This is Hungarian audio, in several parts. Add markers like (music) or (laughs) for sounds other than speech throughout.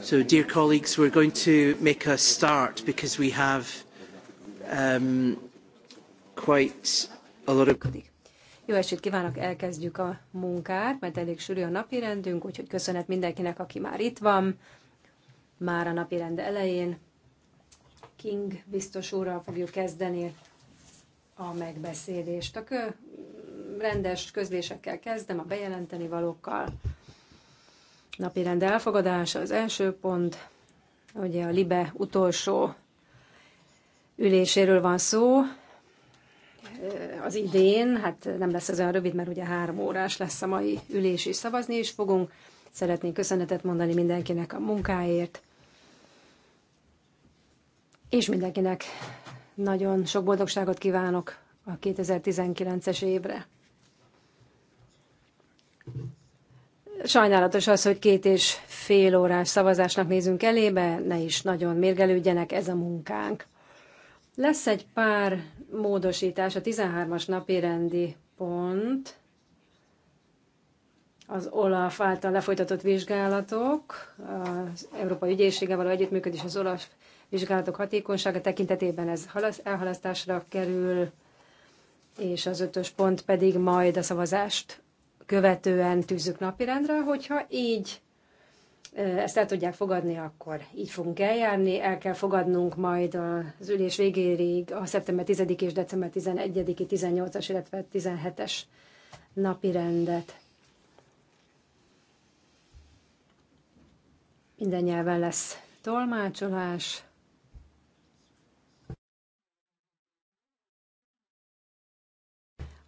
So, dear colleagues, we're going to make a start because we have um, quite a lot of... Jó estét kívánok, elkezdjük a munkát, mert elég sűrű a napi rendünk, úgyhogy köszönet mindenkinek, aki már itt van, már a napi rend elején. King biztos úrral fogjuk kezdeni a megbeszélést. A rendes közlésekkel kezdem, a bejelenteni valókkal. Napi rend elfogadása az első pont, ugye a LIBE utolsó üléséről van szó, az idén, hát nem lesz ez olyan rövid, mert ugye három órás lesz a mai ülés, és szavazni is fogunk. Szeretnék köszönetet mondani mindenkinek a munkáért, és mindenkinek nagyon sok boldogságot kívánok a 2019-es évre. Sajnálatos az, hogy két és fél órás szavazásnak nézünk elébe, ne is nagyon mérgelődjenek ez a munkánk. Lesz egy pár módosítás, a 13-as napi rendi pont, az OLAF által lefolytatott vizsgálatok, az Európai Ügyészsége való együttműködés az OLAF vizsgálatok hatékonysága tekintetében ez elhalasztásra kerül, és az ötös pont pedig majd a szavazást követően tűzzük napirendre, hogyha így ezt el tudják fogadni, akkor így fogunk eljárni. El kell fogadnunk majd az ülés végéig a szeptember 10 és december 11-i, 18-as, illetve 17-es napirendet. Minden nyelven lesz tolmácsolás.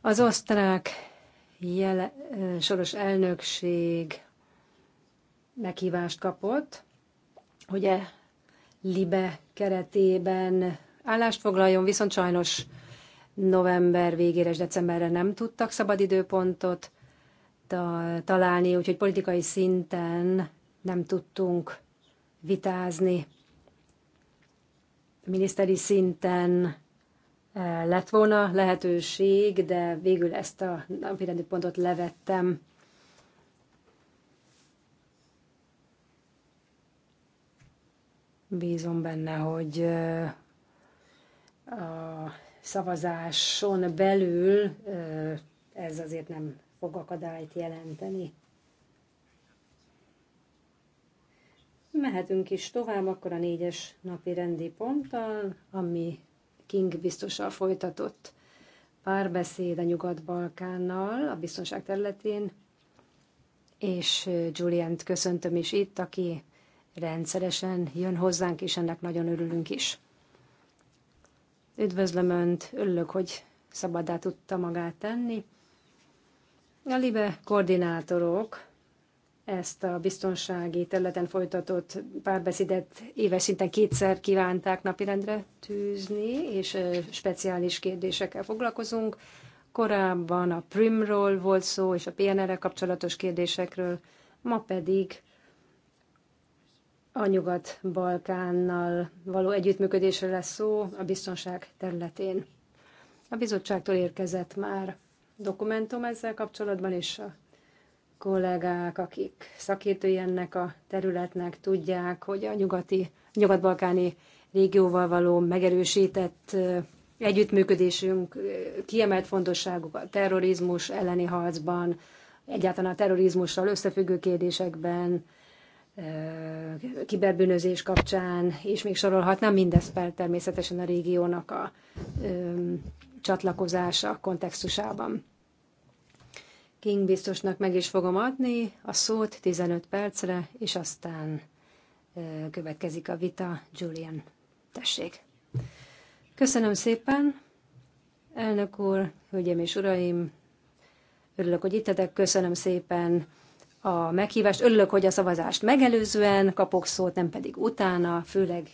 Az osztrák jele, soros elnökség meghívást kapott, hogy e LIBE keretében állást foglaljon, viszont sajnos november végére és decemberre nem tudtak szabadidőpontot találni, úgyhogy politikai szinten nem tudtunk vitázni. Miniszteri szinten E, lett volna lehetőség, de végül ezt a napirendi pontot levettem. Bízom benne, hogy e, a szavazáson belül e, ez azért nem fog akadályt jelenteni. Mehetünk is tovább akkor a négyes napi rendi ponttal, ami King biztossal folytatott párbeszéd a Nyugat-Balkánnal a biztonság területén, és julian köszöntöm is itt, aki rendszeresen jön hozzánk, és ennek nagyon örülünk is. Üdvözlöm Önt, örülök, hogy szabadá tudta magát tenni. A LIBE koordinátorok ezt a biztonsági területen folytatott párbeszédet éves szinten kétszer kívánták napirendre tűzni, és speciális kérdésekkel foglalkozunk. Korábban a Primról volt szó, és a PNR-re kapcsolatos kérdésekről, ma pedig a Nyugat-Balkánnal való együttműködésre lesz szó a biztonság területén. A bizottságtól érkezett már dokumentum ezzel kapcsolatban, és a kollégák, akik szakértői ennek a területnek tudják, hogy a nyugati, nyugat-balkáni régióval való megerősített együttműködésünk kiemelt fontosságú a terrorizmus elleni harcban, egyáltalán a terrorizmussal összefüggő kérdésekben, kiberbűnözés kapcsán, és még sorolhatnám, mindez fel természetesen a régiónak a csatlakozása kontextusában. King biztosnak meg is fogom adni a szót 15 percre, és aztán következik a vita. Julian, tessék. Köszönöm szépen, elnök úr, hölgyeim és uraim, örülök, hogy ittetek, köszönöm szépen a meghívást, örülök, hogy a szavazást megelőzően kapok szót, nem pedig utána, főleg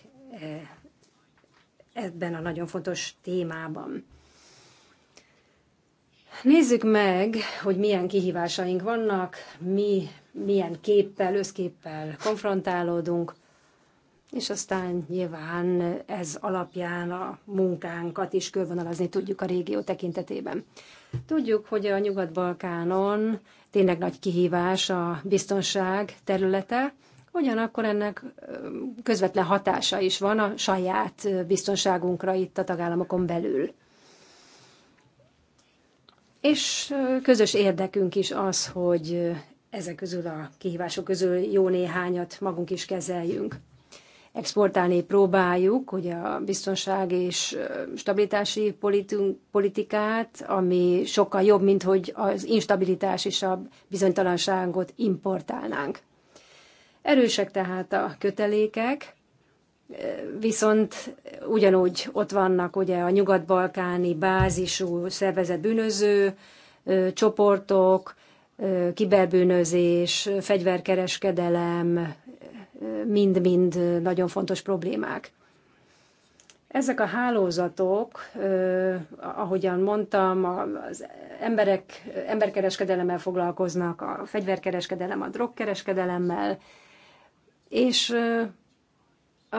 ebben a nagyon fontos témában. Nézzük meg, hogy milyen kihívásaink vannak, mi milyen képpel, összképpel konfrontálódunk, és aztán nyilván ez alapján a munkánkat is körvonalazni tudjuk a régió tekintetében. Tudjuk, hogy a Nyugat-Balkánon tényleg nagy kihívás a biztonság területe, ugyanakkor ennek közvetlen hatása is van a saját biztonságunkra itt a tagállamokon belül. És közös érdekünk is az, hogy ezek közül a kihívások közül jó néhányat magunk is kezeljünk. Exportálni próbáljuk, hogy a biztonság és stabilitási politikát, ami sokkal jobb, mint hogy az instabilitás és a bizonytalanságot importálnánk. Erősek tehát a kötelékek, viszont ugyanúgy ott vannak ugye a nyugat-balkáni bázisú szervezett bűnöző csoportok, kiberbűnözés, fegyverkereskedelem, mind-mind nagyon fontos problémák. Ezek a hálózatok, ahogyan mondtam, az emberek emberkereskedelemmel foglalkoznak, a fegyverkereskedelem, a drogkereskedelemmel, és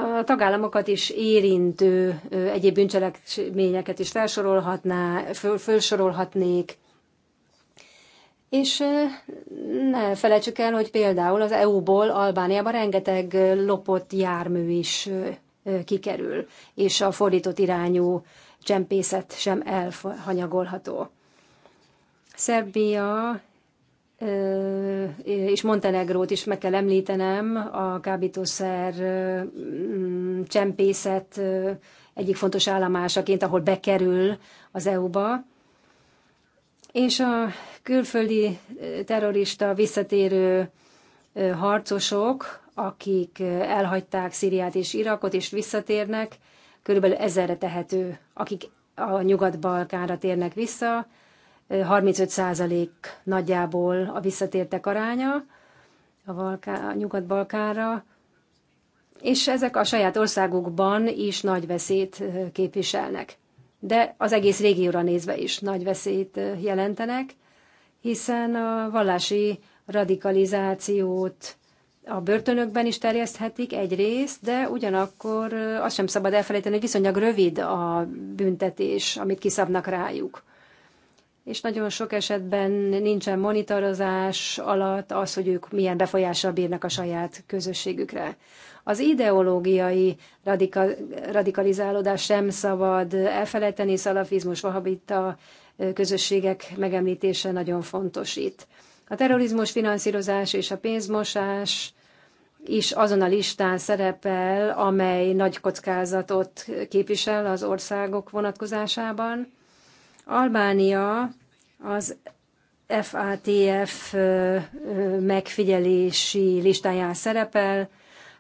a tagállamokat is érintő egyéb bűncselekményeket is felsorolhatná, föl, felsorolhatnék. És ne felejtsük el, hogy például az EU-ból Albániában rengeteg lopott jármű is kikerül, és a fordított irányú csempészet sem elhanyagolható. Szerbia és Montenegrót is meg kell említenem, a kábítószer mm, csempészet egyik fontos állomásaként, ahol bekerül az EU-ba. És a külföldi terrorista visszatérő harcosok, akik elhagyták Szíriát és Irakot, és visszatérnek, körülbelül ezerre tehető, akik a Nyugat-Balkánra térnek vissza, 35% nagyjából a visszatértek aránya a, a Nyugat-Balkánra, és ezek a saját országukban is nagy veszélyt képviselnek. De az egész régióra nézve is nagy veszélyt jelentenek, hiszen a vallási radikalizációt a börtönökben is terjeszthetik egyrészt, de ugyanakkor azt sem szabad elfelejteni, hogy viszonylag rövid a büntetés, amit kiszabnak rájuk és nagyon sok esetben nincsen monitorozás alatt az, hogy ők milyen befolyással bírnak a saját közösségükre. Az ideológiai radika, radikalizálódás sem szabad elfelejteni, szalafizmus, vahabita közösségek megemlítése nagyon fontos itt. A terrorizmus finanszírozás és a pénzmosás is azon a listán szerepel, amely nagy kockázatot képvisel az országok vonatkozásában Albánia az FATF megfigyelési listáján szerepel,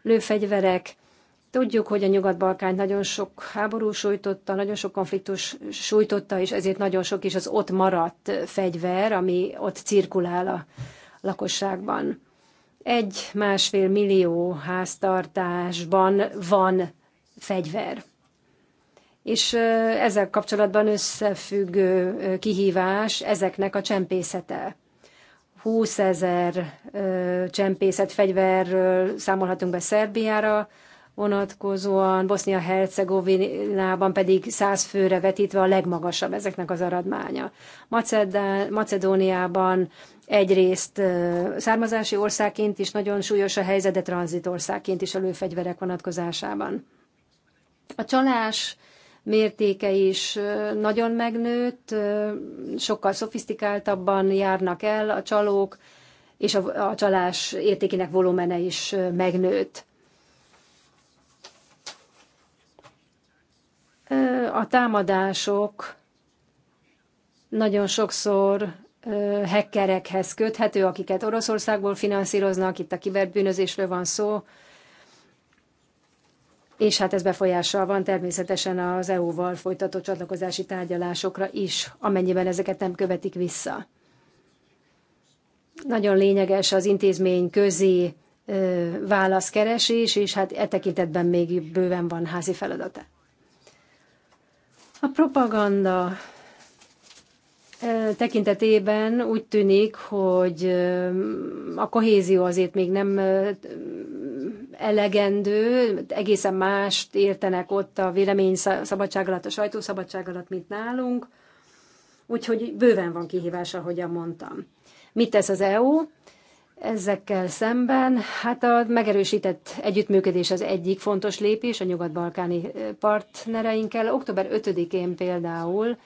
lőfegyverek. Tudjuk, hogy a Nyugat-Balkán nagyon sok háború sújtotta, nagyon sok konfliktus sújtotta, és ezért nagyon sok is az ott maradt fegyver, ami ott cirkulál a lakosságban. Egy másfél millió háztartásban van fegyver és ezzel kapcsolatban összefüggő kihívás ezeknek a csempészete. 20 ezer csempészet fegyverről számolhatunk be Szerbiára, vonatkozóan Bosznia-Hercegovinában pedig 100 főre vetítve a legmagasabb ezeknek az aradmánya. Macedá- Macedóniában egyrészt származási országként is nagyon súlyos a helyzet, de tranzitországként is a lőfegyverek vonatkozásában. A csalás mértéke is nagyon megnőtt, sokkal szofisztikáltabban járnak el a csalók, és a, a csalás értékének volumene is megnőtt. A támadások nagyon sokszor hekkerekhez köthető, akiket Oroszországból finanszíroznak, itt a kiberbűnözésről van szó, és hát ez befolyással van természetesen az EU-val folytatott csatlakozási tárgyalásokra is, amennyiben ezeket nem követik vissza. Nagyon lényeges az intézmény közé válaszkeresés, és hát e tekintetben még bőven van házi feladata. A propaganda tekintetében úgy tűnik, hogy a kohézió azért még nem elegendő, egészen mást értenek ott a szabadság alatt, a sajtószabadság alatt, mint nálunk. Úgyhogy bőven van kihívás, ahogyan mondtam. Mit tesz az EU? Ezekkel szemben, hát a megerősített együttműködés az egyik fontos lépés a nyugat-balkáni partnereinkkel. Október 5-én például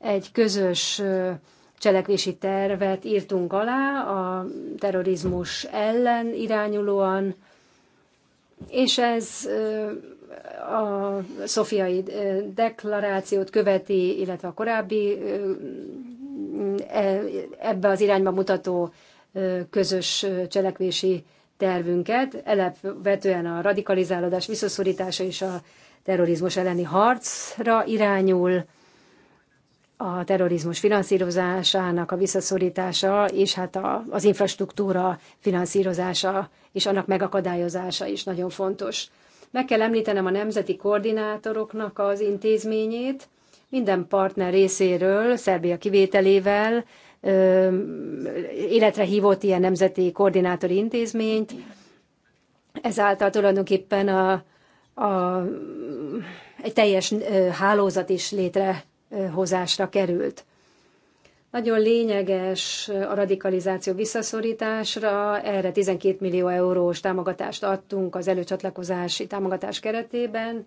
egy közös cselekvési tervet írtunk alá a terrorizmus ellen irányulóan, és ez a szofiai deklarációt követi, illetve a korábbi e, ebbe az irányba mutató közös cselekvési tervünket, elepvetően a radikalizálódás visszaszorítása és a terrorizmus elleni harcra irányul a terrorizmus finanszírozásának a visszaszorítása, és hát a, az infrastruktúra finanszírozása és annak megakadályozása is nagyon fontos. Meg kell említenem a nemzeti koordinátoroknak az intézményét, minden partner részéről, Szerbia kivételével, ö, életre hívott ilyen nemzeti koordinátori intézményt. Ezáltal tulajdonképpen a, a, egy teljes hálózat is létre hozásra került. Nagyon lényeges a radikalizáció visszaszorításra, erre 12 millió eurós támogatást adtunk az előcsatlakozási támogatás keretében,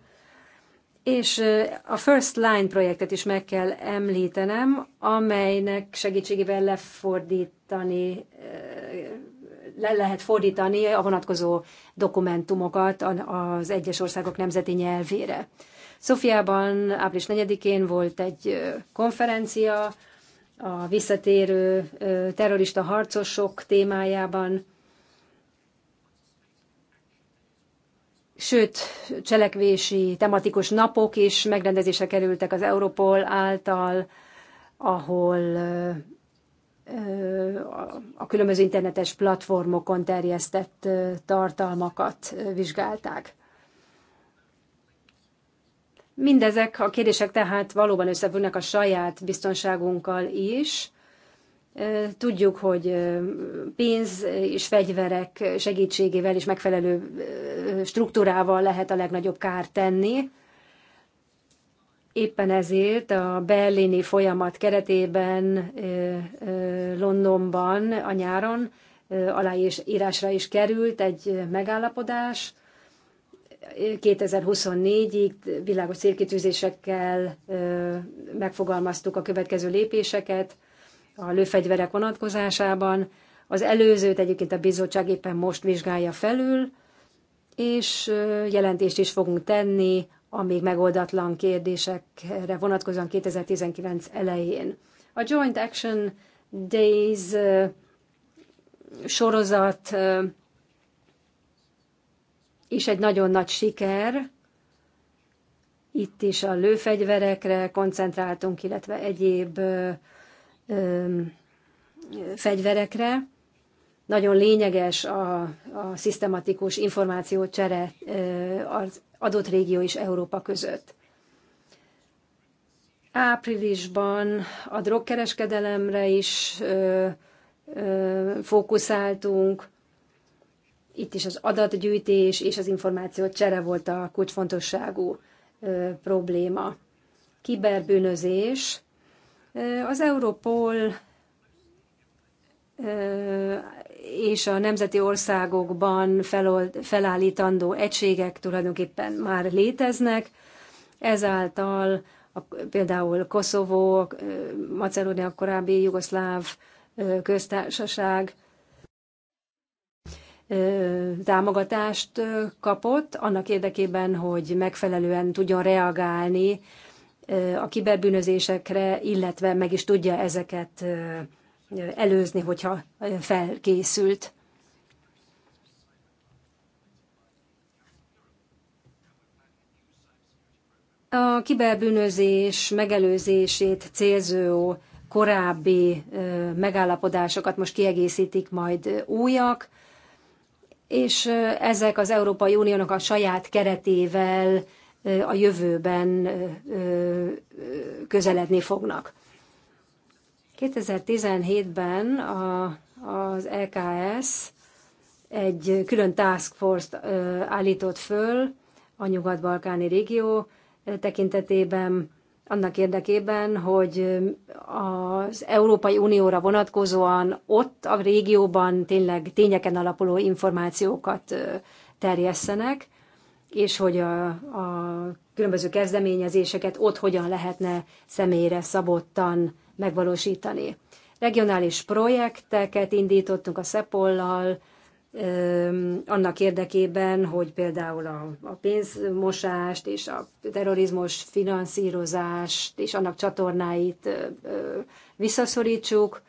és a First Line projektet is meg kell említenem, amelynek segítségével lefordítani, le lehet fordítani a vonatkozó dokumentumokat az egyes országok nemzeti nyelvére. Szofiában április 4-én volt egy konferencia a visszatérő terrorista harcosok témájában, sőt, cselekvési tematikus napok is megrendezésre kerültek az Europol által, ahol a különböző internetes platformokon terjesztett tartalmakat vizsgálták. Mindezek a kérdések tehát valóban összefüggnek a saját biztonságunkkal is. Tudjuk, hogy pénz és fegyverek segítségével és megfelelő struktúrával lehet a legnagyobb kárt tenni. Éppen ezért a berlini folyamat keretében Londonban a nyáron írásra is került egy megállapodás, 2024-ig világos célkitűzésekkel megfogalmaztuk a következő lépéseket a lőfegyverek vonatkozásában. Az előzőt egyébként a bizottság éppen most vizsgálja felül, és jelentést is fogunk tenni a még megoldatlan kérdésekre vonatkozóan 2019 elején. A Joint Action Days sorozat is egy nagyon nagy siker. Itt is a lőfegyverekre koncentráltunk, illetve egyéb ö, ö, fegyverekre. Nagyon lényeges a, a szisztematikus információcsere az adott régió és Európa között. Áprilisban a drogkereskedelemre is ö, ö, fókuszáltunk, itt is az adatgyűjtés és az információ csere volt a kulcsfontosságú probléma. Kiberbűnözés. Az Europol és a nemzeti országokban felold, felállítandó egységek tulajdonképpen már léteznek, ezáltal a, például Koszovó, Macedónia korábbi jugoszláv köztársaság támogatást kapott, annak érdekében, hogy megfelelően tudjon reagálni a kiberbűnözésekre, illetve meg is tudja ezeket előzni, hogyha felkészült. A kiberbűnözés megelőzését célzó korábbi megállapodásokat most kiegészítik majd újak, és ezek az Európai Uniónak a saját keretével a jövőben közeledni fognak. 2017-ben a, az EKS egy külön task force-t állított föl a nyugat-balkáni régió tekintetében, annak érdekében, hogy az Európai Unióra vonatkozóan ott a régióban tényleg tényeken alapuló információkat terjesszenek, és hogy a, a különböző kezdeményezéseket ott hogyan lehetne személyre szabottan megvalósítani. Regionális projekteket indítottunk a Szepollal, annak érdekében, hogy például a, pénzmosást és a terrorizmus finanszírozást és annak csatornáit visszaszorítsuk,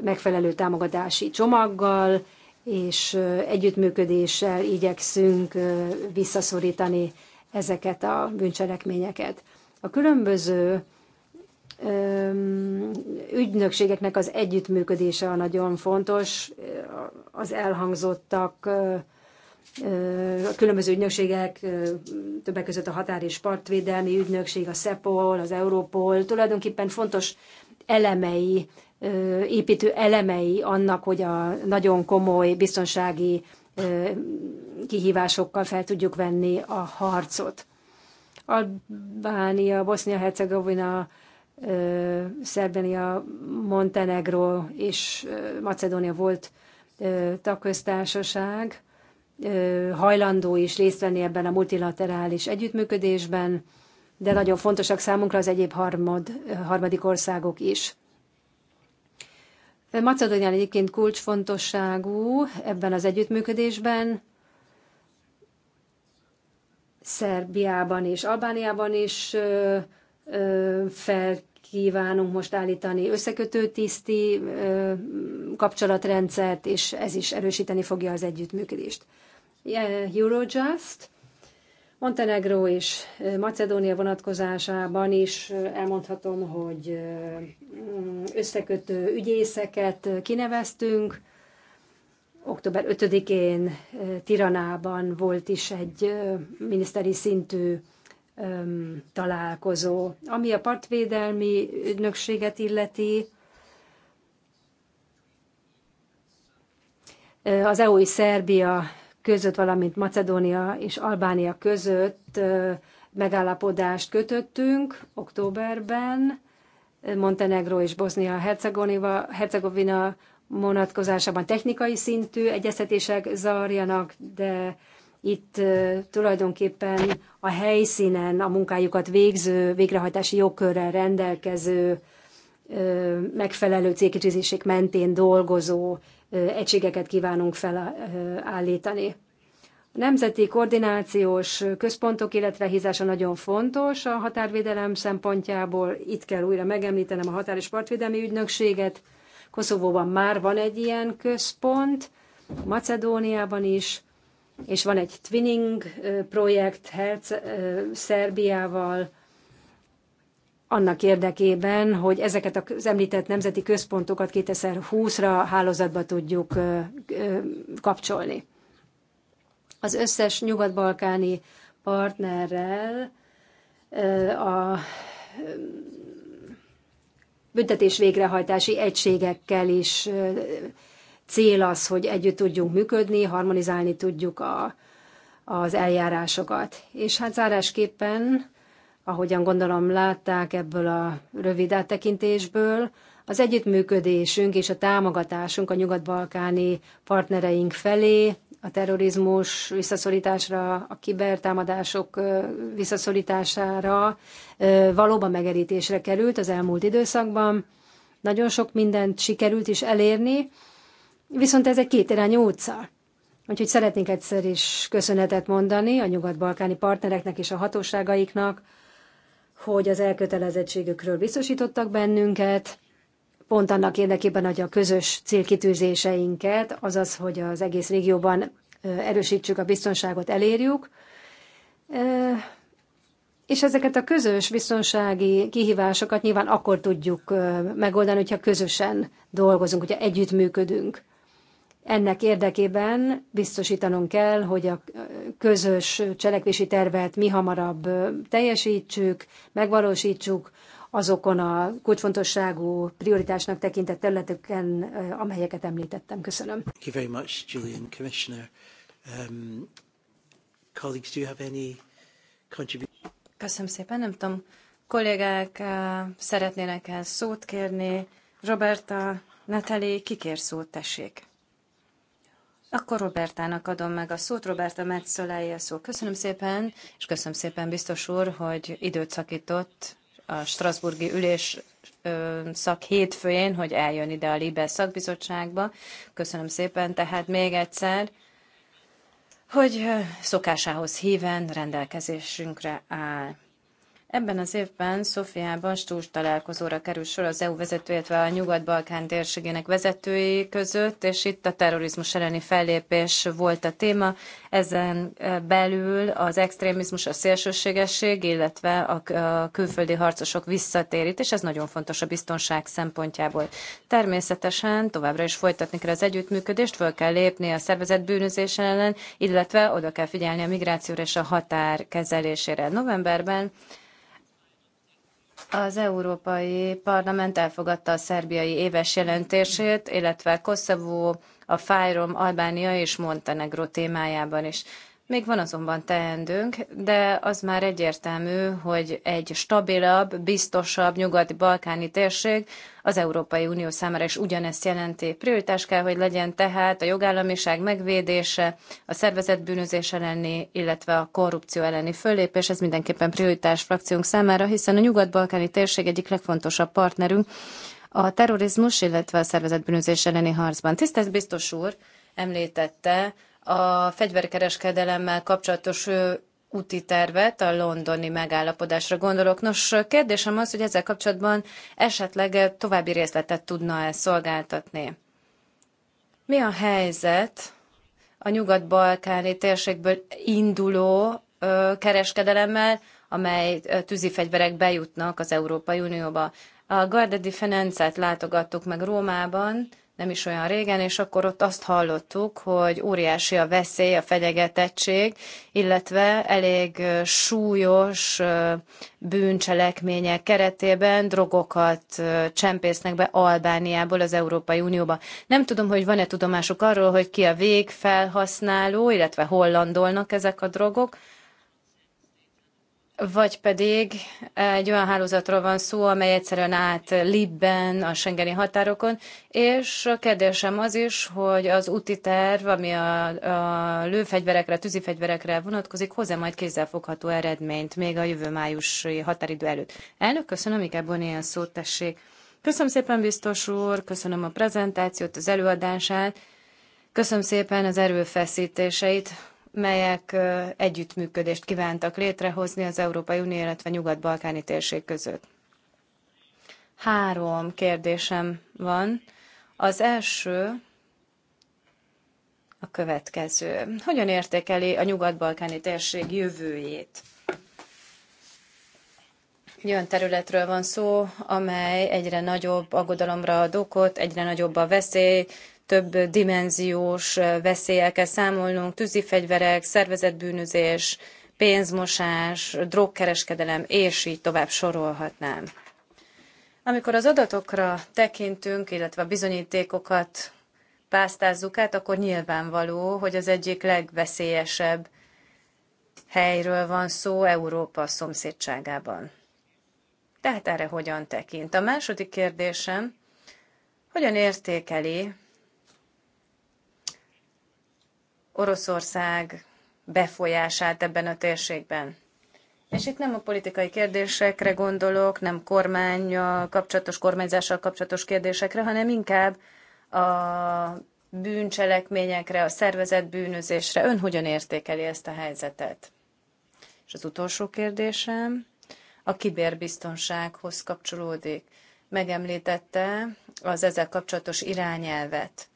megfelelő támogatási csomaggal és együttműködéssel igyekszünk visszaszorítani ezeket a bűncselekményeket. A különböző ügynökségeknek az együttműködése a nagyon fontos. Az elhangzottak a különböző ügynökségek, többek között a Határ és Partvédelmi Ügynökség, a SEPOL, az Európol, tulajdonképpen fontos elemei, építő elemei annak, hogy a nagyon komoly biztonsági kihívásokkal fel tudjuk venni a harcot. Albánia, Bosznia-Hercegovina, Szerbenia, Montenegro és Macedónia volt tagköztársaság, hajlandó is részt venni ebben a multilaterális együttműködésben, de nagyon fontosak számunkra az egyéb harmad, harmadik országok is. Macedónia egyébként kulcsfontosságú ebben az együttműködésben, Szerbiában és Albániában is fel kívánunk most állítani összekötő tiszti kapcsolatrendszert, és ez is erősíteni fogja az együttműködést. Eurojust, Montenegro és Macedónia vonatkozásában is elmondhatom, hogy mm, összekötő ügyészeket kineveztünk. Október 5-én Tiranában volt is egy miniszteri szintű találkozó. Ami a partvédelmi ügynökséget illeti, az EU és Szerbia között, valamint Macedónia és Albánia között megállapodást kötöttünk októberben, Montenegro és Bosnia-Hercegovina vonatkozásában technikai szintű egyeztetések zajlanak, de itt tulajdonképpen a helyszínen a munkájukat végző, végrehajtási jogkörrel rendelkező, megfelelő célkitűzések mentén dolgozó egységeket kívánunk felállítani. A nemzeti koordinációs központok életrehízása nagyon fontos a határvédelem szempontjából. Itt kell újra megemlítenem a Határ és Partvédelmi Ügynökséget. Koszovóban már van egy ilyen központ, Macedóniában is, és van egy twinning projekt Herz, Szerbiával, annak érdekében, hogy ezeket az említett nemzeti központokat 2020-ra hálózatba tudjuk kapcsolni. Az összes nyugat-balkáni partnerrel a büntetés végrehajtási egységekkel is cél az, hogy együtt tudjunk működni, harmonizálni tudjuk a, az eljárásokat. És hát zárásképpen, ahogyan gondolom látták ebből a rövid áttekintésből, az együttműködésünk és a támogatásunk a nyugat-balkáni partnereink felé, a terrorizmus visszaszorításra, a kibertámadások visszaszorítására valóban megerítésre került az elmúlt időszakban. Nagyon sok mindent sikerült is elérni, Viszont ez egy kétirányú utca. Úgyhogy szeretnénk egyszer is köszönetet mondani a nyugat-balkáni partnereknek és a hatóságaiknak, hogy az elkötelezettségükről biztosítottak bennünket, pont annak érdekében, hogy a közös célkitűzéseinket, azaz, hogy az egész régióban erősítsük a biztonságot, elérjük. És ezeket a közös biztonsági kihívásokat nyilván akkor tudjuk megoldani, hogyha közösen dolgozunk, hogyha együttműködünk. Ennek érdekében biztosítanunk kell, hogy a közös cselekvési tervet mi hamarabb teljesítsük, megvalósítsuk azokon a kulcsfontosságú prioritásnak tekintett területeken, amelyeket említettem. Köszönöm. Thank you very much, Julian, Commissioner. Um, colleagues, do you have any Köszönöm szépen, nem tudom, kollégák szeretnének el szót kérni. Roberta, Natalie, kikér szót, tessék. Akkor Robertának adom meg a szót. Roberta Metzolai a szó. Köszönöm szépen, és köszönöm szépen biztos úr, hogy időt szakított a Strasburgi ülés szak hétfőjén, hogy eljön ide a Libe szakbizottságba. Köszönöm szépen, tehát még egyszer, hogy szokásához híven rendelkezésünkre áll. Ebben az évben Szofiában stúzs találkozóra kerül sor az EU vezető, illetve a Nyugat-Balkán térségének vezetői között, és itt a terrorizmus elleni fellépés volt a téma. Ezen eh, belül az extrémizmus, a szélsőségesség, illetve a külföldi harcosok és ez nagyon fontos a biztonság szempontjából. Természetesen továbbra is folytatni kell az együttműködést, föl kell lépni a szervezet bűnözés ellen, illetve oda kell figyelni a migrációra és a határ kezelésére. Novemberben az Európai Parlament elfogadta a szerbiai éves jelentését, illetve Koszovó, a Fájrom, Albánia és Montenegro témájában is. Még van azonban teendőnk, de az már egyértelmű, hogy egy stabilabb, biztosabb nyugati-balkáni térség az Európai Unió számára is ugyanezt jelenti. Prioritás kell, hogy legyen tehát a jogállamiság megvédése, a szervezetbűnözés elleni, illetve a korrupció elleni föllépés. Ez mindenképpen prioritás frakciónk számára, hiszen a nyugat-balkáni térség egyik legfontosabb partnerünk a terrorizmus, illetve a szervezetbűnözés elleni harcban. Tisztelt biztos úr említette a fegyverkereskedelemmel kapcsolatos úti tervet, a londoni megállapodásra gondolok. Nos, kérdésem az, hogy ezzel kapcsolatban esetleg további részletet tudna-e szolgáltatni. Mi a helyzet a nyugat-balkáni térségből induló kereskedelemmel, amely tűzifegyverek bejutnak az Európai Unióba? A Garda di Fenencet látogattuk meg Rómában, nem is olyan régen, és akkor ott azt hallottuk, hogy óriási a veszély, a fenyegetettség, illetve elég súlyos bűncselekmények keretében drogokat csempésznek be Albániából az Európai Unióba. Nem tudom, hogy van-e tudomásuk arról, hogy ki a végfelhasználó, illetve hol landolnak ezek a drogok, vagy pedig egy olyan hálózatról van szó, amely egyszerűen át Libben, a Schengeni határokon, és a kérdésem az is, hogy az úti terv, ami a, a lőfegyverekre, tűzifegyverekre vonatkozik, hozzá majd kézzelfogható eredményt még a jövő májusi határidő előtt. Elnök, köszönöm, inkább ilyen szót tessék. Köszönöm szépen, biztos úr, köszönöm a prezentációt, az előadását, köszönöm szépen az erőfeszítéseit, melyek együttműködést kívántak létrehozni az Európai Unió, illetve Nyugat-Balkáni térség között. Három kérdésem van. Az első a következő. Hogyan értékeli a nyugat-balkáni térség jövőjét? olyan területről van szó, amely egyre nagyobb aggodalomra ad okot, egyre nagyobb a veszély, több dimenziós kell számolnunk, tűzifegyverek, szervezetbűnözés, pénzmosás, drogkereskedelem, és így tovább sorolhatnám. Amikor az adatokra tekintünk, illetve a bizonyítékokat pásztázzuk át, akkor nyilvánvaló, hogy az egyik legveszélyesebb helyről van szó Európa szomszédságában. Tehát erre hogyan tekint? A második kérdésem, hogyan értékeli Oroszország befolyását ebben a térségben. És itt nem a politikai kérdésekre gondolok, nem kormány kapcsolatos, kormányzással kapcsolatos kérdésekre, hanem inkább a bűncselekményekre, a szervezett bűnözésre. Ön hogyan értékeli ezt a helyzetet? És az utolsó kérdésem a kiberbiztonsághoz kapcsolódik. Megemlítette az ezzel kapcsolatos irányelvet.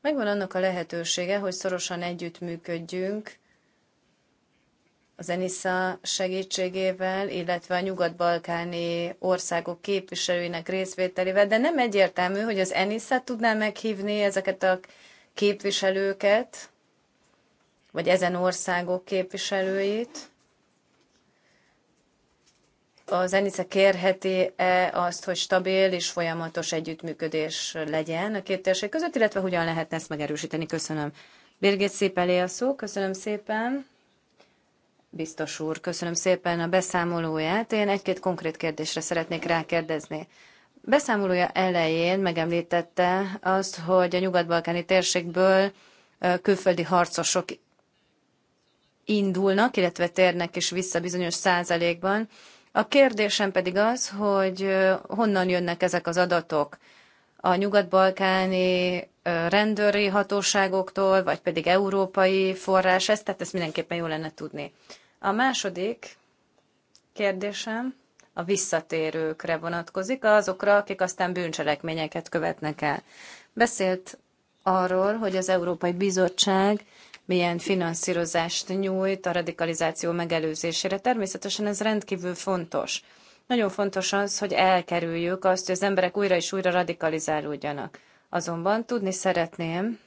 Megvan annak a lehetősége, hogy szorosan együttműködjünk az ENISZA segítségével, illetve a nyugat-balkáni országok képviselőinek részvételével, de nem egyértelmű, hogy az ENISZA tudná meghívni ezeket a képviselőket, vagy ezen országok képviselőit az zenice kérheti-e azt, hogy stabil és folyamatos együttműködés legyen a két térség között, illetve hogyan lehetne ezt megerősíteni? Köszönöm. Birgit elé a szó, köszönöm szépen. Biztos úr, köszönöm szépen a beszámolóját. Én egy-két konkrét kérdésre szeretnék rákérdezni. Beszámolója elején megemlítette azt, hogy a nyugat-balkáni térségből külföldi harcosok indulnak, illetve térnek is vissza bizonyos százalékban. A kérdésem pedig az, hogy honnan jönnek ezek az adatok? A nyugat-balkáni rendőri hatóságoktól, vagy pedig európai forrás, ez, tehát ezt mindenképpen jó lenne tudni. A második kérdésem a visszatérőkre vonatkozik, azokra, akik aztán bűncselekményeket követnek el. Beszélt arról, hogy az Európai Bizottság milyen finanszírozást nyújt a radikalizáció megelőzésére. Természetesen ez rendkívül fontos. Nagyon fontos az, hogy elkerüljük azt, hogy az emberek újra és újra radikalizálódjanak. Azonban tudni szeretném,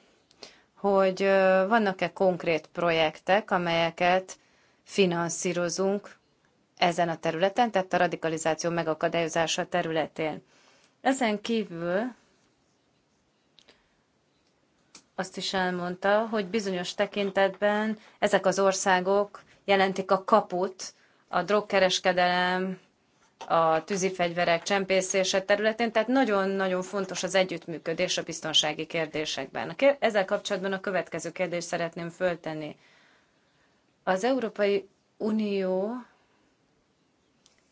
hogy vannak-e konkrét projektek, amelyeket finanszírozunk ezen a területen, tehát a radikalizáció megakadályozása területén. Ezen kívül azt is elmondta, hogy bizonyos tekintetben ezek az országok jelentik a kaput a drogkereskedelem, a tűzifegyverek csempészése területén, tehát nagyon-nagyon fontos az együttműködés a biztonsági kérdésekben. Ezzel kapcsolatban a következő kérdést szeretném föltenni. Az Európai Unió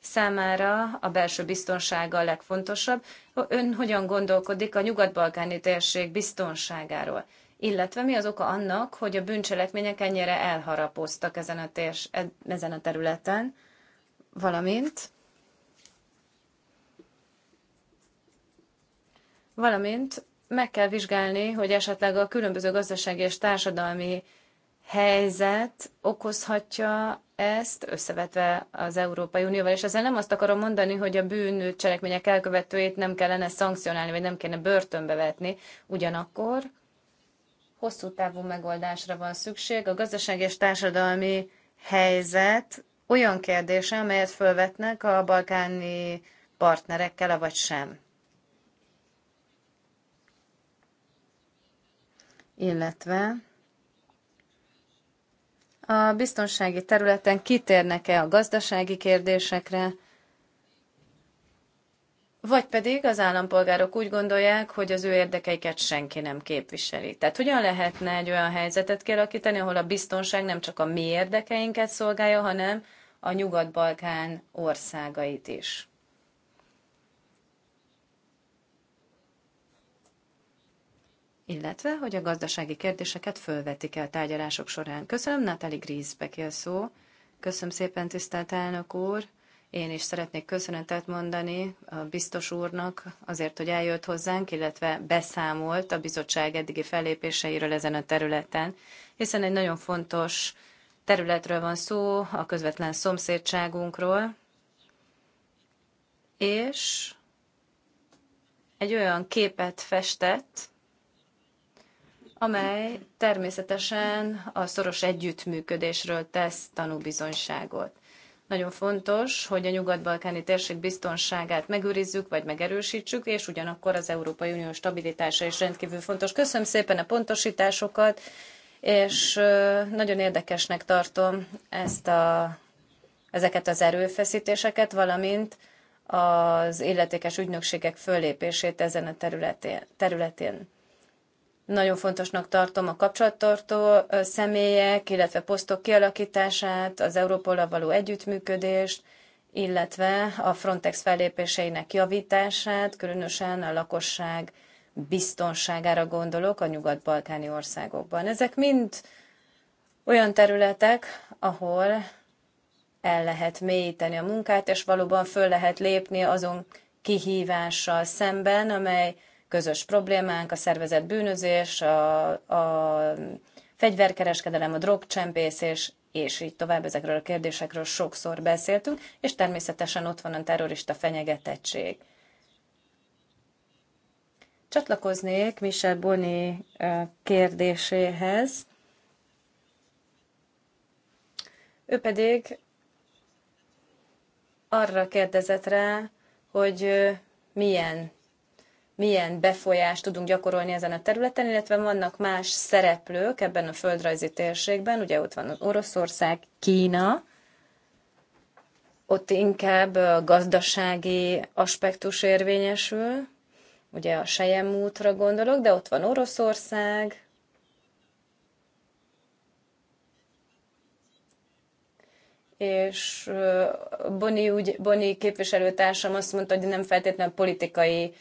számára a belső biztonsága a legfontosabb. Ön hogyan gondolkodik a nyugat-balkáni térség biztonságáról? Illetve mi az oka annak, hogy a bűncselekmények ennyire elharapoztak ezen a, térs, e- ezen a területen, valamint valamint meg kell vizsgálni, hogy esetleg a különböző gazdasági és társadalmi helyzet okozhatja ezt, összevetve az Európai Unióval, és ezzel nem azt akarom mondani, hogy a bűn cselekmények elkövetőjét nem kellene szankcionálni, vagy nem kéne börtönbe vetni, ugyanakkor hosszú távú megoldásra van szükség. A gazdasági és társadalmi helyzet olyan kérdése, amelyet felvetnek a balkáni partnerekkel, vagy sem. Illetve a biztonsági területen kitérnek-e a gazdasági kérdésekre, vagy pedig az állampolgárok úgy gondolják, hogy az ő érdekeiket senki nem képviseli. Tehát hogyan lehetne egy olyan helyzetet kialakítani, ahol a biztonság nem csak a mi érdekeinket szolgálja, hanem a Nyugat-Balkán országait is. illetve hogy a gazdasági kérdéseket fölvetik el tárgyalások során. Köszönöm, Natali Grízbeki a szó. Köszönöm szépen, tisztelt elnök úr. Én is szeretnék köszönetet mondani a biztos úrnak azért, hogy eljött hozzánk, illetve beszámolt a bizottság eddigi fellépéseiről ezen a területen, hiszen egy nagyon fontos területről van szó, a közvetlen szomszédságunkról, és egy olyan képet festett, amely természetesen a szoros együttműködésről tesz tanúbizonyságot. Nagyon fontos, hogy a nyugat-balkáni térség biztonságát megőrizzük, vagy megerősítsük, és ugyanakkor az Európai Unió stabilitása is rendkívül fontos. Köszönöm szépen a pontosításokat, és nagyon érdekesnek tartom ezt a, ezeket az erőfeszítéseket, valamint az illetékes ügynökségek föllépését ezen a területén. területén. Nagyon fontosnak tartom a kapcsolattartó személyek, illetve posztok kialakítását, az Európola való együttműködést, illetve a Frontex fellépéseinek javítását, különösen a lakosság biztonságára gondolok a nyugat-balkáni országokban. Ezek mind olyan területek, ahol el lehet mélyíteni a munkát, és valóban föl lehet lépni azon kihívással szemben, amely közös problémánk, a szervezet bűnözés, a, a fegyverkereskedelem, a drogcsempészés, és így tovább ezekről a kérdésekről sokszor beszéltünk, és természetesen ott van a terrorista fenyegetettség. Csatlakoznék Michel Boni kérdéséhez. Ő pedig arra kérdezett rá, hogy milyen milyen befolyást tudunk gyakorolni ezen a területen, illetve vannak más szereplők ebben a földrajzi térségben, ugye ott van az Oroszország, Kína, ott inkább a gazdasági aspektus érvényesül, ugye a útra gondolok, de ott van Oroszország, és Boni, úgy, Boni képviselőtársam azt mondta, hogy nem feltétlenül politikai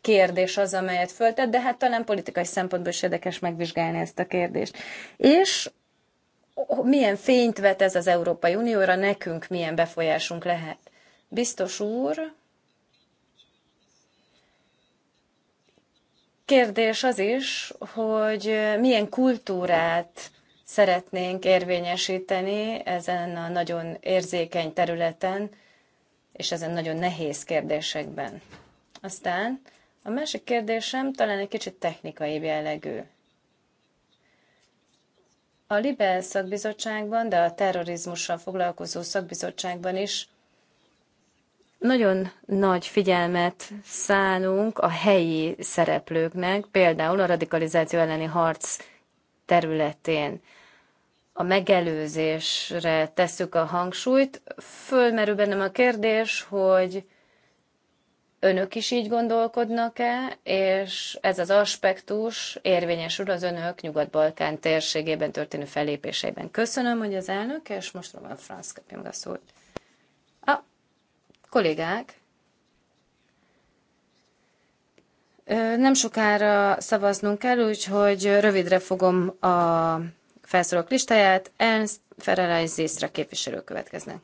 kérdés az, amelyet föltett, de hát talán politikai szempontból is érdekes megvizsgálni ezt a kérdést. És milyen fényt vet ez az Európai Unióra, nekünk milyen befolyásunk lehet. Biztos úr, kérdés az is, hogy milyen kultúrát szeretnénk érvényesíteni ezen a nagyon érzékeny területen, és ezen nagyon nehéz kérdésekben. Aztán a másik kérdésem talán egy kicsit technikai jellegű. A Libel szakbizottságban, de a terrorizmussal foglalkozó szakbizottságban is nagyon nagy figyelmet szánunk a helyi szereplőknek, például a radikalizáció elleni harc területén. A megelőzésre tesszük a hangsúlyt. Fölmerül bennem a kérdés, hogy Önök is így gondolkodnak-e, és ez az aspektus érvényesül az önök Nyugat-Balkán térségében történő felépéseiben. Köszönöm, hogy az elnök, és most Roman Franz kapja meg a szót. A kollégák, nem sokára szavaznunk kell, úgyhogy rövidre fogom a felszorok listáját. Ernst Ferelaj Zészre képviselő következnek.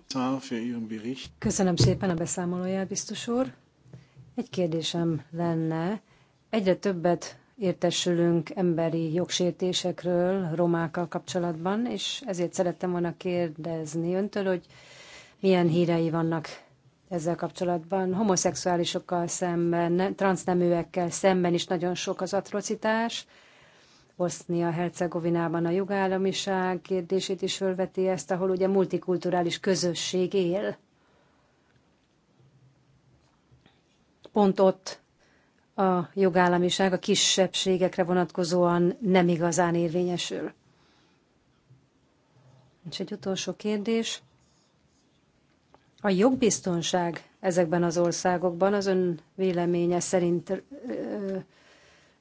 Köszönöm szépen a beszámolóját, biztos úr. Egy kérdésem lenne, egyre többet értesülünk emberi jogsértésekről romákkal kapcsolatban, és ezért szerettem volna kérdezni öntől, hogy milyen hírei vannak ezzel kapcsolatban. Homoszexuálisokkal szemben, transzneműekkel szemben is nagyon sok az atrocitás. Bosznia-Hercegovinában a jogállamiság kérdését is fölveti ezt, ahol ugye multikulturális közösség él. pont ott a jogállamiság a kisebbségekre vonatkozóan nem igazán érvényesül. És egy utolsó kérdés. A jogbiztonság ezekben az országokban az ön véleménye szerint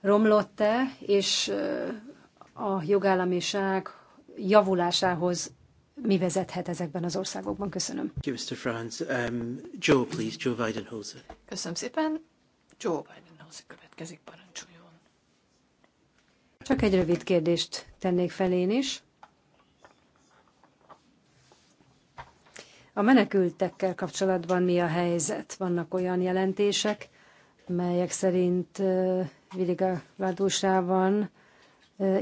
romlott-e, és a jogállamiság javulásához mi vezethet ezekben az országokban. Köszönöm. Um, Joe, please, Joe Köszönöm szépen. Joe Weidenhauser következik, parancsoljon. Csak egy rövid kérdést tennék fel én is. A menekültekkel kapcsolatban mi a helyzet? Vannak olyan jelentések, melyek szerint uh, Vidiga Vádúsában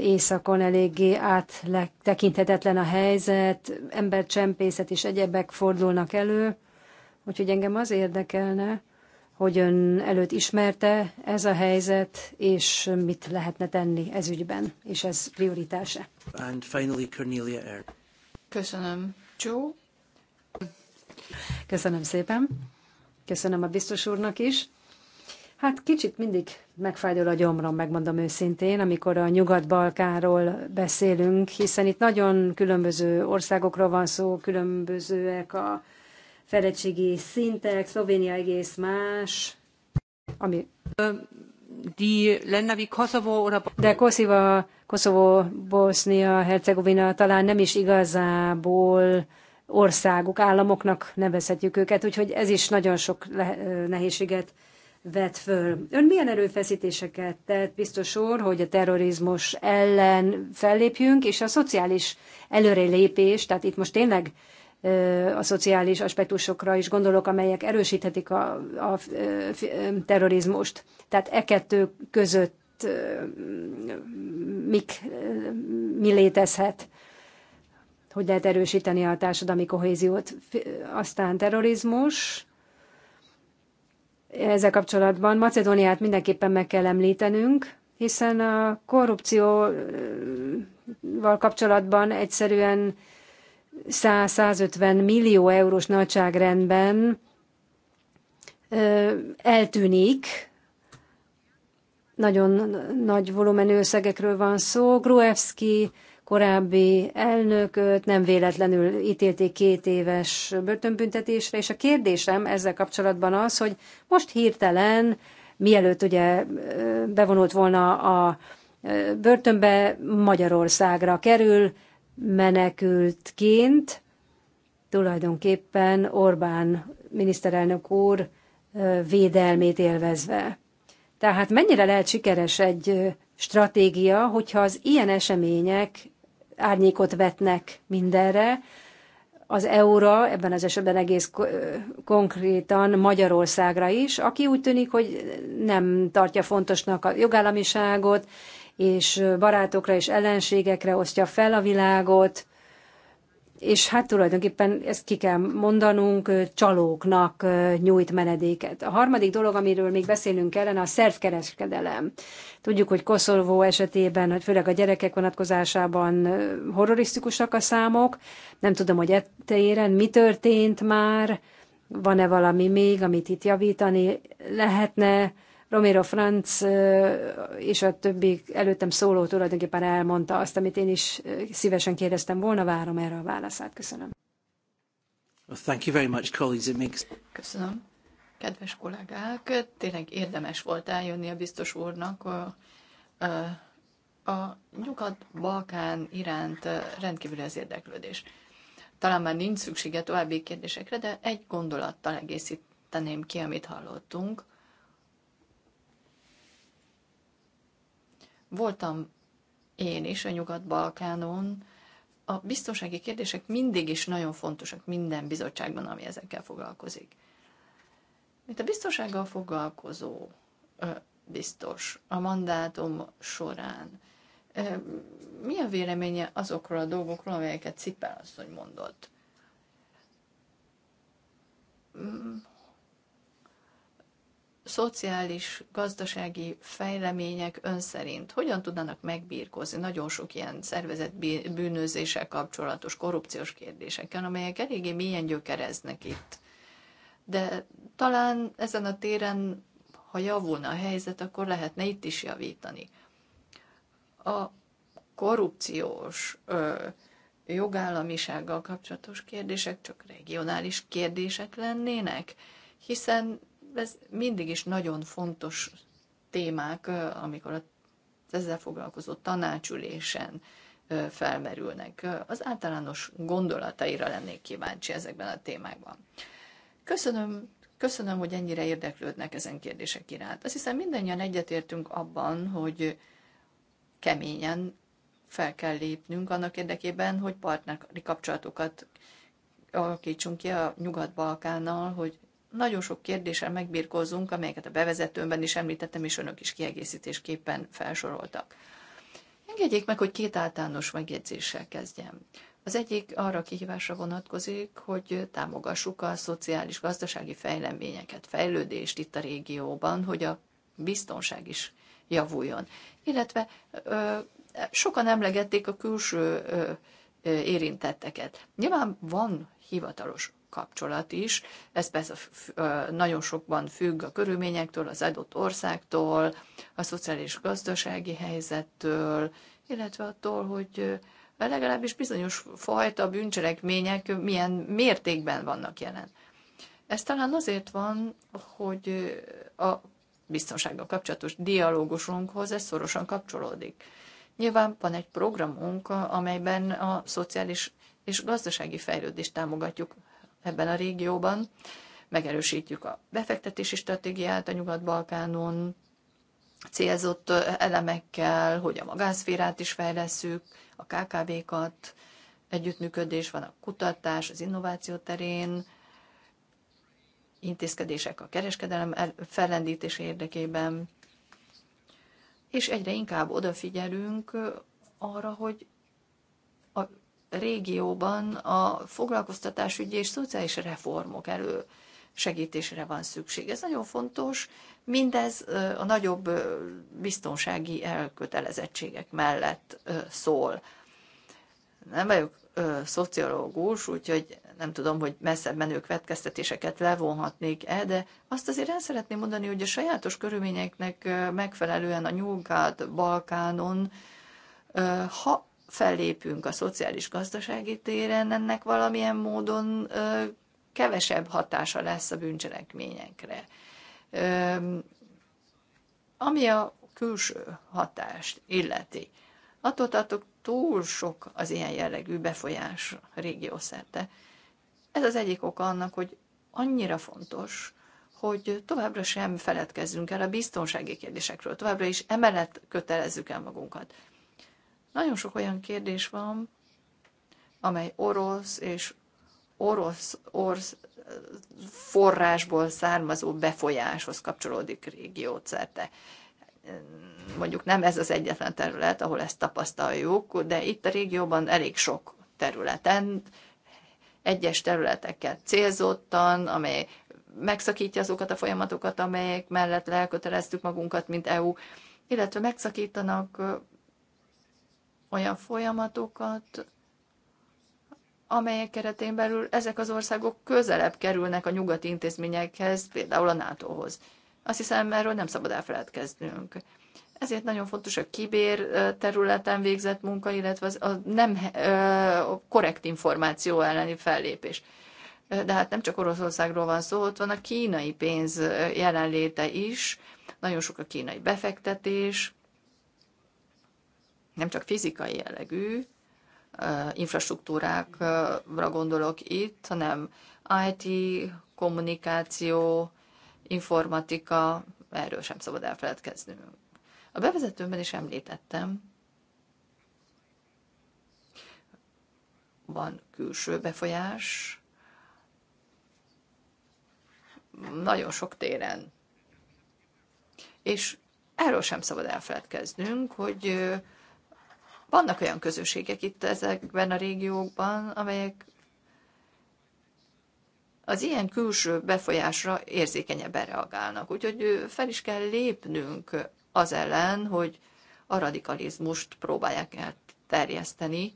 északon eléggé áttekinthetetlen a helyzet, embercsempészet és egyebek fordulnak elő, úgyhogy engem az érdekelne, hogy ön előtt ismerte ez a helyzet, és mit lehetne tenni ez ügyben, és ez prioritása. And finally Cornelia Erd. Köszönöm, Joe. Köszönöm szépen. Köszönöm a biztos úrnak is. Hát kicsit mindig megfájdul a gyomrom, megmondom őszintén, amikor a Nyugat-Balkánról beszélünk, hiszen itt nagyon különböző országokról van szó, különbözőek a fedettségi szintek, Szlovénia egész más, ami... Die Länder Kosovo oder... De Koszova, Koszovó, Bosznia, Hercegovina talán nem is igazából országok, államoknak nevezhetjük őket, úgyhogy ez is nagyon sok nehézséget vet föl. Ön milyen erőfeszítéseket tett, biztos úr, hogy a terrorizmus ellen fellépjünk, és a szociális előrelépés, tehát itt most tényleg a szociális aspektusokra is gondolok, amelyek erősíthetik a, a, a terrorizmust. Tehát e kettő között mik, mi létezhet, hogy lehet erősíteni a társadalmi kohéziót. Aztán terrorizmus, ezzel kapcsolatban Macedóniát mindenképpen meg kell említenünk, hiszen a korrupcióval kapcsolatban egyszerűen 100-150 millió eurós nagyságrendben eltűnik. Nagyon nagy volumenű összegekről van szó. Gruevski korábbi elnököt, nem véletlenül ítélték két éves börtönbüntetésre, és a kérdésem ezzel kapcsolatban az, hogy most hirtelen, mielőtt ugye bevonult volna a börtönbe, Magyarországra kerül, menekültként, tulajdonképpen Orbán miniszterelnök úr védelmét élvezve. Tehát mennyire lehet sikeres egy stratégia, hogyha az ilyen események árnyékot vetnek mindenre. Az euró ebben az esetben egész konkrétan Magyarországra is, aki úgy tűnik, hogy nem tartja fontosnak a jogállamiságot, és barátokra és ellenségekre osztja fel a világot, és hát tulajdonképpen ezt ki kell mondanunk, csalóknak nyújt menedéket. A harmadik dolog, amiről még beszélnünk kellene, a szervkereskedelem. Tudjuk, hogy Koszovó esetében, hogy főleg a gyerekek vonatkozásában horrorisztikusak a számok. Nem tudom, hogy ettéren mi történt már, van-e valami még, amit itt javítani lehetne, Romero Franz és a többi előttem szóló tulajdonképpen elmondta azt, amit én is szívesen kérdeztem volna, várom erre a válaszát. Köszönöm. Well, thank you very much, colleagues. It makes... Köszönöm. Kedves kollégák, tényleg érdemes volt eljönni a biztos úrnak. A, a, a Nyugat-Balkán iránt rendkívül az érdeklődés. Talán már nincs szüksége további kérdésekre, de egy gondolattal egészíteném ki, amit hallottunk – Voltam én is a Nyugat-Balkánon, a biztonsági kérdések mindig is nagyon fontosak minden bizottságban, ami ezekkel foglalkozik. Mint a biztonsággal foglalkozó biztos a mandátum során, mi a véleménye azokról a dolgokról, amelyeket Cipel asszony mondott? Mm, szociális, gazdasági fejlemények ön szerint hogyan tudnának megbírkozni nagyon sok ilyen szervezet bűnözéssel kapcsolatos korrupciós kérdéseken, amelyek eléggé mélyen gyökereznek itt. De talán ezen a téren, ha javulna a helyzet, akkor lehetne itt is javítani. A korrupciós ö, jogállamisággal kapcsolatos kérdések csak regionális kérdések lennének, hiszen ez mindig is nagyon fontos témák, amikor az ezzel foglalkozó tanácsülésen felmerülnek. Az általános gondolataira lennék kíváncsi ezekben a témákban. Köszönöm, köszönöm, hogy ennyire érdeklődnek ezen kérdések iránt. Azt hiszem mindannyian egyetértünk abban, hogy keményen fel kell lépnünk annak érdekében, hogy partneri kapcsolatokat alakítsunk ki a Nyugat-Balkánnal, hogy nagyon sok kérdéssel megbírkozunk, amelyeket a bevezetőmben is említettem, és önök is kiegészítésképpen felsoroltak. Engedjék meg, hogy két általános megjegyzéssel kezdjem. Az egyik arra kihívásra vonatkozik, hogy támogassuk a szociális-gazdasági fejleményeket, fejlődést itt a régióban, hogy a biztonság is javuljon. Illetve ö, sokan emlegették a külső ö, érintetteket. Nyilván van hivatalos kapcsolat is. Ez persze nagyon sokban függ a körülményektől, az adott országtól, a szociális gazdasági helyzettől, illetve attól, hogy legalábbis bizonyos fajta bűncselekmények milyen mértékben vannak jelen. Ez talán azért van, hogy a biztonsággal kapcsolatos dialógusunkhoz ez szorosan kapcsolódik. Nyilván van egy programunk, amelyben a szociális és gazdasági fejlődést támogatjuk ebben a régióban. Megerősítjük a befektetési stratégiát a Nyugat-Balkánon, célzott elemekkel, hogy a magánszférát is fejleszünk, a KKV-kat, együttműködés van a kutatás, az innováció terén, intézkedések a kereskedelem fellendítése érdekében, és egyre inkább odafigyelünk arra, hogy régióban a foglalkoztatásügyi és szociális reformok elő segítésre van szükség. Ez nagyon fontos, mindez a nagyobb biztonsági elkötelezettségek mellett szól. Nem vagyok szociológus, úgyhogy nem tudom, hogy messzebb menő következtetéseket levonhatnék-e, de azt azért el szeretném mondani, hogy a sajátos körülményeknek megfelelően a nyugat Balkánon ha fellépünk a szociális-gazdasági téren, ennek valamilyen módon kevesebb hatása lesz a bűncselekményekre. Ami a külső hatást illeti, attól tartok túl sok az ilyen jellegű befolyás régiószerte. Ez az egyik oka annak, hogy annyira fontos, hogy továbbra sem feledkezzünk el a biztonsági kérdésekről, továbbra is emellett kötelezzük el magunkat. Nagyon sok olyan kérdés van, amely orosz és orosz, orosz forrásból származó befolyáshoz kapcsolódik szerte. Mondjuk nem ez az egyetlen terület, ahol ezt tapasztaljuk, de itt a régióban elég sok területen, egyes területeket célzottan, amely megszakítja azokat a folyamatokat, amelyek mellett lelköteleztük magunkat, mint EU, illetve megszakítanak olyan folyamatokat, amelyek keretén belül ezek az országok közelebb kerülnek a nyugati intézményekhez, például a NATO-hoz. Azt hiszem, erről nem szabad elfeledkeznünk. Ezért nagyon fontos a kibér területen végzett munka, illetve az a nem a korrekt információ elleni fellépés. De hát nem csak Oroszországról van szó, ott van a kínai pénz jelenléte is, nagyon sok a kínai befektetés, nem csak fizikai jellegű infrastruktúrákra gondolok itt, hanem IT, kommunikáció, informatika, erről sem szabad elfeledkeznünk. A bevezetőmben is említettem, van külső befolyás, nagyon sok téren. És erről sem szabad elfeledkeznünk, hogy vannak olyan közösségek itt ezekben a régiókban, amelyek az ilyen külső befolyásra érzékenyebben reagálnak. Úgyhogy fel is kell lépnünk az ellen, hogy a radikalizmust próbálják terjeszteni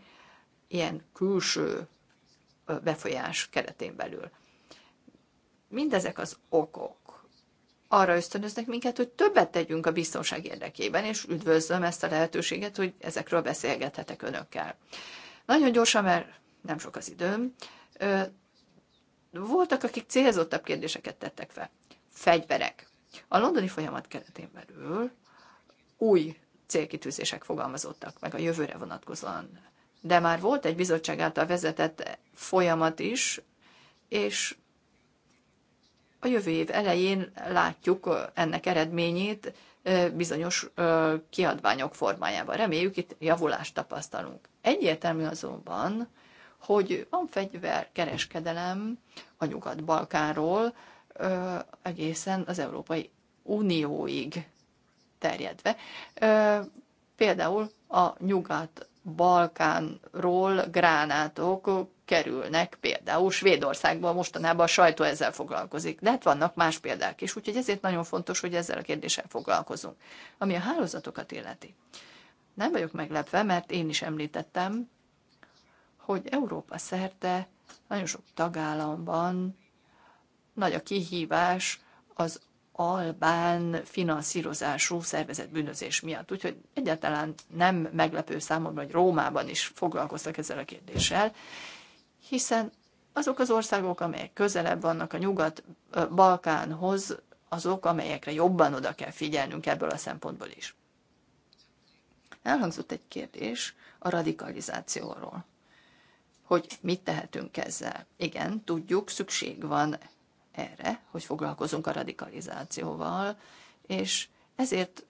ilyen külső befolyás keretén belül. Mindezek az okok, arra ösztönöznek minket, hogy többet tegyünk a biztonság érdekében, és üdvözlöm ezt a lehetőséget, hogy ezekről beszélgethetek önökkel. Nagyon gyorsan, mert nem sok az időm, voltak, akik célzottabb kérdéseket tettek fel. Fegyverek. A londoni folyamat keretén belül új célkitűzések fogalmazottak meg a jövőre vonatkozóan. De már volt egy bizottság által vezetett folyamat is, és a jövő év elején látjuk ennek eredményét bizonyos kiadványok formájában. Reméljük, itt javulást tapasztalunk. Egyértelmű azonban, hogy van fegyverkereskedelem a Nyugat-Balkánról egészen az Európai Unióig terjedve. Például a Nyugat-Balkánról gránátok kerülnek, például Svédországban mostanában a sajtó ezzel foglalkozik, de hát vannak más példák is, úgyhogy ezért nagyon fontos, hogy ezzel a kérdéssel foglalkozunk. Ami a hálózatokat illeti. Nem vagyok meglepve, mert én is említettem, hogy Európa szerte nagyon sok tagállamban nagy a kihívás az albán finanszírozású szervezet bűnözés miatt. Úgyhogy egyáltalán nem meglepő számomra, hogy Rómában is foglalkoztak ezzel a kérdéssel, hiszen azok az országok, amelyek közelebb vannak a Nyugat-Balkánhoz, azok, amelyekre jobban oda kell figyelnünk ebből a szempontból is. Elhangzott egy kérdés a radikalizációról, hogy mit tehetünk ezzel. Igen, tudjuk, szükség van erre, hogy foglalkozunk a radikalizációval, és ezért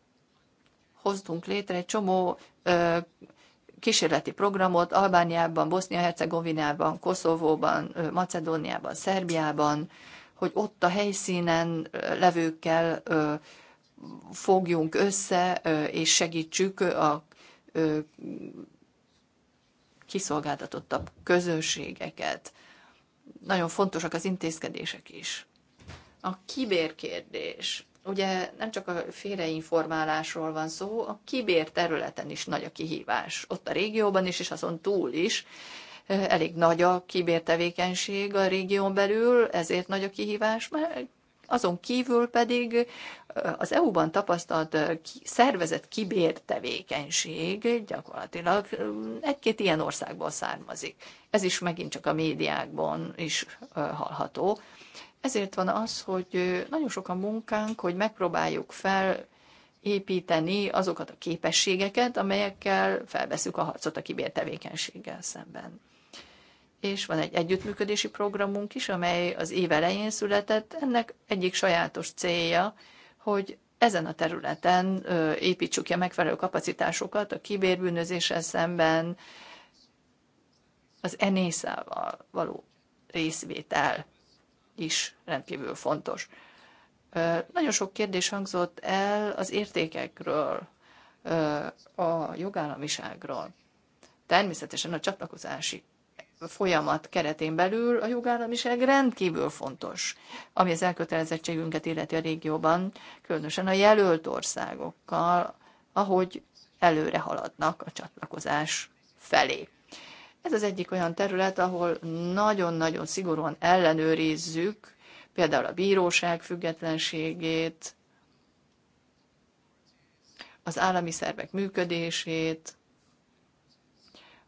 hoztunk létre egy csomó ö, kísérleti programot Albániában, Bosznia-Hercegovinában, Koszovóban, Macedóniában, Szerbiában, hogy ott a helyszínen levőkkel fogjunk össze, és segítsük a kiszolgáltatottabb közösségeket. Nagyon fontosak az intézkedések is. A kibérkérdés ugye nem csak a félreinformálásról van szó, a kibér területen is nagy a kihívás. Ott a régióban is, és azon túl is. Elég nagy a kibértevékenység a régión belül, ezért nagy a kihívás, mert azon kívül pedig az EU-ban tapasztalt szervezett kibértevékenység gyakorlatilag egy-két ilyen országból származik. Ez is megint csak a médiákban is hallható. Ezért van az, hogy nagyon sok a munkánk, hogy megpróbáljuk felépíteni azokat a képességeket, amelyekkel felveszük a harcot a kibértevékenységgel szemben. És van egy együttműködési programunk is, amely az év elején született. Ennek egyik sajátos célja, hogy ezen a területen építsük ki a megfelelő kapacitásokat a kibérbűnözéssel szemben, az enészával való részvétel is rendkívül fontos. Nagyon sok kérdés hangzott el az értékekről, a jogállamiságról. Természetesen a csatlakozási folyamat keretén belül a jogállamiság rendkívül fontos, ami az elkötelezettségünket illeti a régióban, különösen a jelölt országokkal, ahogy előre haladnak a csatlakozás felé. Ez az egyik olyan terület, ahol nagyon-nagyon szigorúan ellenőrizzük például a bíróság függetlenségét, az állami szervek működését,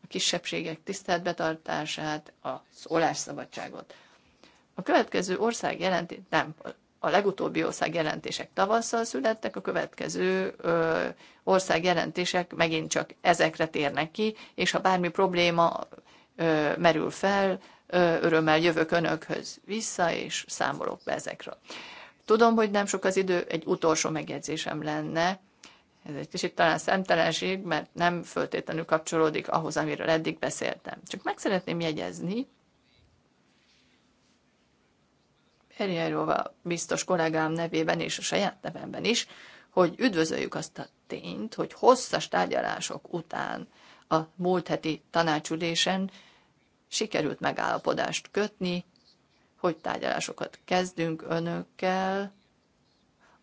a kisebbségek tiszteletbetartását, a szólásszabadságot. A következő ország jelentés, nem a legutóbbi országjelentések tavasszal születtek, a következő ö, országjelentések megint csak ezekre térnek ki, és ha bármi probléma ö, merül fel, ö, örömmel jövök önökhöz vissza, és számolok be ezekről. Tudom, hogy nem sok az idő, egy utolsó megjegyzésem lenne, ez egy kicsit talán szemtelenség, mert nem föltétlenül kapcsolódik ahhoz, amiről eddig beszéltem. Csak meg szeretném jegyezni, Erjáróval biztos kollégám nevében és a saját nevemben is, hogy üdvözöljük azt a tényt, hogy hosszas tárgyalások után a múlt heti tanácsülésen sikerült megállapodást kötni, hogy tárgyalásokat kezdünk önökkel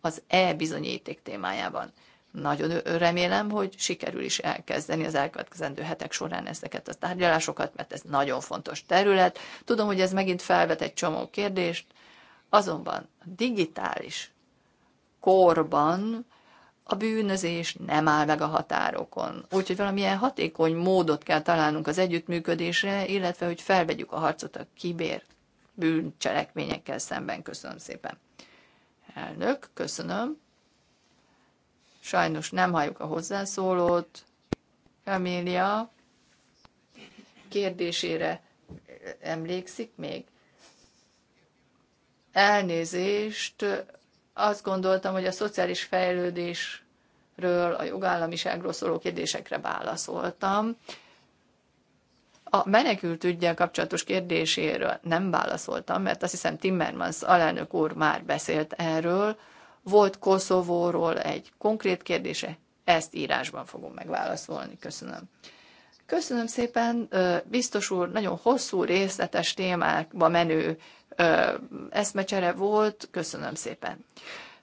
az e-bizonyíték témájában. Nagyon remélem, hogy sikerül is elkezdeni az elkövetkezendő hetek során ezeket a tárgyalásokat, mert ez nagyon fontos terület. Tudom, hogy ez megint felvet egy csomó kérdést, Azonban a digitális korban a bűnözés nem áll meg a határokon. Úgyhogy valamilyen hatékony módot kell találnunk az együttműködésre, illetve hogy felvegyük a harcot a kibér bűncselekményekkel szemben. Köszönöm szépen. Elnök, köszönöm. Sajnos nem halljuk a hozzászólót. Emília kérdésére emlékszik még? Elnézést, azt gondoltam, hogy a szociális fejlődésről, a jogállamiságról szóló kérdésekre válaszoltam. A menekült ügyel kapcsolatos kérdéséről nem válaszoltam, mert azt hiszem Timmermans alelnök úr már beszélt erről. Volt Koszovóról egy konkrét kérdése, ezt írásban fogom megválaszolni. Köszönöm. Köszönöm szépen, biztos úr, nagyon hosszú, részletes témákba menő eszmecsere volt, köszönöm szépen.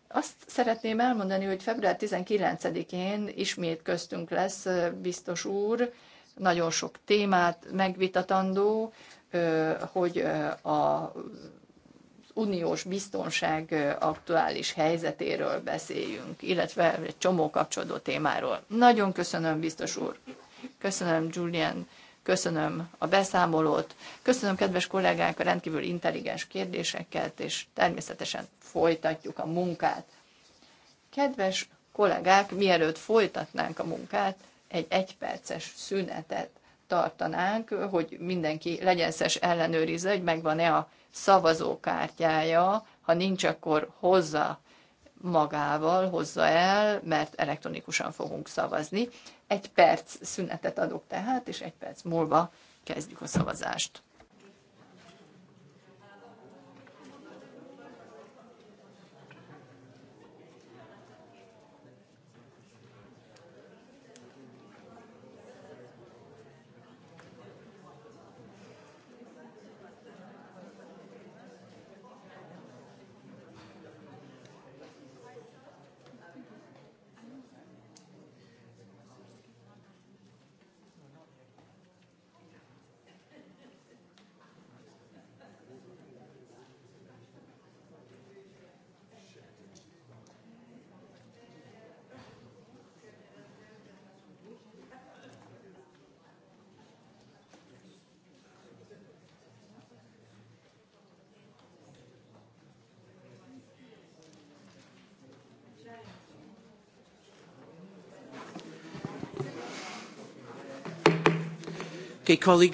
Azt szeretném elmondani, hogy február 19-én ismét köztünk lesz biztos úr, nagyon sok témát megvitatandó, hogy a uniós biztonság aktuális helyzetéről beszéljünk, illetve egy csomó kapcsolódó témáról. Nagyon köszönöm, biztos úr! Köszönöm, Julian, köszönöm a beszámolót, köszönöm, kedves kollégák, a rendkívül intelligens kérdéseket, és természetesen folytatjuk a munkát. Kedves kollégák, mielőtt folytatnánk a munkát, egy egyperces szünetet tartanánk, hogy mindenki legyen szes ellenőrizze, hogy megvan-e a szavazókártyája, ha nincs, akkor hozza magával, hozza el, mert elektronikusan fogunk szavazni. Egy perc szünetet adok tehát, és egy perc múlva kezdjük a szavazást. Um,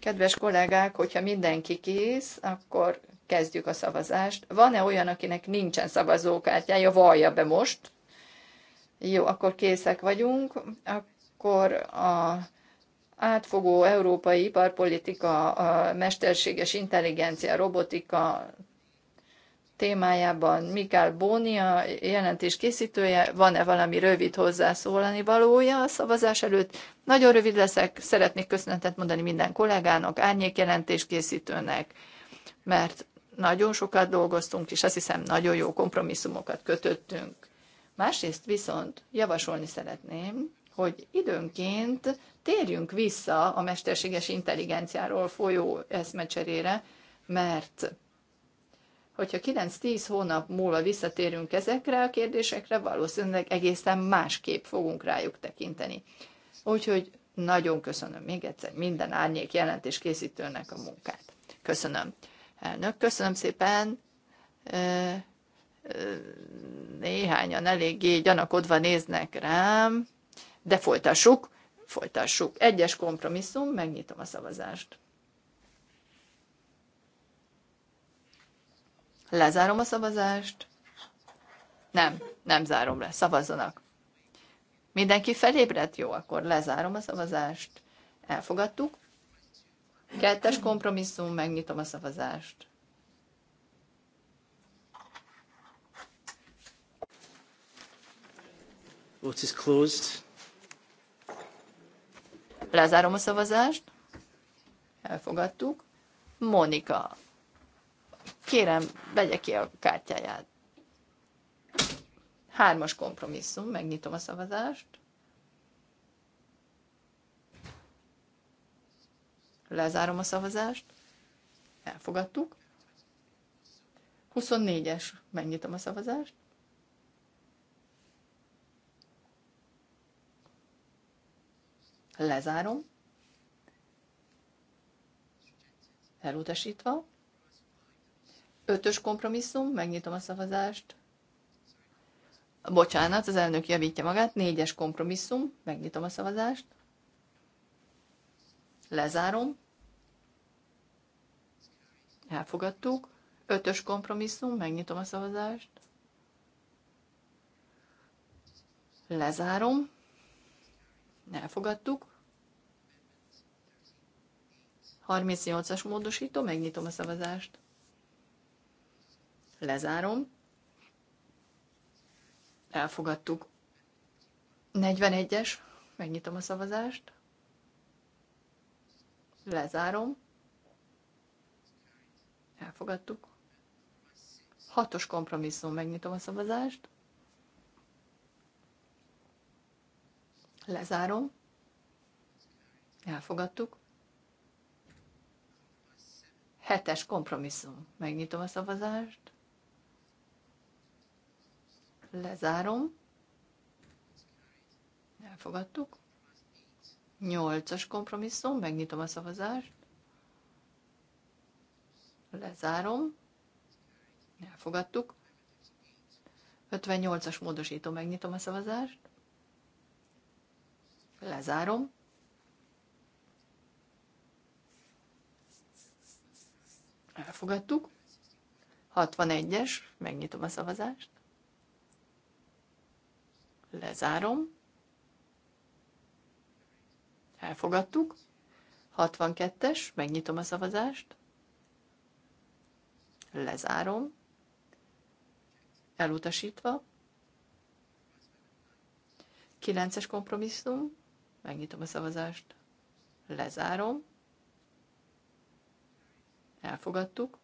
Kedves kollégák, hogyha mindenki kész, akkor kezdjük a szavazást. Van-e olyan, akinek nincsen szavazókártyája, vallja be most? Jó, akkor készek vagyunk. Akkor a átfogó európai iparpolitika, a mesterséges intelligencia, robotika témájában Mikál Bónia jelentés készítője, van-e valami rövid hozzászólani valója a szavazás előtt. Nagyon rövid leszek, szeretnék köszönetet mondani minden kollégának, jelentés készítőnek, mert nagyon sokat dolgoztunk, és azt hiszem nagyon jó kompromisszumokat kötöttünk. Másrészt viszont javasolni szeretném, hogy időnként térjünk vissza a mesterséges intelligenciáról folyó eszmecserére, mert hogyha 9-10 hónap múlva visszatérünk ezekre a kérdésekre, valószínűleg egészen másképp fogunk rájuk tekinteni. Úgyhogy nagyon köszönöm még egyszer minden árnyék jelentés készítőnek a munkát. Köszönöm. Elnök, köszönöm szépen. Néhányan eléggé gyanakodva néznek rám, de folytassuk, folytassuk. Egyes kompromisszum, megnyitom a szavazást. Lezárom a szavazást. Nem, nem zárom le. Szavazzanak. Mindenki felébredt? Jó, akkor lezárom a szavazást. Elfogadtuk. Kettes kompromisszum, megnyitom a szavazást. Vote is closed. Lezárom a szavazást. Elfogadtuk. Monika, Kérem, vegye ki a kártyáját. Hármas kompromisszum, megnyitom a szavazást. Lezárom a szavazást. Elfogadtuk. 24-es, megnyitom a szavazást. Lezárom. Elutasítva. Ötös kompromisszum, megnyitom a szavazást. Bocsánat, az elnök javítja magát. Négyes kompromisszum, megnyitom a szavazást. Lezárom. Elfogadtuk. Ötös kompromisszum, megnyitom a szavazást. Lezárom. Elfogadtuk. 38-as módosító, megnyitom a szavazást. Lezárom. Elfogadtuk. 41-es. Megnyitom a szavazást. Lezárom. Elfogadtuk. Hatos kompromisszum. Megnyitom a szavazást. Lezárom. Elfogadtuk. Hetes kompromisszum. Megnyitom a szavazást. Lezárom. Elfogadtuk. Nyolcas kompromisszum, megnyitom a szavazást. Lezárom. Elfogadtuk. 58-as módosító, megnyitom a szavazást. Lezárom. Elfogadtuk. 61-es, megnyitom a szavazást. Lezárom. Elfogadtuk. 62-es, megnyitom a szavazást. Lezárom. Elutasítva. 9-es kompromisszum, megnyitom a szavazást. Lezárom. Elfogadtuk.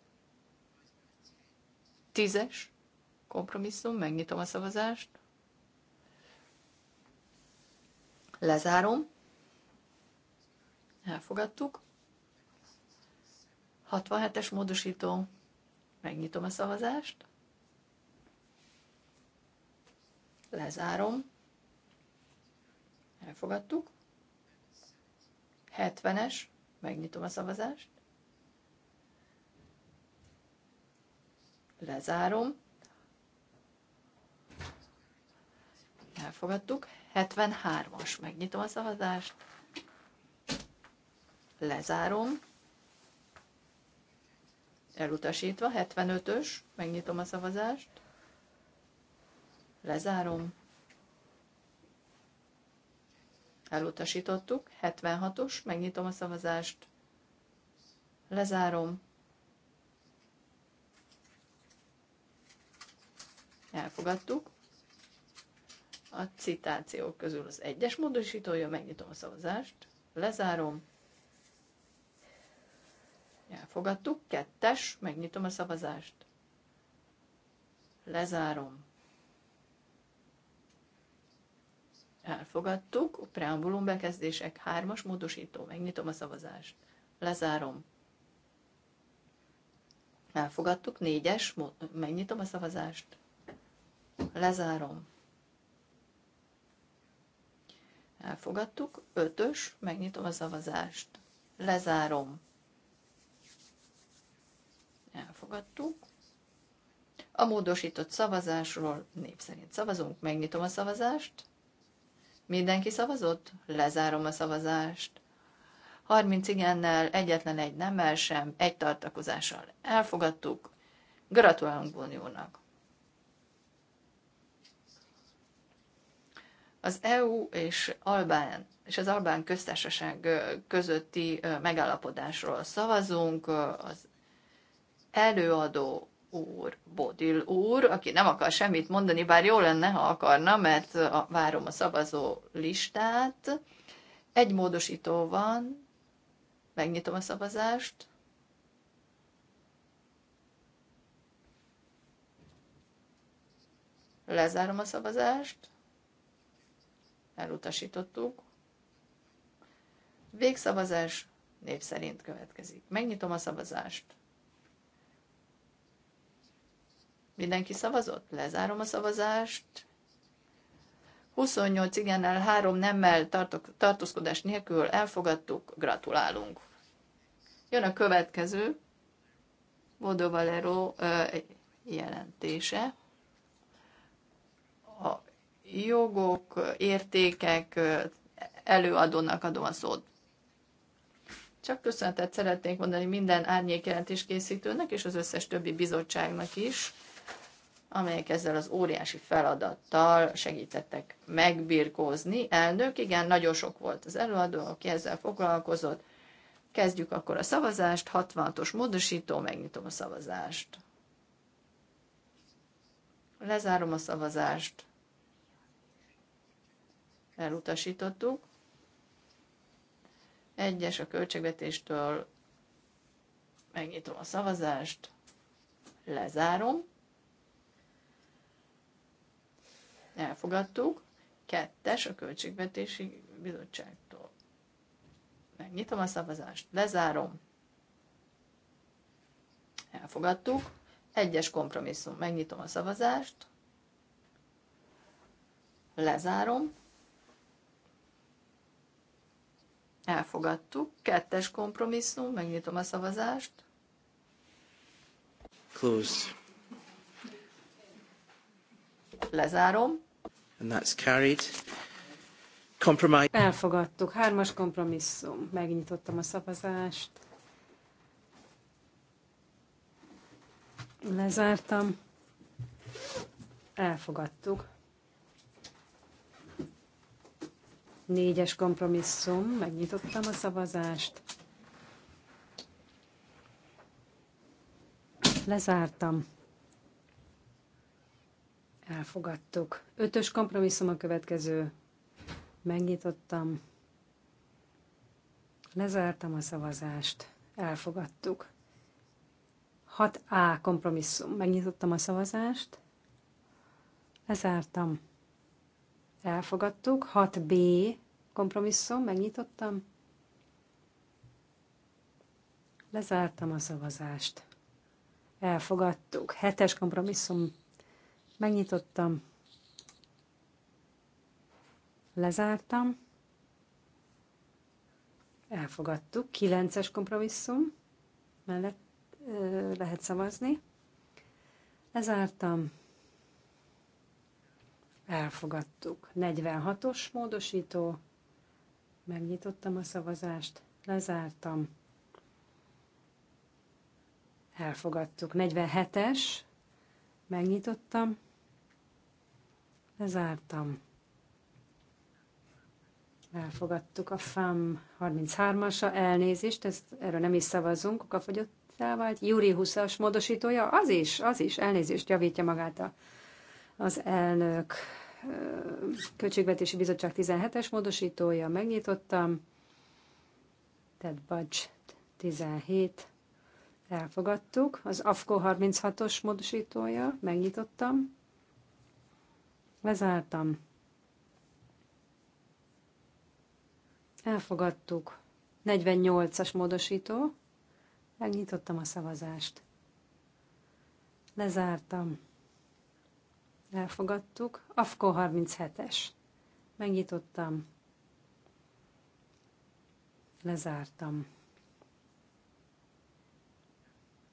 10-es kompromisszum, megnyitom a szavazást. Lezárom. Elfogadtuk. 67-es módosító. Megnyitom a szavazást. Lezárom. Elfogadtuk. 70-es. Megnyitom a szavazást. Lezárom. Elfogadtuk. 73-as. Megnyitom a szavazást. Lezárom. Elutasítva. 75-ös. Megnyitom a szavazást. Lezárom. Elutasítottuk. 76-os. Megnyitom a szavazást. Lezárom. Elfogadtuk a citációk közül az egyes módosítója, megnyitom a szavazást, lezárom, elfogadtuk, kettes, megnyitom a szavazást, lezárom, elfogadtuk, a preambulum bekezdések, hármas módosító, megnyitom a szavazást, lezárom, elfogadtuk, négyes, megnyitom a szavazást, lezárom, Elfogadtuk. Ötös, megnyitom a szavazást. Lezárom. Elfogadtuk. A módosított szavazásról népszerint szavazunk. Megnyitom a szavazást. Mindenki szavazott? Lezárom a szavazást. 30 igennel, egyetlen egy nemmel sem, egy tartakozással elfogadtuk. Gratulálunk Boniónak! Az EU és Albán és az Albán köztársaság közötti megállapodásról szavazunk. Az előadó úr, Bodil úr, aki nem akar semmit mondani, bár jó lenne, ha akarna, mert várom a szavazó listát. Egy módosító van, megnyitom a szavazást. Lezárom a szavazást elutasítottuk. Végszavazás név szerint következik. Megnyitom a szavazást. Mindenki szavazott? Lezárom a szavazást. 28 igennel, 3 nemmel, tartok, tartózkodás nélkül elfogadtuk, gratulálunk. Jön a következő, Bodo Valero ö, jelentése. A jogok, értékek előadónak adom a szót. Csak köszönetet szeretnék mondani minden árnyékjelentés készítőnek és az összes többi bizottságnak is, amelyek ezzel az óriási feladattal segítettek megbirkózni. Elnök, igen, nagyon sok volt az előadó, aki ezzel foglalkozott. Kezdjük akkor a szavazást, 66-os módosító, megnyitom a szavazást. Lezárom a szavazást elutasítottuk. Egyes a költségvetéstől megnyitom a szavazást, lezárom, elfogadtuk, kettes a költségvetési bizottságtól. Megnyitom a szavazást, lezárom, elfogadtuk, egyes kompromisszum, megnyitom a szavazást, lezárom, Elfogadtuk. Kettes kompromisszum, megnyitom a szavazást. Closed. Lezárom. And that's carried. Compromise. Elfogadtuk. Hármas kompromisszum. Megnyitottam a szavazást. Lezártam. Elfogadtuk. Négyes kompromisszum, megnyitottam a szavazást. Lezártam. Elfogadtuk. Ötös kompromisszum a következő. Megnyitottam. Lezártam a szavazást. Elfogadtuk. 6A kompromisszum. Megnyitottam a szavazást. Lezártam. Elfogadtuk. 6B kompromisszum, megnyitottam. Lezártam a szavazást. Elfogadtuk. Hetes kompromisszum, megnyitottam. Lezártam. Elfogadtuk. Kilences kompromisszum mellett ö, lehet szavazni. Lezártam Elfogadtuk. 46-os módosító. Megnyitottam a szavazást, lezártam. Elfogadtuk. 47-es. Megnyitottam. Lezártam. Elfogadtuk a FAM 33-asa elnézést, ezt, erről nem is szavazunk, okafogyott vált. Júri 20-as módosítója, az is, az is, elnézést javítja magát a az elnök Költségvetési Bizottság 17-es módosítója, megnyitottam, tehát Bacs 17, elfogadtuk. Az AFKO 36-os módosítója, megnyitottam, lezártam, elfogadtuk. 48-as módosító, megnyitottam a szavazást, lezártam elfogadtuk. AFKO 37-es. Megnyitottam. Lezártam.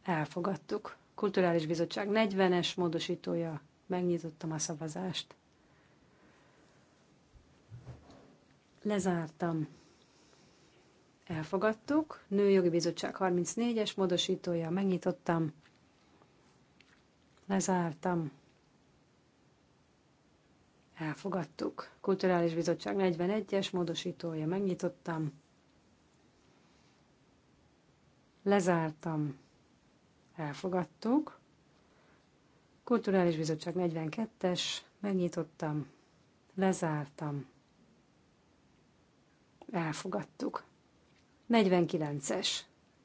Elfogadtuk. Kulturális Bizottság 40-es módosítója. Megnyitottam a szavazást. Lezártam. Elfogadtuk. Nőjogi Bizottság 34-es módosítója. Megnyitottam. Lezártam Elfogadtuk. Kulturális Bizottság 41-es módosítója. Megnyitottam. Lezártam. Elfogadtuk. Kulturális Bizottság 42-es. Megnyitottam. Lezártam. Elfogadtuk. 49-es.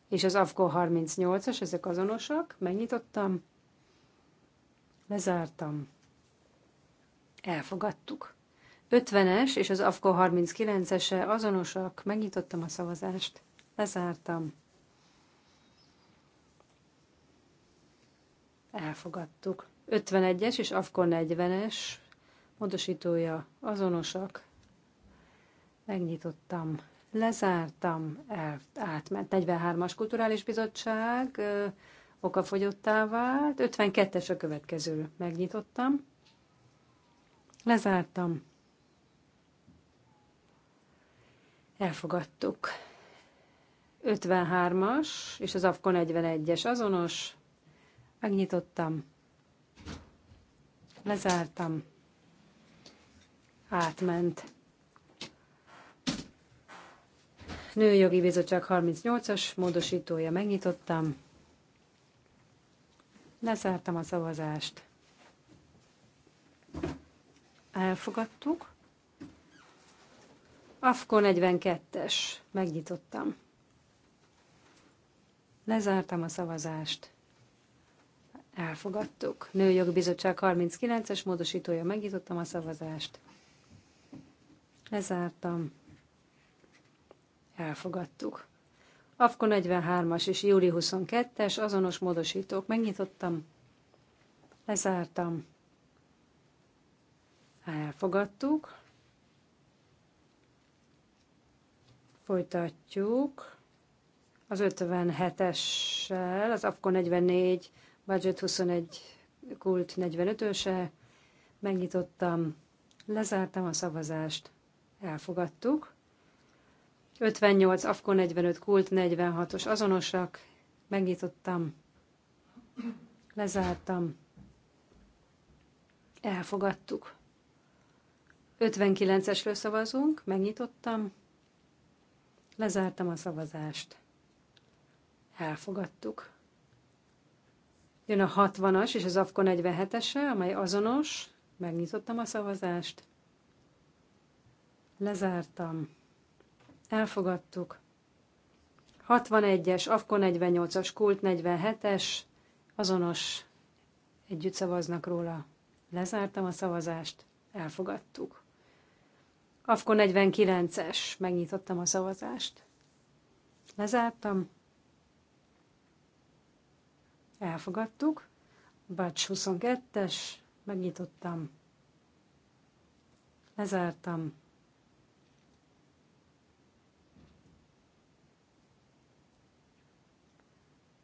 És az AFKO 38-as, ezek azonosak. Megnyitottam. Lezártam elfogadtuk. 50-es és az AFKO 39-ese azonosak, megnyitottam a szavazást, lezártam. Elfogadtuk. 51-es és AFKO 40-es módosítója azonosak, megnyitottam, lezártam, el, átment. 43-as kulturális bizottság, okafogyottá vált, 52-es a következő, megnyitottam Lezártam. Elfogadtuk. 53-as és az AFKON 41-es azonos. Megnyitottam. Lezártam. Átment. Nőjogi Bizottság 38-as módosítója, megnyitottam. Lezártam a szavazást elfogadtuk. AFKO 42-es, megnyitottam. Lezártam a szavazást. Elfogadtuk. Nőjog Bizottság 39-es módosítója, megnyitottam a szavazást. Lezártam. Elfogadtuk. AFKO 43-as és júli 22-es azonos módosítók. Megnyitottam. Lezártam. Elfogadtuk. Folytatjuk az 57-essel, az AFKO 44, Budget 21, Kult 45-öse. Megnyitottam, lezártam a szavazást, elfogadtuk. 58, AFKO 45, Kult 46-os azonosak, megnyitottam, lezártam, elfogadtuk. 59-esről szavazunk, megnyitottam, lezártam a szavazást. Elfogadtuk. Jön a 60-as és az AFKO 47-ese, amely azonos, megnyitottam a szavazást. Lezártam. Elfogadtuk. 61-es, AFKO 48-as, Kult 47-es, azonos, együtt szavaznak róla. Lezártam a szavazást, elfogadtuk. Afkon 49-es. Megnyitottam a szavazást. Lezártam. Elfogadtuk. Bács 22-es. Megnyitottam. Lezártam.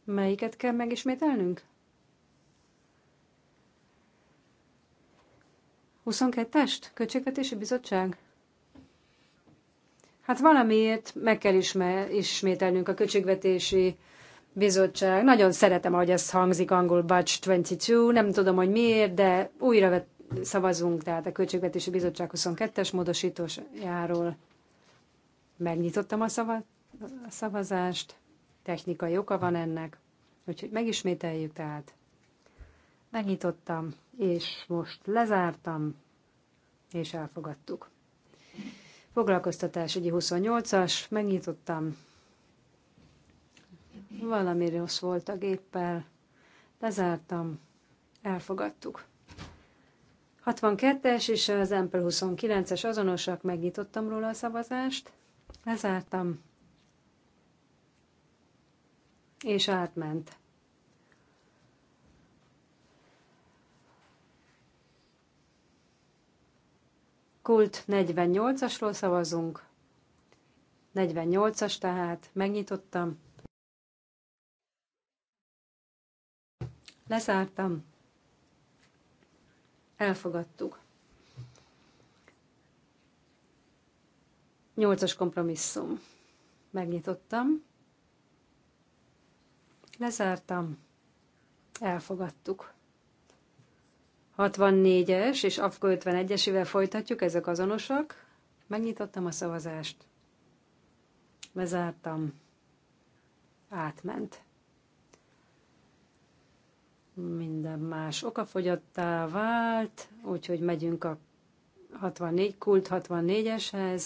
Melyiket kell megismételnünk? 22-est? Költségvetési Bizottság? Hát valamiért meg kell ismer, ismételnünk a költségvetési bizottság. Nagyon szeretem, ahogy ez hangzik angol Batch 22, nem tudom, hogy miért, de újra vet, szavazunk, tehát a Költségvetési Bizottság 22-es módosítósjáról. Megnyitottam a, szava, a szavazást, technikai oka van ennek, úgyhogy megismételjük, tehát megnyitottam, és most lezártam, és elfogadtuk. Foglalkoztatás ugye 28-as, megnyitottam. Valami rossz volt a géppel. Lezártam. Elfogadtuk. 62-es és az ember 29-es azonosak, megnyitottam róla a szavazást. Lezártam. És átment. Kult 48-asról szavazunk. 48-as tehát, megnyitottam. leszártam, Elfogadtuk. 8-as kompromisszum. Megnyitottam. Lezártam. Elfogadtuk. 64-es és AFKO 51-esével folytatjuk, ezek azonosak. Megnyitottam a szavazást. Bezártam. Átment. Minden más okafogyottá vált, úgyhogy megyünk a 64, kult 64-eshez.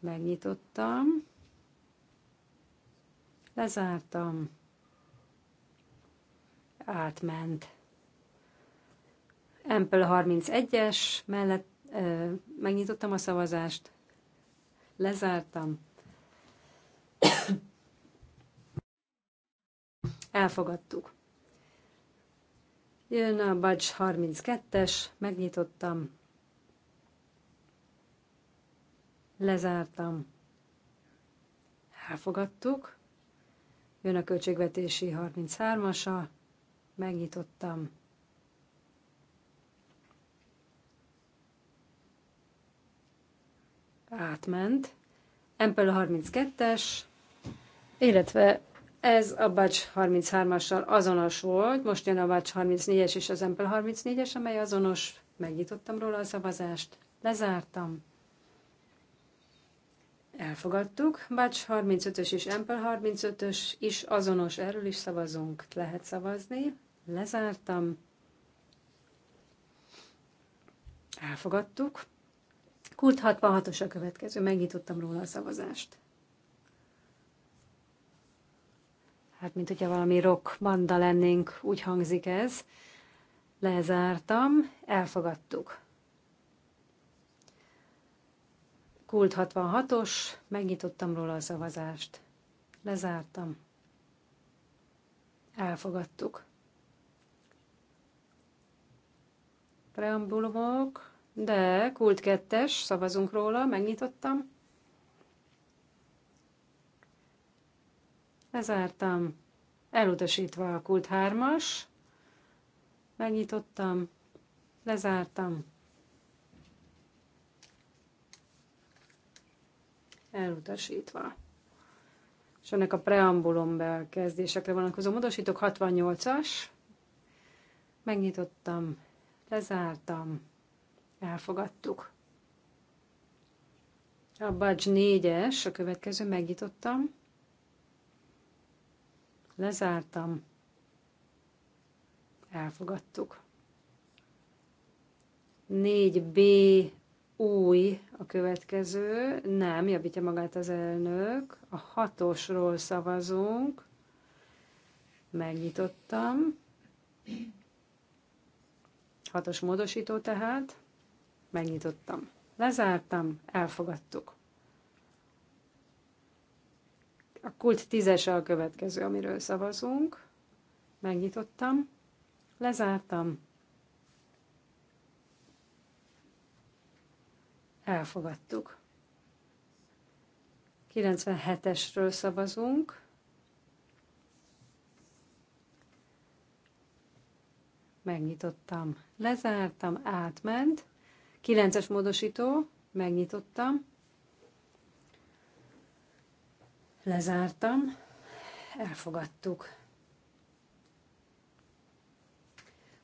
Megnyitottam. Lezártam. Átment. Ample 31-es mellett ö, megnyitottam a szavazást, lezártam. Elfogadtuk. Jön a Bacs 32-es, megnyitottam, lezártam, elfogadtuk. Jön a költségvetési 33-asa, megnyitottam, átment, Empel a 32-es, illetve ez a bacs 33-assal azonos volt, most jön a bacs 34-es és az Empel 34-es, amely azonos, megnyitottam róla a szavazást, lezártam, elfogadtuk, bacs 35-ös és Empel 35-ös is azonos, erről is szavazunk, lehet szavazni, lezártam, elfogadtuk, Kult 66-os a következő, megnyitottam róla a szavazást. Hát, mint hogyha valami rock banda lennénk, úgy hangzik ez. Lezártam, elfogadtuk. Kult 66-os, megnyitottam róla a szavazást. Lezártam. Elfogadtuk. Preambulumok, de kult kettes, szavazunk róla, megnyitottam. Lezártam, elutasítva a kult hármas, megnyitottam, lezártam. Elutasítva. És ennek a preambulum bekezdésekre vonatkozó módosítok 68-as. Megnyitottam, lezártam Elfogadtuk. A Bajs négyes, a következő megnyitottam. Lezártam. Elfogadtuk. 4B új a következő. Nem, javítja magát az elnök. A hatosról szavazunk. Megnyitottam. Hatos módosító tehát megnyitottam, lezártam, elfogadtuk. A kult tízese a következő, amiről szavazunk. Megnyitottam, lezártam, elfogadtuk. 97-esről szavazunk. Megnyitottam, lezártam, átment. Kilences módosító, megnyitottam, lezártam, elfogadtuk.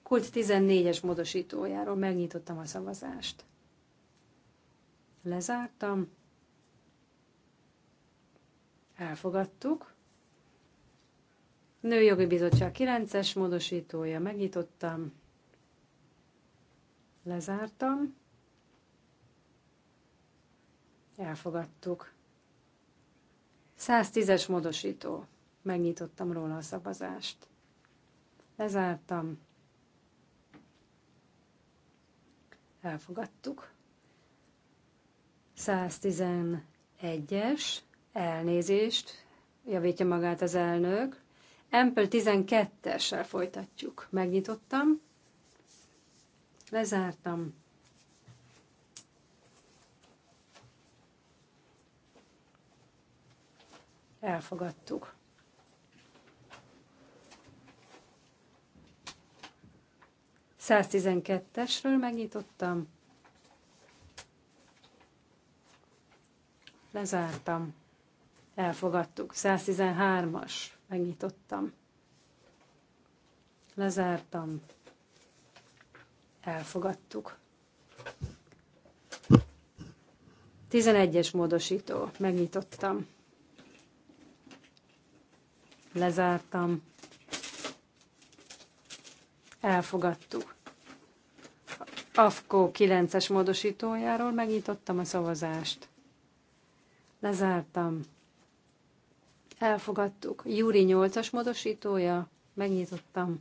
Kult 14-es módosítójáról megnyitottam a szavazást. Lezártam, elfogadtuk. Nőjogi Bizottság 9-es módosítója, megnyitottam, lezártam, Elfogadtuk. 110-es módosító. Megnyitottam róla a szavazást. Lezártam. Elfogadtuk. 111-es. Elnézést. Javítja magát az elnök. Empel 12-essel folytatjuk. Megnyitottam. Lezártam. elfogadtuk. Száztizenkettesről megnyitottam, lezártam, elfogadtuk. 113-as, megnyitottam, lezártam, elfogadtuk. 11-es módosító, megnyitottam. Lezártam. Elfogadtuk. AFKO 9-es módosítójáról megnyitottam a szavazást. Lezártam. Elfogadtuk. Júri 8-as módosítója. Megnyitottam.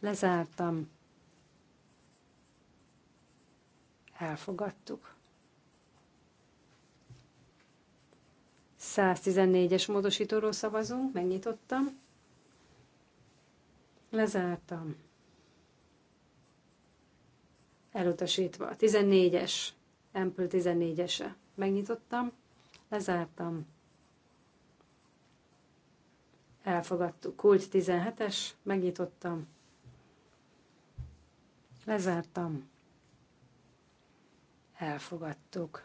Lezártam. Elfogadtuk. 114-es módosítóról szavazunk, megnyitottam, lezártam, elutasítva. 14-es, Ample 14-ese, megnyitottam, lezártam, elfogadtuk. Kult 17-es, megnyitottam, lezártam, elfogadtuk.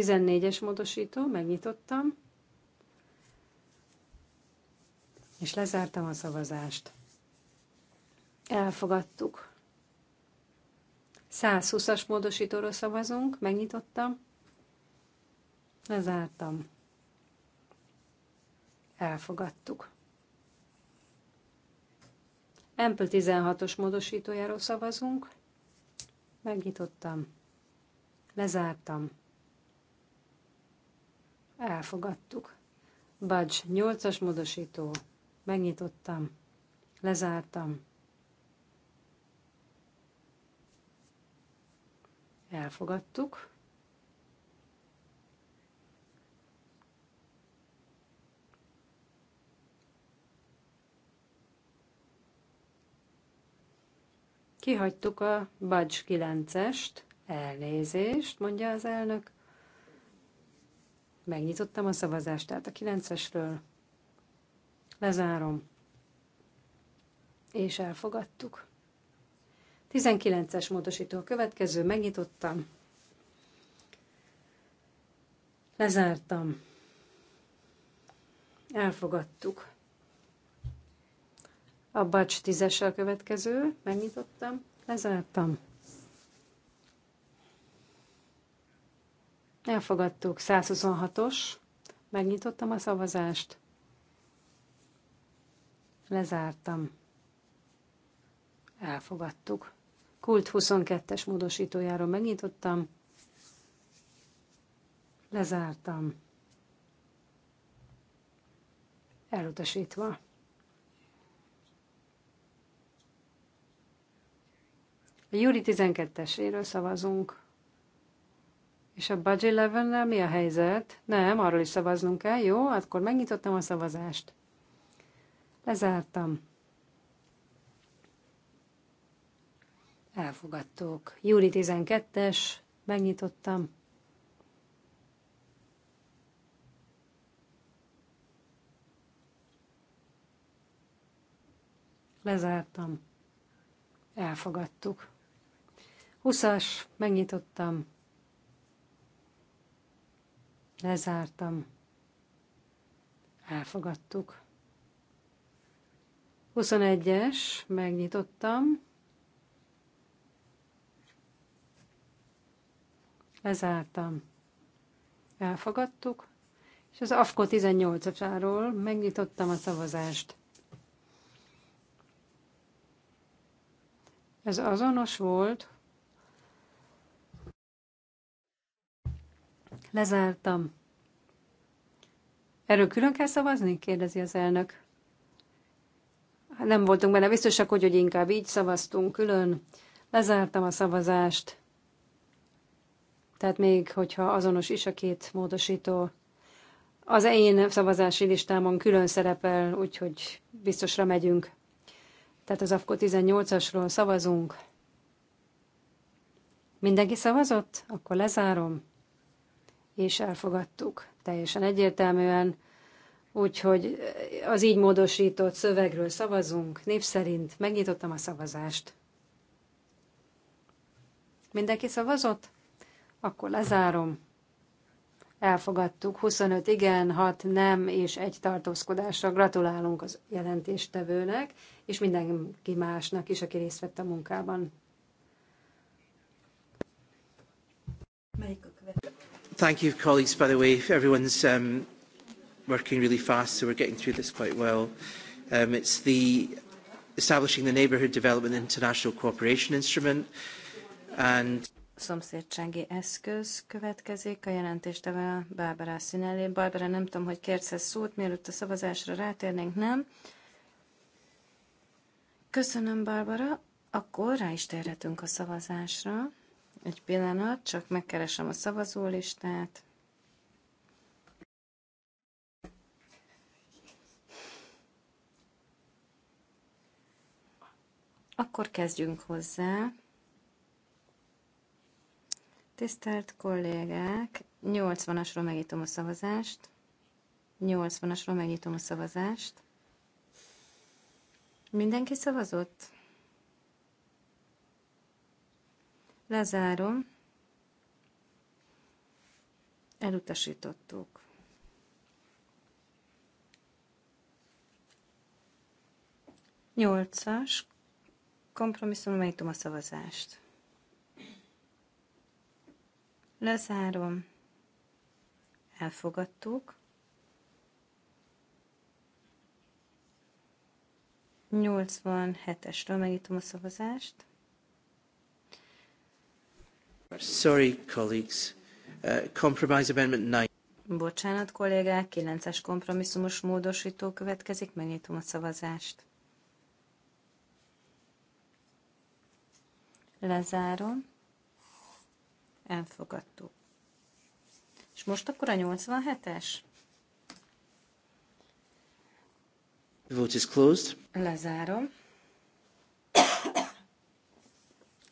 14-es módosító, megnyitottam, és lezártam a szavazást. Elfogadtuk. 120-as módosítóról szavazunk, megnyitottam, lezártam. Elfogadtuk. Ample 16-os módosítójáról szavazunk, megnyitottam, lezártam elfogadtuk. Budge nyolcas módosító, megnyitottam, lezártam, elfogadtuk. Kihagytuk a Budge 9-est, elnézést, mondja az elnök. Megnyitottam a szavazást, tehát a 9-esről lezárom, és elfogadtuk. 19-es módosító a következő, megnyitottam, lezártam, elfogadtuk. A bacs 10 a következő, megnyitottam, lezártam, Elfogadtuk. 126-os. Megnyitottam a szavazást. Lezártam. Elfogadtuk. Kult 22-es módosítójáról megnyitottam. Lezártam. Elutasítva. A júli 12-eséről szavazunk. És a budget level mi a helyzet? Nem, arról is szavaznunk kell. Jó, akkor megnyitottam a szavazást. Lezártam. Elfogadtuk. Júli 12-es, megnyitottam. Lezártam. Elfogadtuk. 20-as, megnyitottam. Lezártam. Elfogadtuk. 21-es, megnyitottam. Lezártam. Elfogadtuk. És az AFKO 18-asáról megnyitottam a szavazást. Ez azonos volt, Lezártam. Erről külön kell szavazni? kérdezi az elnök. Hát nem voltunk benne biztosak, hogy, hogy inkább így szavaztunk külön. Lezártam a szavazást. Tehát még, hogyha azonos is a két módosító, az én szavazási listámon külön szerepel, úgyhogy biztosra megyünk. Tehát az AFKO 18-asról szavazunk. Mindenki szavazott? Akkor lezárom és elfogadtuk teljesen egyértelműen. Úgyhogy az így módosított szövegről szavazunk, név szerint megnyitottam a szavazást. Mindenki szavazott? Akkor lezárom. Elfogadtuk 25 igen, 6 nem és egy tartózkodásra. Gratulálunk az jelentéstevőnek, és mindenki másnak is, aki részt vett a munkában. Melyik Thank you, colleagues, by the way. Everyone's um, working really fast, so we're getting through this quite well. Um, it's the establishing the Neighbourhood Development International Cooperation Instrument and szomszédsági eszköz következik. A jelentéstevő Bárbara Színelé. Bárbara, nem tudom, hogy kérsz ezt szót, mielőtt a szavazásra rátérnénk, nem? Köszönöm, Bárbara. Akkor rá is térhetünk a szavazásra. Egy pillanat, csak megkeresem a szavazólistát. Akkor kezdjünk hozzá. Tisztelt kollégák, 80-asról megítom a szavazást. 80-asról megítom a szavazást. Mindenki szavazott? Lezárom. Elutasítottuk. Nyolcas. Kompromisszum, megnyitom a szavazást. Lezárom. Elfogadtuk. 87-esről megítom a szavazást. Sorry, colleagues. Uh, compromise amendment 9. Bocsánat, kollégák, 9-es kompromisszumos módosító következik, megnyitom a szavazást. Lezárom. Elfogadtó. És most akkor a 87-es? The vote is closed. Lezárom.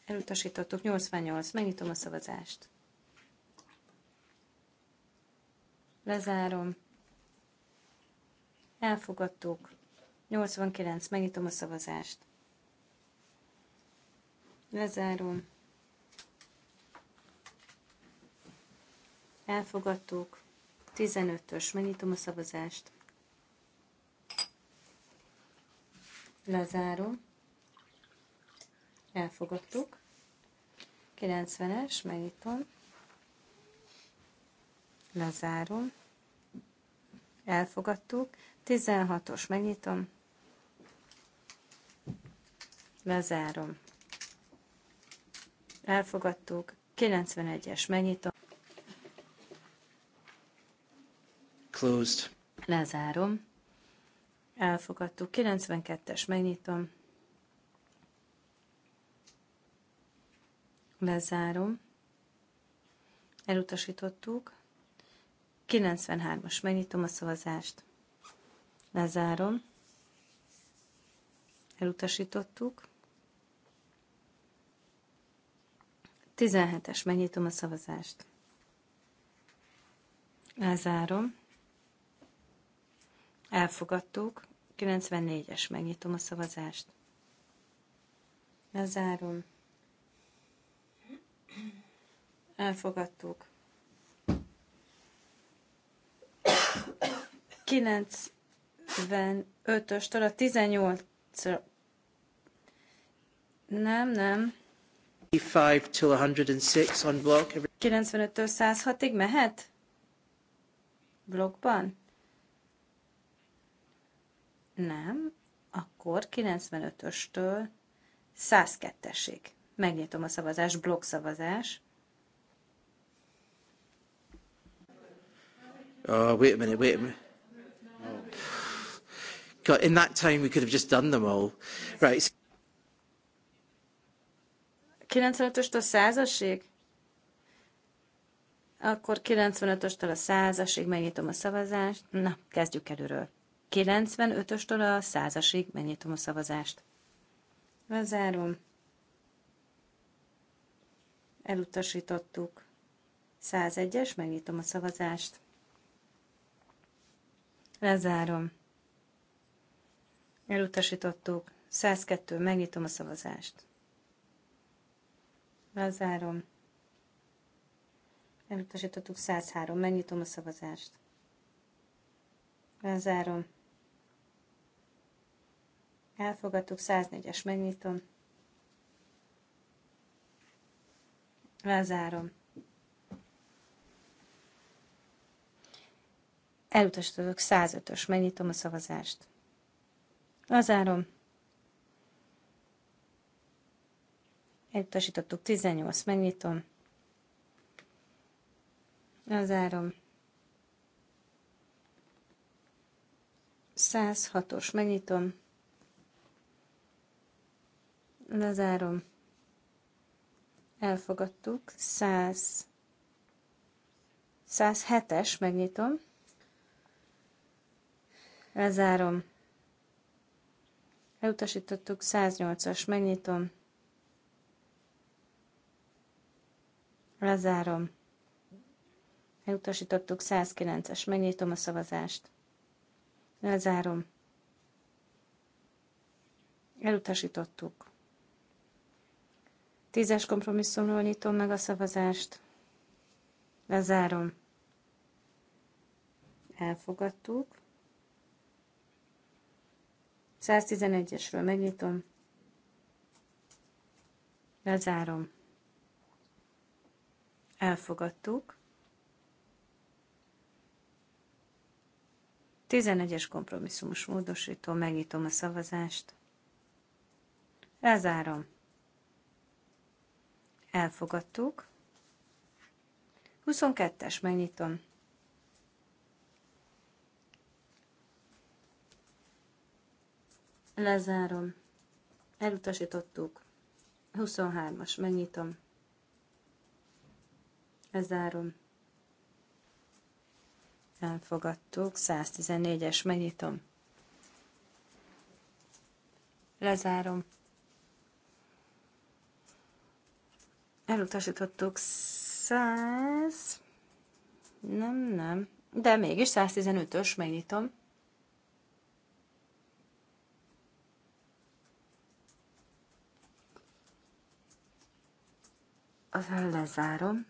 Elutasítottuk 88. Megnyitom a szavazást. Lezárom. Elfogadtuk. 89. Megnyitom a szavazást. Lezárom. Elfogadtuk. 15-ös. Megnyitom a szavazást. Lezárom elfogadtuk. 90-es, megnyitom, lezárom, elfogadtuk. 16-os, megnyitom, lezárom, elfogadtuk. 91-es, megnyitom. Closed. Lezárom. Elfogadtuk. 92-es, megnyitom. Lezárom. Elutasítottuk. 93-as. Megnyitom a szavazást. Lezárom. Elutasítottuk. 17-es. Megnyitom a szavazást. Lezárom. Elfogadtuk. 94-es. Megnyitom a szavazást. Lezárom elfogadtuk. 95-östől a 18 nem, nem. 95-től 106 ig mehet? Blokkban? Nem. Akkor 95-östől 102-esig. Megnyitom a szavazás, blokk blokkszavazás. Oh, wait a minute, wait a minute. God, in that time we could have just done them all. Right. 95-öst a százasig? Akkor 95-östől a százasig megnyitom a szavazást. Na, kezdjük előről. 95-östől a százasig megnyitom a szavazást. Lezárom. Elutasítottuk. 101-es, megnyitom a szavazást. Lezárom. Elutasítottuk. 102. Megnyitom a szavazást. Lezárom. Elutasítottuk 103. Megnyitom a szavazást. Lezárom. Elfogadtuk 104-es. Megnyitom. Lezárom. Elutasítottuk 105-ös. Megnyitom a szavazást. Lazárom. Elutasítottuk 18. Megnyitom. Lazárom. 106-os. Megnyitom. Lezárom. Elfogadtuk. 100. 107-es. Megnyitom. Lezárom. Elutasítottuk 108-as, megnyitom. Lezárom. Elutasítottuk 109-es, megnyitom a szavazást. Lezárom. Elutasítottuk. Tízes kompromisszumról nyitom meg a szavazást. Lezárom. Elfogadtuk. 111-esről megnyitom. Lezárom. Elfogadtuk. 11-es kompromisszumos módosító, megnyitom a szavazást. Lezárom. Elfogadtuk. 22-es, megnyitom. Lezárom. Elutasítottuk. 23-as. Megnyitom. Lezárom. Elfogadtuk. 114-es. Megnyitom. Lezárom. Elutasítottuk 100... Nem, nem. De mégis 115-ös, megnyitom. lezárom.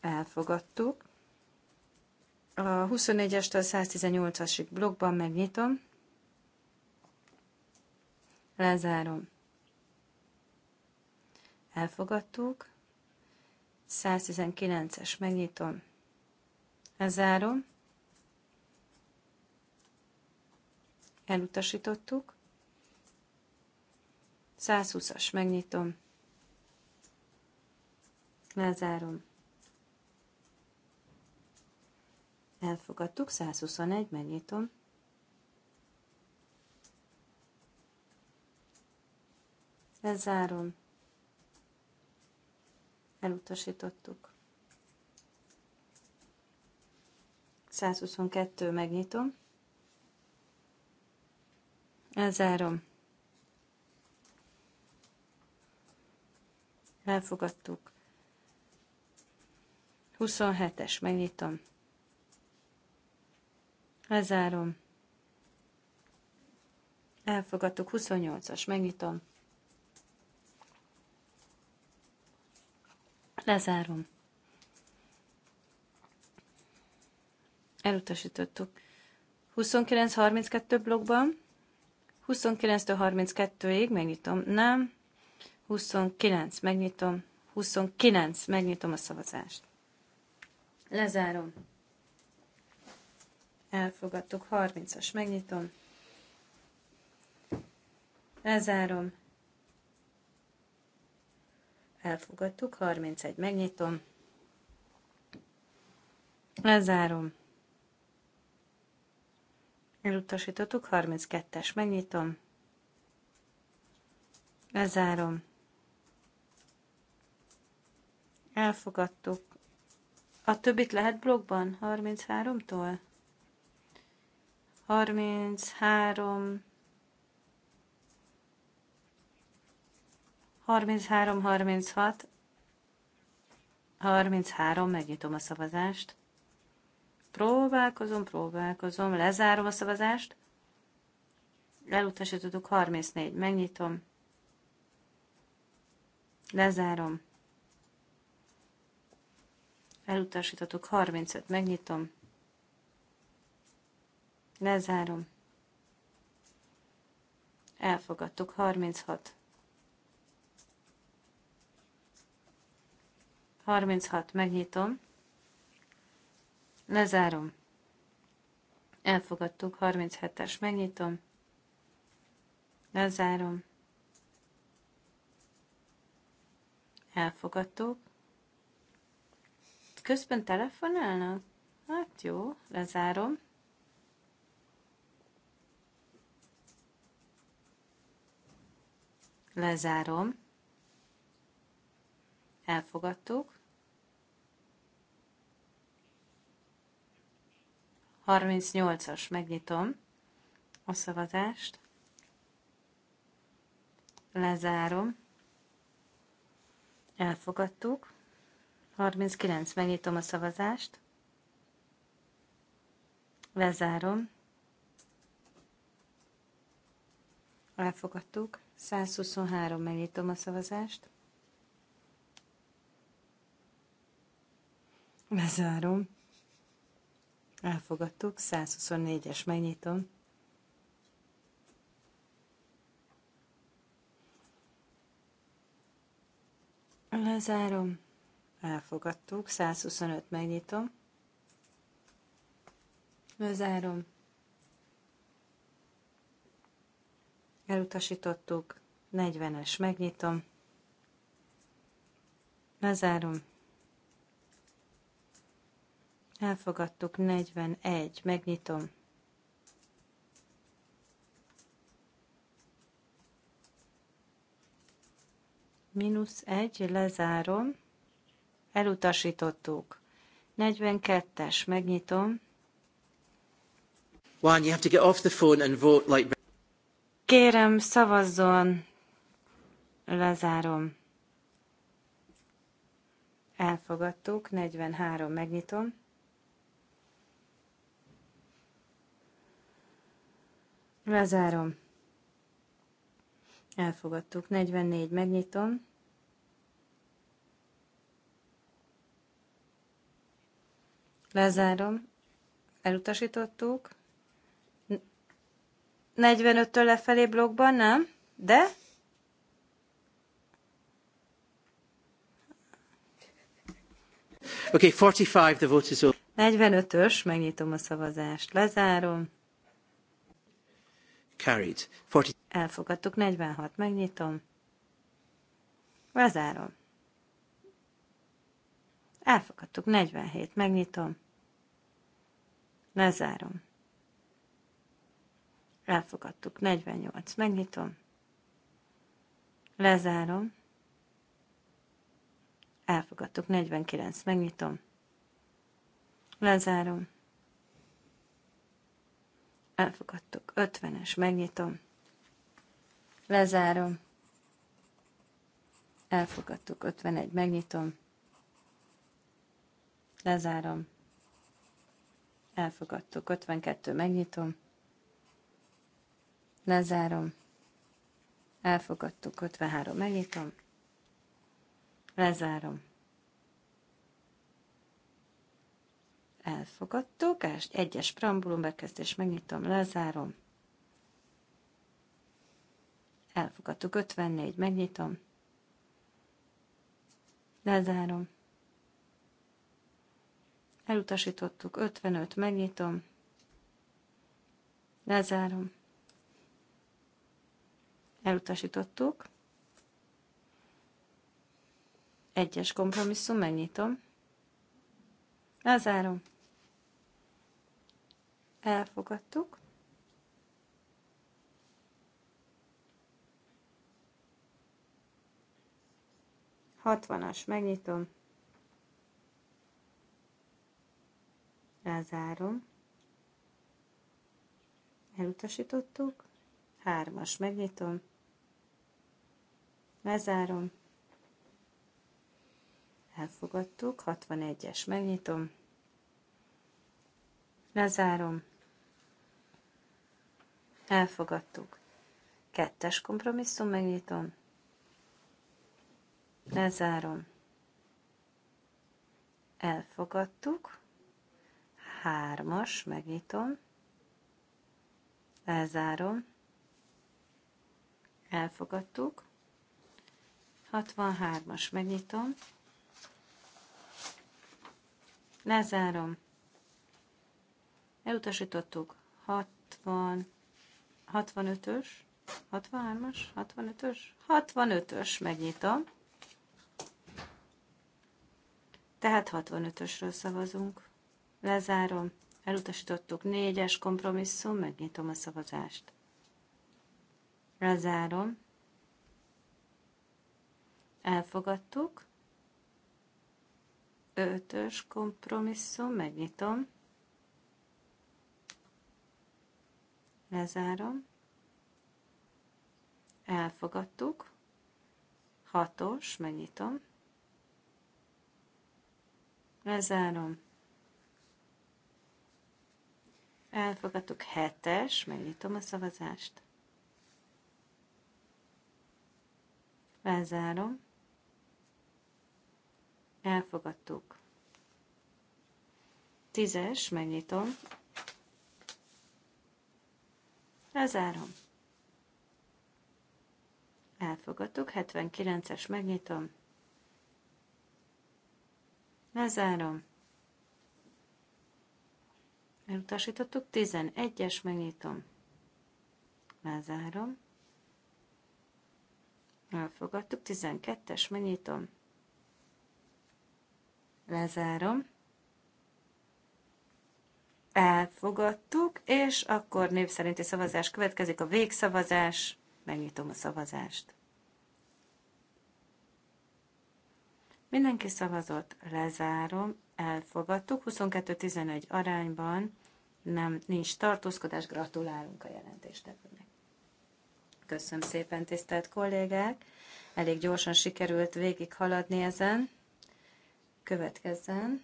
Elfogadtuk. A 24-estől 118-asig blokkban megnyitom. Lezárom. Elfogadtuk. 119-es megnyitom. Lezárom. Elutasítottuk. 120-as megnyitom. Lezárom. Elfogadtuk, 121, megnyitom. Lezárom. Elutasítottuk. 122, megnyitom. Elzárom. Elfogadtuk. 27-es, megnyitom. Lezárom. Elfogadtuk 28-as, megnyitom. Lezárom. Elutasítottuk. 29-32 blokkban. 29 32-ig megnyitom. Nem. 29, megnyitom. 29, megnyitom a szavazást. Lezárom. Elfogadtuk. 30-as. Megnyitom. Lezárom. Elfogadtuk. 31. Megnyitom. Lezárom. Elutasítottuk. 32-es. Megnyitom. Lezárom. Elfogadtuk. A többit lehet blogban? 33-tól? 33... 33, 36, 33, megnyitom a szavazást. Próbálkozom, próbálkozom, lezárom a szavazást. Elutasítottuk 34, megnyitom. Lezárom elutasítottuk 35, megnyitom, lezárom, elfogadtuk 36, 36, megnyitom, lezárom, elfogadtuk 37-es, megnyitom, lezárom, elfogadtuk, Közben telefonálnak? Hát jó, lezárom. Lezárom. Elfogadtuk. 38-as, megnyitom a szavazást. Lezárom. Elfogadtuk. 39. Megnyitom a szavazást. Lezárom. Elfogadtuk. 123. Megnyitom a szavazást. Lezárom. Elfogadtuk. 124-es. Megnyitom. Lezárom elfogadtuk. 125 megnyitom. Lezárom. Elutasítottuk. 40-es megnyitom. Lezárom. Elfogadtuk. 41. Megnyitom. mínusz 1. Lezárom. Elutasítottuk. 42-es, megnyitom. Juan, you have to get off the phone and vote like... Kérem, szavazzon. Lezárom. Elfogadtuk. 43, megnyitom. Lezárom. Elfogadtuk. 44, megnyitom. Lezárom. Elutasítottuk. 45-től lefelé blokkban, nem? De? Okay, 45, the vote is over. 45-ös, megnyitom a szavazást, lezárom. Carried. 40. Elfogadtuk, 46, megnyitom. Lezárom. Elfogadtuk. 47. Megnyitom. Lezárom. Elfogadtuk. 48. Megnyitom. Lezárom. Elfogadtuk. 49. Megnyitom. Lezárom. Elfogadtuk. 50-es. Megnyitom. Lezárom. Elfogadtuk. 51. Megnyitom. Lezárom. Elfogadtuk. 52. Megnyitom. Lezárom. Elfogadtuk. 53. Megnyitom. Lezárom. Elfogadtuk. Egyes prambulum bekezdés. Megnyitom. Lezárom. Elfogadtuk. 54. Megnyitom. Lezárom. Elutasítottuk. 55. Megnyitom. Lezárom. Elutasítottuk. Egyes kompromisszum. Megnyitom. Lezárom. Elfogadtuk. Hatvanas, megnyitom. Lezárom. Elutasítottuk. Hármas megnyitom. Lezárom. Elfogadtuk. 61-es megnyitom. Lezárom. Elfogadtuk. Kettes kompromisszum megnyitom. Lezárom. Elfogadtuk hármas, megnyitom, elzárom, elfogadtuk, 63-as, megnyitom, lezárom, elutasítottuk, 60, 65-ös, 63-as, 65-ös, 65-ös, megnyitom, tehát 65-ösről szavazunk. Lezárom. Elutasítottuk. Négyes kompromisszum. Megnyitom a szavazást. Lezárom. Elfogadtuk. Ötös kompromisszum. Megnyitom. Lezárom. Elfogadtuk. Hatos. Megnyitom. Lezárom Elfogadtuk hetes, megnyitom a szavazást. Lezárom. Elfogadtuk. Tízes, megnyitom. Lezárom. Elfogadtuk. 79-es, megnyitom. Lezárom. Elutasítottuk. 11-es, megnyitom. Lezárom. Elfogadtuk. 12-es, megnyitom. Lezárom. Elfogadtuk, és akkor név szerinti szavazás következik, a végszavazás. Megnyitom a szavazást. Mindenki szavazott, lezárom, elfogadtuk, 22-11 arányban nem, nincs tartózkodás, gratulálunk a jelentéstevőnek. Köszönöm szépen, tisztelt kollégák! Elég gyorsan sikerült végighaladni ezen. Következzen.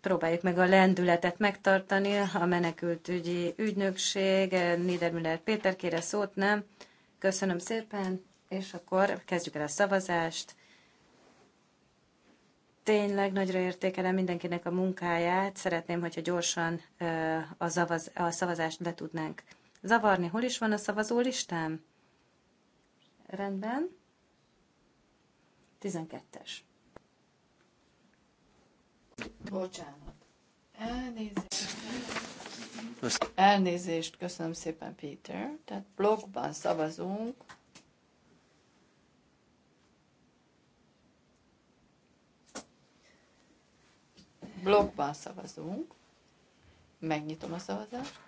Próbáljuk meg a lendületet megtartani. A menekültügyi ügynökség, Niedermüller Péter kére szót, nem? Köszönöm szépen, és akkor kezdjük el a szavazást. Tényleg nagyra értékelem mindenkinek a munkáját. Szeretném, hogyha gyorsan a, zavaz, a szavazást le tudnánk zavarni. Hol is van a szavazó listám? Rendben. 12-es. Bocsánat. Elnézést. Elnézést, köszönöm szépen, Peter. Tehát blogban szavazunk Blokkban szavazunk. Megnyitom a szavazást.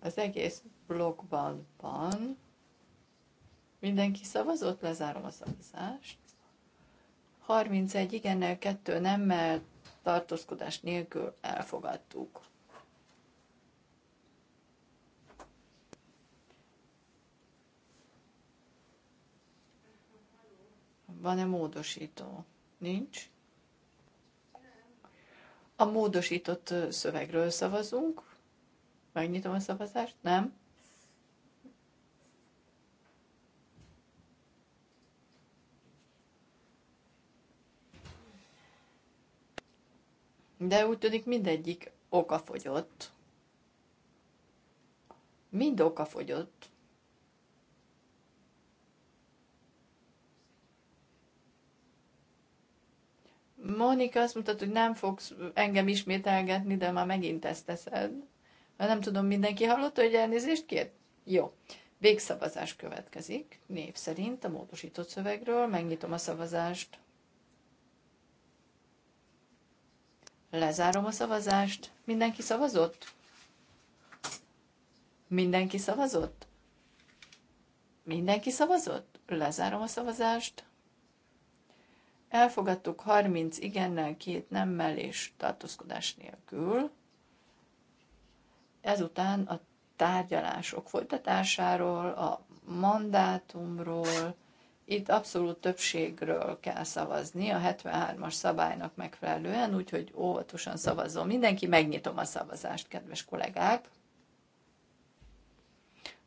Az egész blokkban van. Mindenki szavazott, lezárom a szavazást. 31 igennel, 2 nemmel, tartózkodás nélkül elfogadtuk. Van-e módosító? Nincs. A módosított szövegről szavazunk. Megnyitom a szavazást. Nem. De úgy tűnik mindegyik okafogyott. Mind okafogyott. Monika azt mutat, hogy nem fogsz engem ismételgetni, de már megint ezt teszed. Már nem tudom, mindenki hallotta, hogy elnézést kért? Jó. Végszavazás következik, név szerint a módosított szövegről. Megnyitom a szavazást. Lezárom a szavazást. Mindenki szavazott? Mindenki szavazott? Mindenki szavazott? Lezárom a szavazást. Elfogadtuk 30 igennel, két nemmel és tartózkodás nélkül. Ezután a tárgyalások folytatásáról, a mandátumról, itt abszolút többségről kell szavazni a 73-as szabálynak megfelelően, úgyhogy óvatosan szavazom. Mindenki megnyitom a szavazást, kedves kollégák.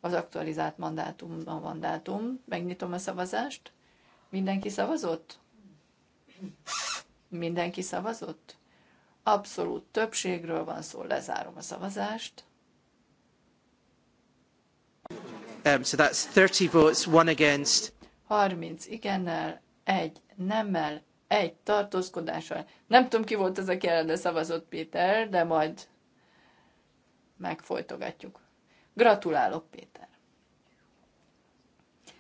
Az aktualizált mandátum a mandátum. Megnyitom a szavazást. Mindenki szavazott? Mindenki szavazott? Abszolút többségről van szó, lezárom a szavazást. Um, so that's 30 votes, one against. 30 igennel, egy nemmel, egy tartózkodással. Nem tudom, ki volt ez, aki ellene szavazott Péter, de majd megfolytogatjuk. Gratulálok, Péter!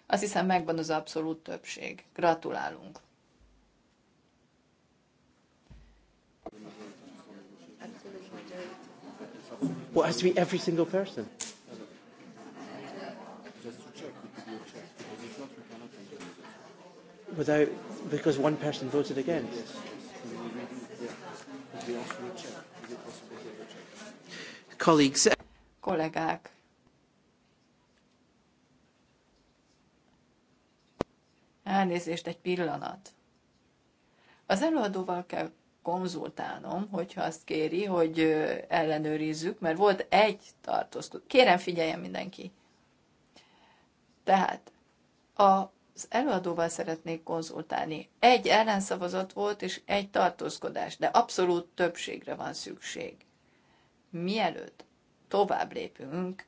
Azt hiszem, megvan az abszolút többség. Gratulálunk! Well, it has to be every single person. Without, because one person voted against. Colleagues. Uh, Kollégák. Elnézést egy pillanat. Az előadóval kell konzultálnom, hogyha azt kéri, hogy ellenőrizzük, mert volt egy tartózkodó. Kérem, figyeljen mindenki! Tehát az előadóval szeretnék konzultálni. Egy ellenszavazat volt, és egy tartózkodás, de abszolút többségre van szükség. Mielőtt tovább lépünk,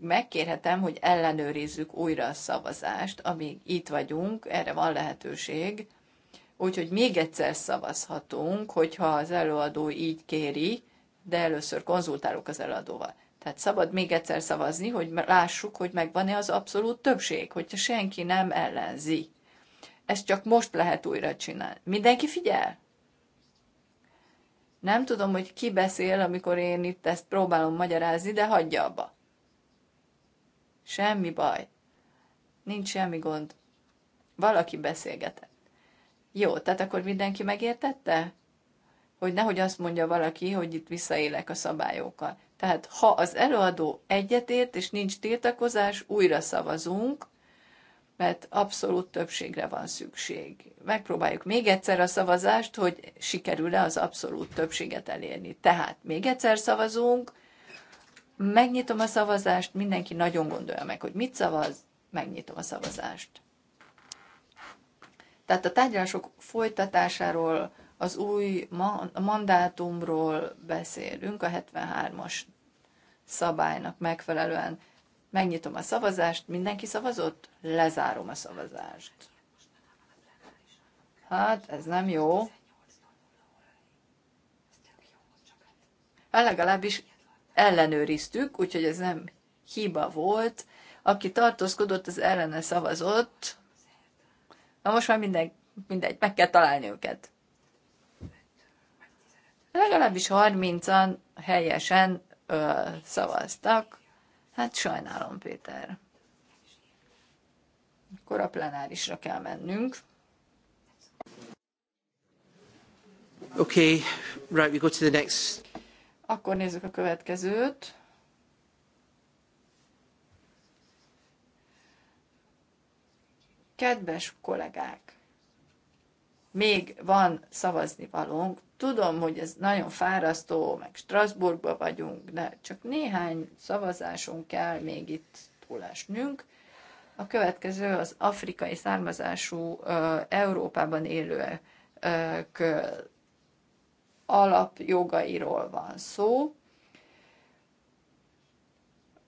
megkérhetem, hogy ellenőrizzük újra a szavazást, amíg itt vagyunk, erre van lehetőség, Úgyhogy még egyszer szavazhatunk, hogyha az előadó így kéri, de először konzultálok az előadóval. Tehát szabad még egyszer szavazni, hogy lássuk, hogy megvan-e az abszolút többség, hogyha senki nem ellenzi. Ezt csak most lehet újra csinálni. Mindenki figyel? Nem tudom, hogy ki beszél, amikor én itt ezt próbálom magyarázni, de hagyja abba. Semmi baj. Nincs semmi gond. Valaki beszélget jó, tehát akkor mindenki megértette? Hogy nehogy azt mondja valaki, hogy itt visszaélek a szabályokkal. Tehát ha az előadó egyetért, és nincs tiltakozás, újra szavazunk, mert abszolút többségre van szükség. Megpróbáljuk még egyszer a szavazást, hogy sikerül-e az abszolút többséget elérni. Tehát még egyszer szavazunk, megnyitom a szavazást, mindenki nagyon gondolja meg, hogy mit szavaz, megnyitom a szavazást. Tehát a tárgyalások folytatásáról, az új ma- mandátumról beszélünk, a 73-as szabálynak megfelelően. Megnyitom a szavazást, mindenki szavazott, lezárom a szavazást. Hát, ez nem jó. Hát legalábbis ellenőriztük, úgyhogy ez nem hiba volt. Aki tartózkodott, az ellene szavazott, Na most már minden, mindegy, meg kell találni őket. Legalábbis 30-an helyesen ö, szavaztak. Hát sajnálom, Péter. Akkor a plenárisra kell mennünk. Okay, right, we go to the next. Akkor nézzük a következőt. Kedves kollégák, még van szavazni valónk. Tudom, hogy ez nagyon fárasztó, meg Strasbourgba vagyunk, de csak néhány szavazáson kell még itt túlásnünk. A következő az afrikai származású Európában élők alapjogairól van szó.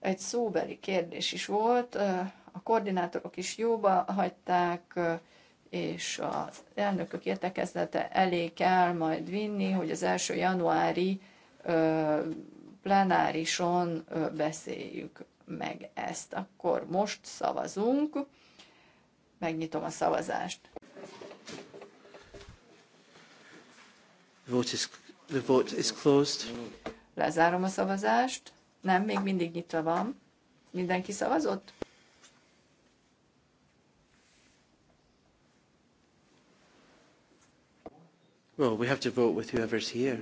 Egy szóbeli kérdés is volt a koordinátorok is jóba hagyták, és az elnökök értekezlete elé kell majd vinni, hogy az első januári plenárison beszéljük meg ezt. Akkor most szavazunk. Megnyitom a szavazást. The vote is, the vote is closed. Lezárom a szavazást. Nem, még mindig nyitva van. Mindenki szavazott? Well, we have to vote with whoever's here.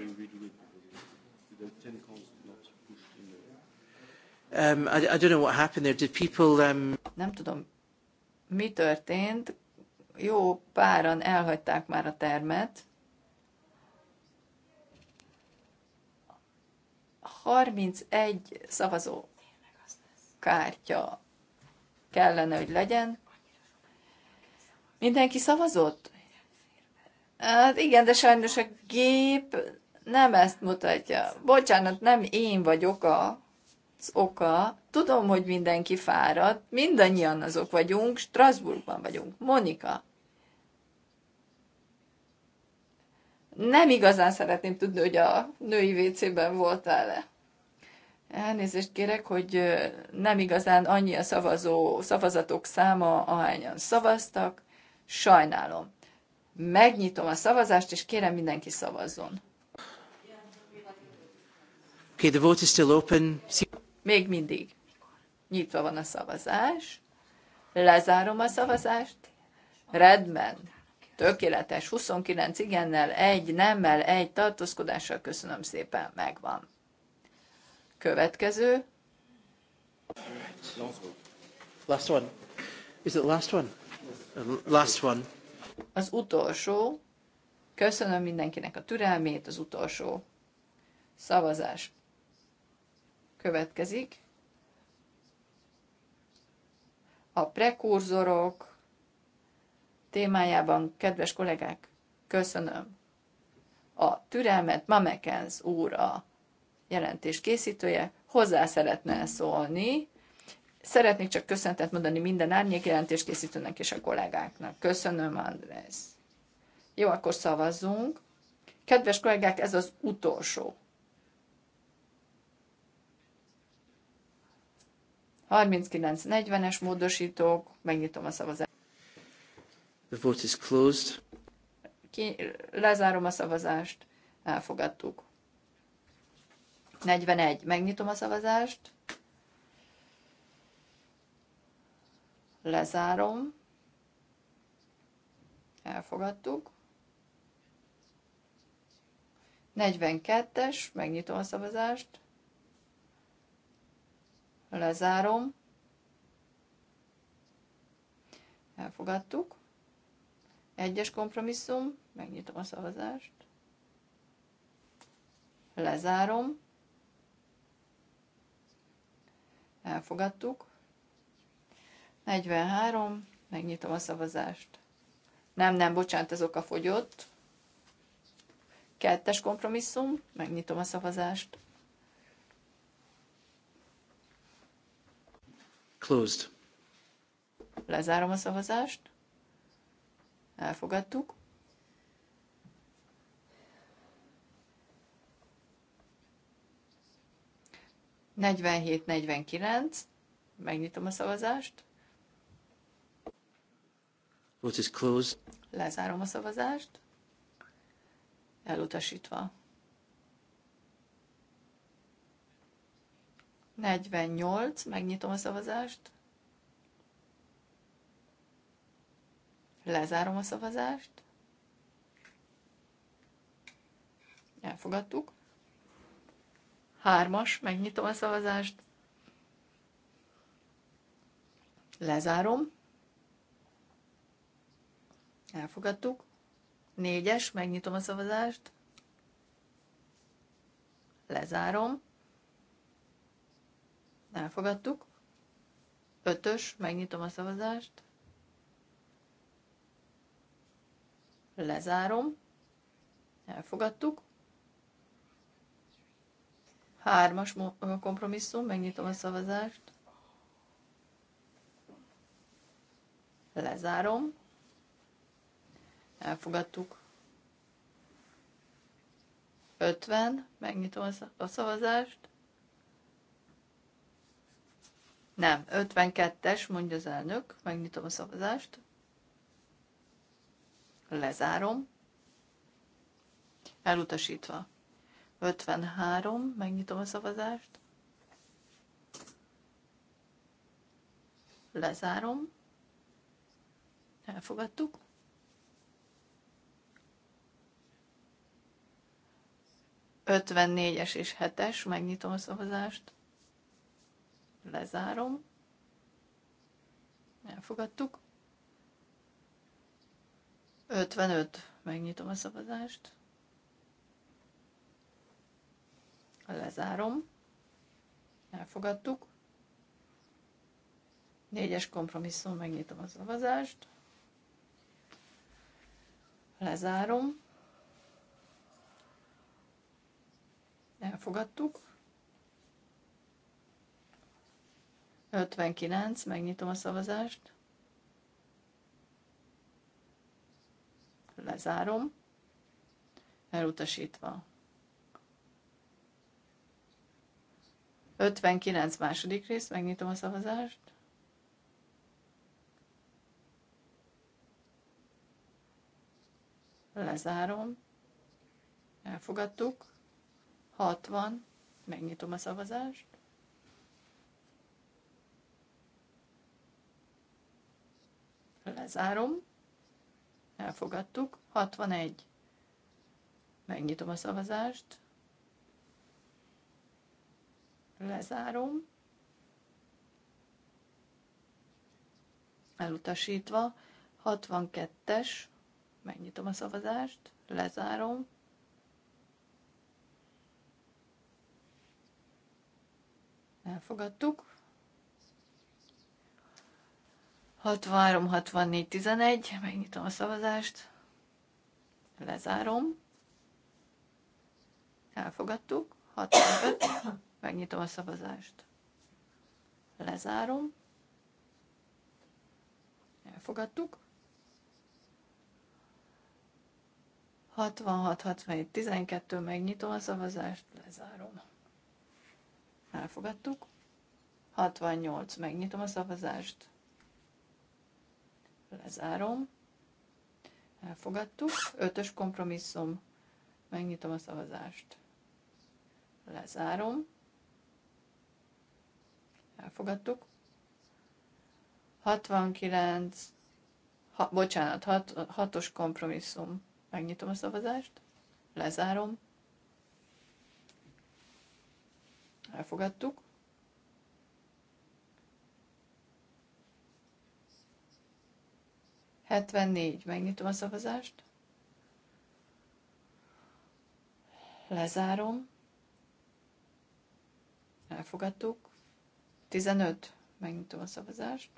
Um, I, I don't know what happened there. Did people... Um... Nem tudom, mi történt. Jó páran elhagyták már a termet. 31 szavazó kártya kellene, hogy legyen. Mindenki szavazott? Hát igen, de sajnos a gép nem ezt mutatja. Bocsánat, nem én vagyok a az oka. Tudom, hogy mindenki fáradt, mindannyian azok vagyunk, Strasbourgban vagyunk. Monika. Nem igazán szeretném tudni, hogy a női WC-ben voltál-e. Elnézést kérek, hogy nem igazán annyi a szavazó, szavazatok száma, ahányan szavaztak. Sajnálom. Megnyitom a szavazást, és kérem mindenki szavazzon. Okay, the vote is still open. Még mindig. Nyitva van a szavazás. Lezárom a szavazást. Redmen. Tökéletes. 29 igennel, egy nemmel, egy tartózkodással. Köszönöm szépen. Megvan. Következő. Last one. Is it last one? Last one az utolsó, köszönöm mindenkinek a türelmét, az utolsó szavazás következik. A prekurzorok témájában, kedves kollégák, köszönöm a türelmet. mamekens úr a jelentés készítője, hozzá szeretne szólni Szeretnék csak köszöntet mondani minden árnyék jelentéskészítőnek és a kollégáknak. Köszönöm, András. Jó, akkor szavazzunk. Kedves kollégák, ez az utolsó. 39-40-es módosítók, megnyitom a szavazást. The vote is closed. Ki, lezárom a szavazást, elfogadtuk. 41, megnyitom a szavazást. Lezárom. Elfogadtuk. 42-es, megnyitom a szavazást. Lezárom. Elfogadtuk. Egyes kompromisszum, megnyitom a szavazást. Lezárom. Elfogadtuk. 43, megnyitom a szavazást. Nem, nem, bocsánat, ez oka fogyott. Kettes kompromisszum, megnyitom a szavazást. Closed. Lezárom a szavazást. Elfogadtuk. Negyvenhét, negyvenkilenc. Megnyitom a szavazást. Vote is closed. Lezárom a szavazást. Elutasítva. 48, megnyitom a szavazást. Lezárom a szavazást. Elfogadtuk. Hármas, megnyitom a szavazást. Lezárom. Elfogadtuk. Négyes, megnyitom a szavazást. Lezárom. Elfogadtuk. Ötös, megnyitom a szavazást. Lezárom. Elfogadtuk. Hármas kompromisszum, megnyitom a szavazást. Lezárom. Elfogadtuk. 50. Megnyitom a szavazást. Nem, 52-es, mondja az elnök. Megnyitom a szavazást. Lezárom. Elutasítva. 53, megnyitom a szavazást. Lezárom. Elfogadtuk. 54-es és 7-es, megnyitom a szavazást, lezárom, elfogadtuk. 55, megnyitom a szavazást, lezárom, elfogadtuk. 4-es kompromisszum, megnyitom a szavazást, lezárom, Elfogadtuk. 59, megnyitom a szavazást. Lezárom. Elutasítva. 59 második rész, megnyitom a szavazást. Lezárom. Elfogadtuk. 60, megnyitom a szavazást. Lezárom. Elfogadtuk. 61. Megnyitom a szavazást. Lezárom. Elutasítva. 62-es. Megnyitom a szavazást. Lezárom. Elfogadtuk. 63, 64, 11. Megnyitom a szavazást. Lezárom. Elfogadtuk. 65. Megnyitom a szavazást. Lezárom. Elfogadtuk. 66, 67, 12. Megnyitom a szavazást. Lezárom. Elfogadtuk. 68. Megnyitom a szavazást. Lezárom. Elfogadtuk. Ötös kompromisszum. Megnyitom a szavazást. Lezárom. Elfogadtuk. 69. Ha, bocsánat, 6-os hat, kompromisszum. Megnyitom a szavazást. Lezárom. Elfogadtuk. Hetvennégy. Megnyitom a szavazást. Lezárom. Elfogadtuk. Tizenöt Megnyitom a szavazást.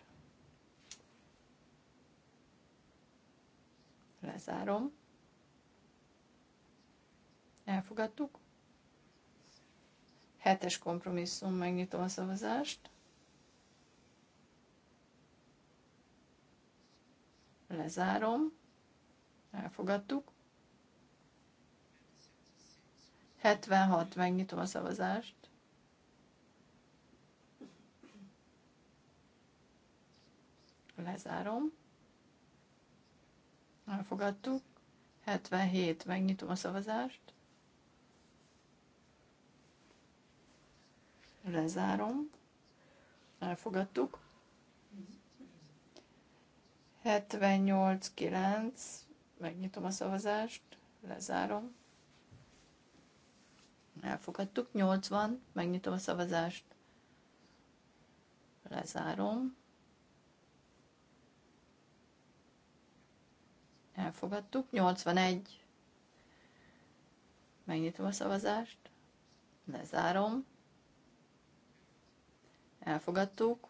Lezárom. Elfogadtuk. Hetes kompromisszum, megnyitom a szavazást. Lezárom. Elfogadtuk. 76, megnyitom a szavazást. Lezárom. Elfogadtuk. 77, megnyitom a szavazást. Lezárom. Elfogadtuk. 78-9. Megnyitom a szavazást. Lezárom. Elfogadtuk. 80. Megnyitom a szavazást. Lezárom. Elfogadtuk. 81. Megnyitom a szavazást. Lezárom. Elfogadtuk.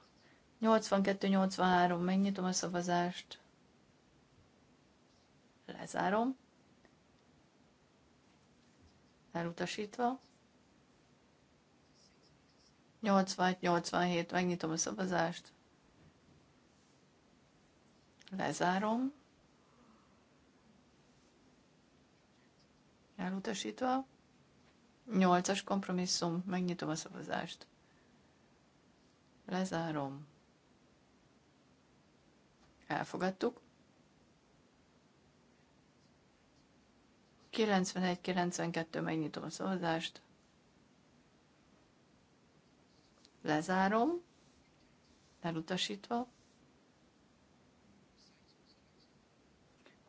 82-83, megnyitom a szavazást. Lezárom. Elutasítva. 81 87 megnyitom a szavazást. Lezárom. Elutasítva. 8-as kompromisszum, megnyitom a szavazást. Lezárom. Elfogadtuk. 91-92 megnyitom a szavazást. Lezárom. Elutasítva.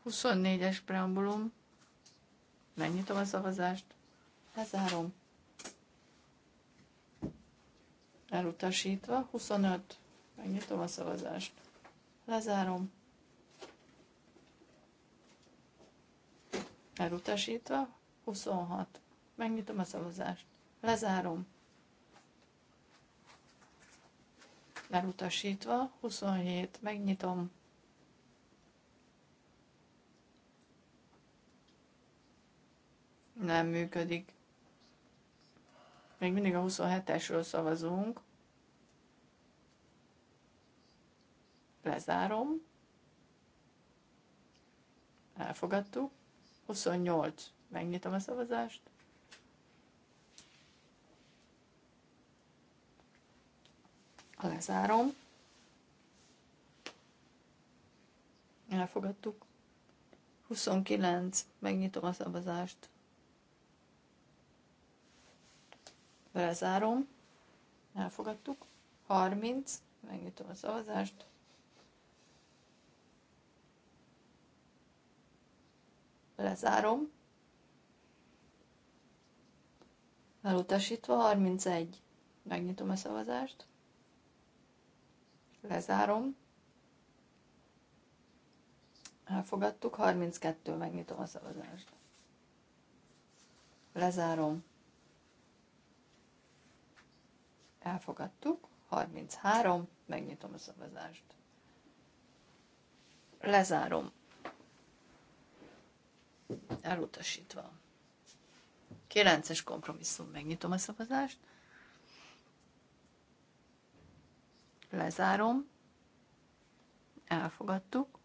24-es preambulum. Megnyitom a szavazást. Lezárom. elutasítva, 25, megnyitom a szavazást, lezárom, elutasítva, 26, megnyitom a szavazást, lezárom, elutasítva, 27, megnyitom, nem működik. Még mindig a 27-esről szavazunk. Lezárom. Elfogadtuk. 28. Megnyitom a szavazást. Lezárom. Elfogadtuk. 29. Megnyitom a szavazást. Lezárom. Elfogadtuk. 30. Megnyitom a szavazást. Lezárom. Elutasítva 31. Megnyitom a szavazást. Lezárom. Elfogadtuk. 32. Megnyitom a szavazást. Lezárom. Elfogadtuk. 33. Megnyitom a szavazást. Lezárom. Elutasítva. 9-es kompromisszum. Megnyitom a szavazást. Lezárom. Elfogadtuk.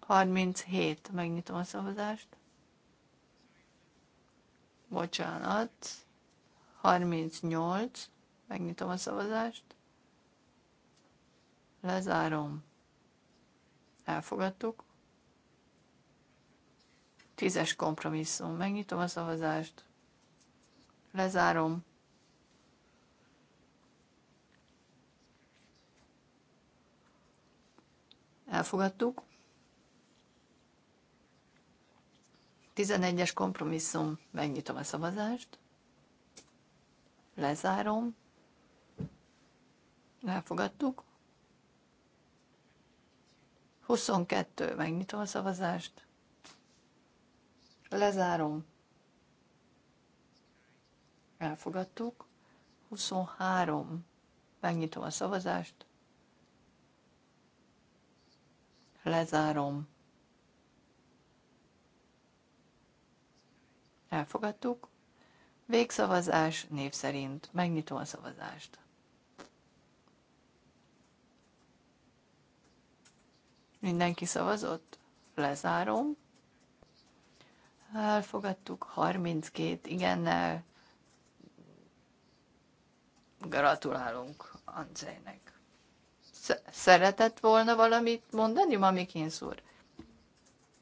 37. Megnyitom a szavazást bocsánat, 38, megnyitom a szavazást, lezárom, elfogadtuk, tízes kompromisszum, megnyitom a szavazást, lezárom, elfogadtuk, 11-es kompromisszum, megnyitom a szavazást, lezárom, elfogadtuk. 22, megnyitom a szavazást, lezárom, elfogadtuk. 23, megnyitom a szavazást, lezárom, Elfogadtuk. Végszavazás név szerint. Megnyitom a szavazást. Mindenki szavazott? Lezárom. Elfogadtuk 32 igennel. Gratulálunk Andrzejnek. Szeretett volna valamit mondani, mami úr?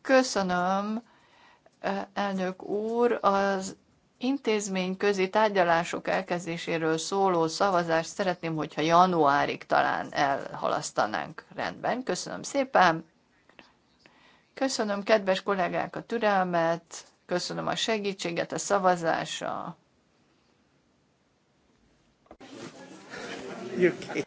Köszönöm elnök úr, az intézmény tárgyalások elkezdéséről szóló szavazást szeretném, hogyha januárig talán elhalasztanánk. Rendben, köszönöm szépen. Köszönöm kedves kollégák a türelmet, köszönöm a segítséget, a szavazása. Okay.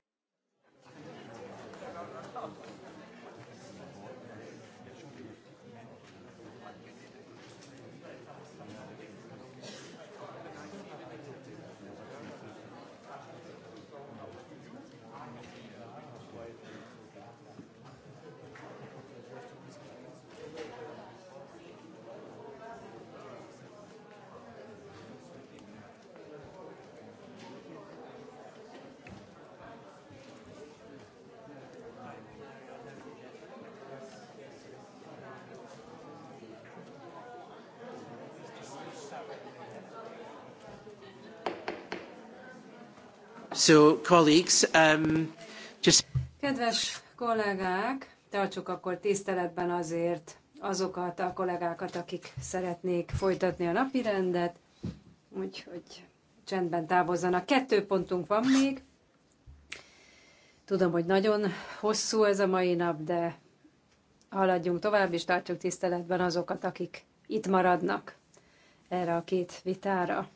So, colleagues, um, just... Kedves kollégák, tartsuk akkor tiszteletben azért azokat a kollégákat, akik szeretnék folytatni a napi rendet, úgyhogy csendben távozzanak. Kettő pontunk van még. Tudom, hogy nagyon hosszú ez a mai nap, de haladjunk tovább, és tartsuk tiszteletben azokat, akik itt maradnak erre a két vitára.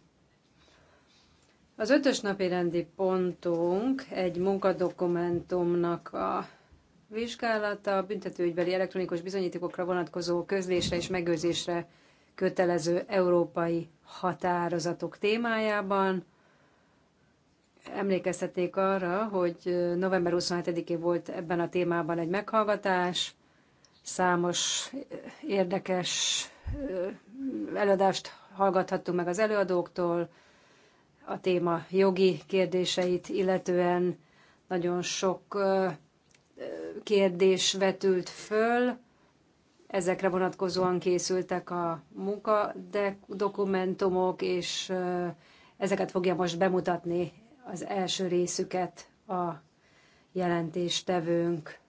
Az ötös napi rendi pontunk egy munkadokumentumnak a vizsgálata, büntetőügybeli elektronikus bizonyítékokra vonatkozó közlésre és megőrzésre kötelező európai határozatok témájában. Emlékeztették arra, hogy november 27-én volt ebben a témában egy meghallgatás, számos érdekes előadást hallgathattunk meg az előadóktól, a téma jogi kérdéseit, illetően nagyon sok kérdés vetült föl, ezekre vonatkozóan készültek a munkadokumentumok, és ezeket fogja most bemutatni az első részüket a jelentéstevőnk.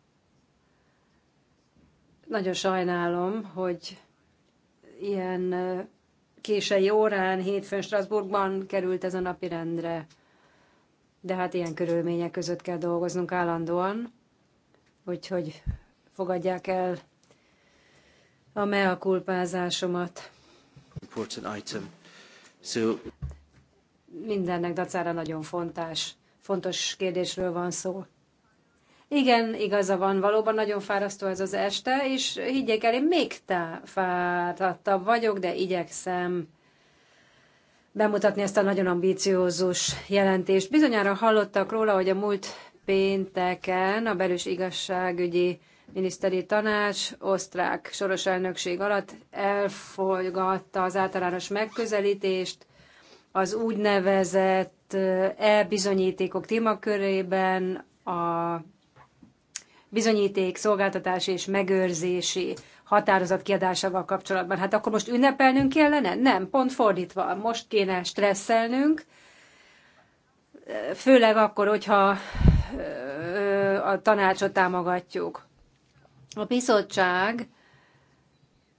Nagyon sajnálom, hogy ilyen késői órán, hétfőn Strasbourgban került ez a napirendre. De hát ilyen körülmények között kell dolgoznunk állandóan, úgyhogy fogadják el a meakulpázásomat. Important item. So... Mindennek dacára nagyon fontos, fontos kérdésről van szó. Igen, igaza van, valóban nagyon fárasztó ez az este, és higgyék el, én még tá fáradtabb vagyok, de igyekszem bemutatni ezt a nagyon ambíciózus jelentést. Bizonyára hallottak róla, hogy a múlt pénteken a belős igazságügyi miniszteri tanács osztrák soros elnökség alatt elfogadta az általános megközelítést az úgynevezett e-bizonyítékok témakörében a bizonyíték, szolgáltatás és megőrzési határozat kiadásával kapcsolatban. Hát akkor most ünnepelnünk kellene? Nem, pont fordítva. Most kéne stresszelnünk, főleg akkor, hogyha a tanácsot támogatjuk. A bizottság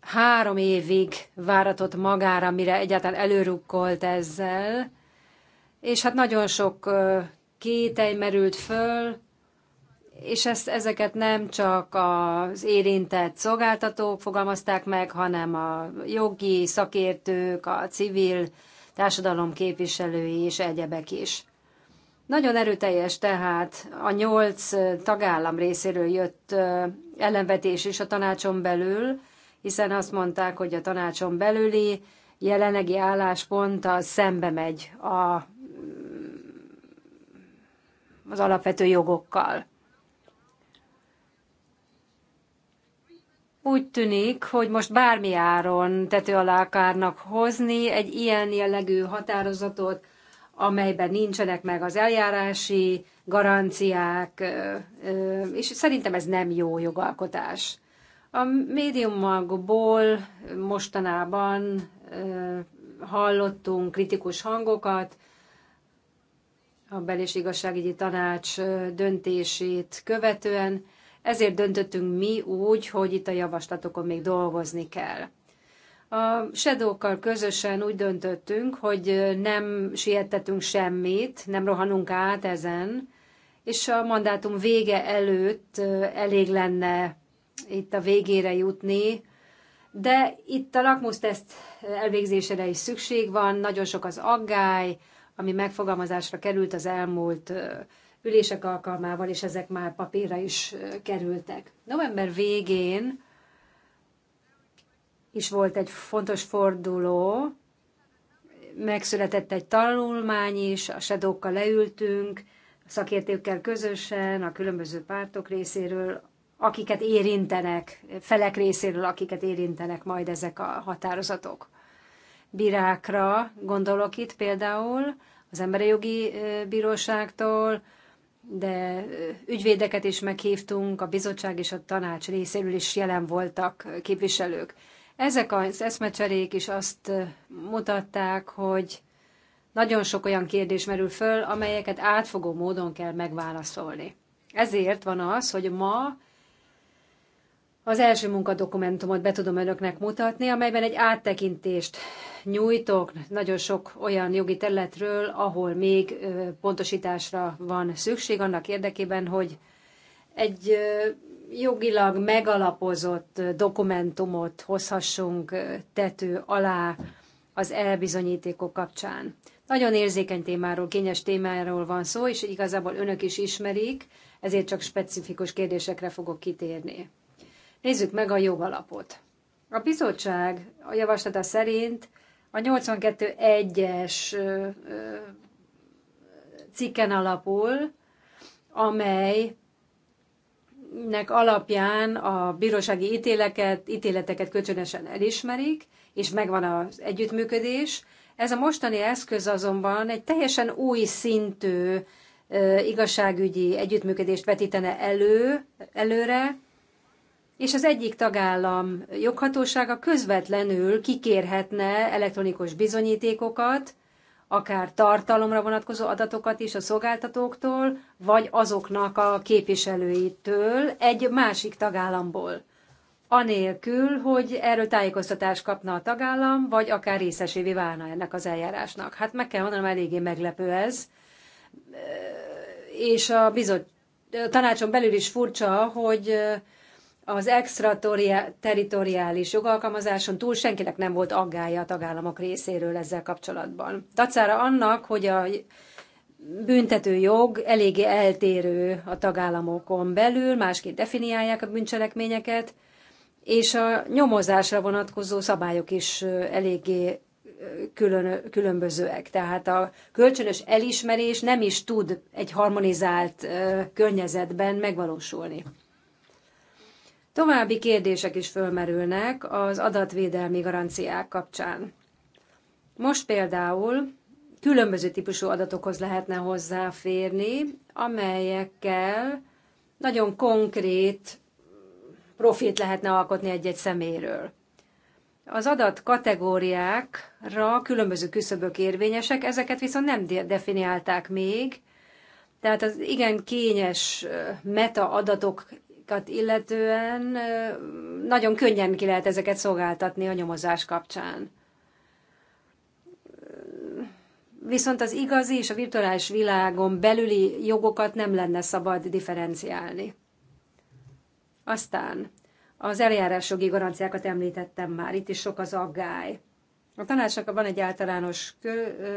három évig váratott magára, mire egyáltalán előrukkolt ezzel, és hát nagyon sok kétely merült föl, és ezt, ezeket nem csak az érintett szolgáltatók fogalmazták meg, hanem a jogi szakértők, a civil társadalom képviselői és egyebek is. Nagyon erőteljes tehát a nyolc tagállam részéről jött ellenvetés is a tanácson belül, hiszen azt mondták, hogy a tanácson belüli jelenlegi álláspont az szembe megy a, az alapvető jogokkal. úgy tűnik, hogy most bármi áron tető alá akárnak hozni egy ilyen jellegű határozatot, amelyben nincsenek meg az eljárási garanciák, és szerintem ez nem jó jogalkotás. A médiumokból mostanában hallottunk kritikus hangokat, a bel- és igazságügyi tanács döntését követően, ezért döntöttünk mi úgy, hogy itt a javaslatokon még dolgozni kell. A sedókkal közösen úgy döntöttünk, hogy nem siettetünk semmit, nem rohanunk át ezen, és a mandátum vége előtt elég lenne itt a végére jutni, de itt a lakmuszteszt elvégzésére is szükség van, nagyon sok az aggály, ami megfogalmazásra került az elmúlt ülések alkalmával, és ezek már papírra is kerültek. November végén is volt egy fontos forduló, megszületett egy tanulmány is, a sedókkal leültünk, a szakértőkkel közösen, a különböző pártok részéről, akiket érintenek, felek részéről, akiket érintenek majd ezek a határozatok. Bírákra gondolok itt például, az Emberi Jogi Bíróságtól, de ügyvédeket is meghívtunk, a bizottság és a tanács részéről is jelen voltak képviselők. Ezek az eszmecserék is azt mutatták, hogy nagyon sok olyan kérdés merül föl, amelyeket átfogó módon kell megválaszolni. Ezért van az, hogy ma az első munkadokumentumot be tudom önöknek mutatni, amelyben egy áttekintést nyújtok nagyon sok olyan jogi területről, ahol még pontosításra van szükség annak érdekében, hogy egy jogilag megalapozott dokumentumot hozhassunk tető alá az elbizonyítékok kapcsán. Nagyon érzékeny témáról, kényes témáról van szó, és igazából önök is ismerik, ezért csak specifikus kérdésekre fogok kitérni. Nézzük meg a jogalapot. A bizottság a javaslata szerint a 82.1-es cikken alapul, amelynek alapján a bírósági ítéleket, ítéleteket kölcsönösen elismerik, és megvan az együttműködés. Ez a mostani eszköz azonban egy teljesen új szintű igazságügyi együttműködést vetítene elő, előre, és az egyik tagállam joghatósága közvetlenül kikérhetne elektronikus bizonyítékokat, akár tartalomra vonatkozó adatokat is a szolgáltatóktól, vagy azoknak a képviselőitől egy másik tagállamból. Anélkül, hogy erről tájékoztatást kapna a tagállam, vagy akár részesévé válna ennek az eljárásnak. Hát meg kell mondanom, eléggé meglepő ez. És a bizot, a tanácson belül is furcsa, hogy az extra teritoriális jogalkalmazáson túl senkinek nem volt aggája a tagállamok részéről ezzel kapcsolatban. Tacára annak, hogy a büntető jog eléggé eltérő a tagállamokon belül, másként definiálják a bűncselekményeket, és a nyomozásra vonatkozó szabályok is eléggé külön, különbözőek. Tehát a kölcsönös elismerés nem is tud egy harmonizált környezetben megvalósulni. További kérdések is fölmerülnek az adatvédelmi garanciák kapcsán. Most például különböző típusú adatokhoz lehetne hozzáférni, amelyekkel nagyon konkrét profit lehetne alkotni egy-egy szeméről. Az adat kategóriákra különböző küszöbök érvényesek, ezeket viszont nem definiálták még, tehát az igen kényes meta adatok adataikat illetően nagyon könnyen ki lehet ezeket szolgáltatni a nyomozás kapcsán. Viszont az igazi és a virtuális világon belüli jogokat nem lenne szabad differenciálni. Aztán az eljárásjogi garanciákat említettem már, itt is sok az aggály. A tanácsnak van egy általános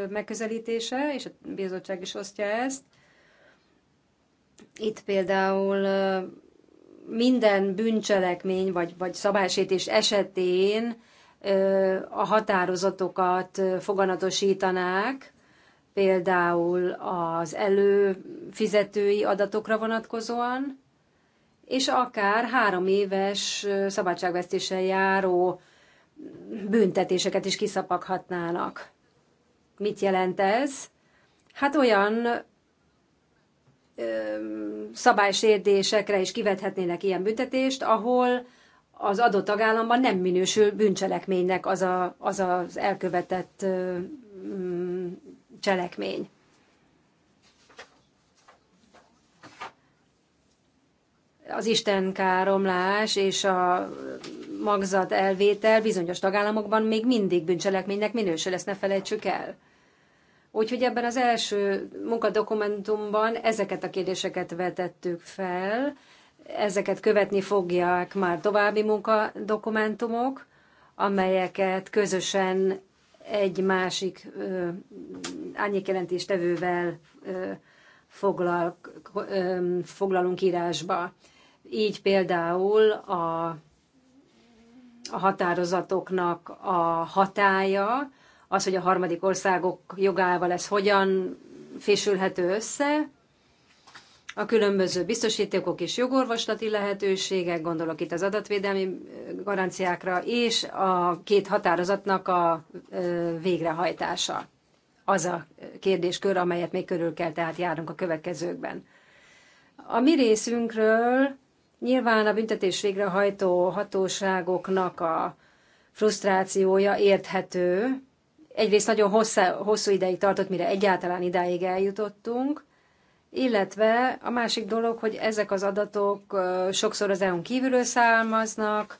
megközelítése, és a bizottság is osztja ezt. Itt például minden bűncselekmény vagy, vagy szabálysétés esetén a határozatokat foganatosítanák, például az előfizetői adatokra vonatkozóan, és akár három éves szabadságvesztéssel járó büntetéseket is kiszapaghatnának. Mit jelent ez? Hát olyan szabálysértésekre is kivethetnének ilyen büntetést, ahol az adott tagállamban nem minősül bűncselekménynek az, a, az az elkövetett mm, cselekmény. Az istenkáromlás és a magzat elvétel bizonyos tagállamokban még mindig bűncselekménynek minősül, ezt ne felejtsük el. Úgyhogy ebben az első munkadokumentumban ezeket a kérdéseket vetettük fel, ezeket követni fogják már további munkadokumentumok, amelyeket közösen egy másik árnyékjelentéstevővel foglal, ö, foglalunk írásba. Így például a, a határozatoknak a hatája, az, hogy a harmadik országok jogával ez hogyan fésülhető össze, a különböző biztosítékok és jogorvoslati lehetőségek, gondolok itt az adatvédelmi garanciákra, és a két határozatnak a végrehajtása. Az a kérdéskör, amelyet még körül kell tehát járunk a következőkben. A mi részünkről nyilván a büntetés végrehajtó hatóságoknak a frusztrációja érthető, Egyrészt nagyon hosszá, hosszú ideig tartott, mire egyáltalán idáig eljutottunk, illetve a másik dolog, hogy ezek az adatok sokszor az EU-n kívülről származnak,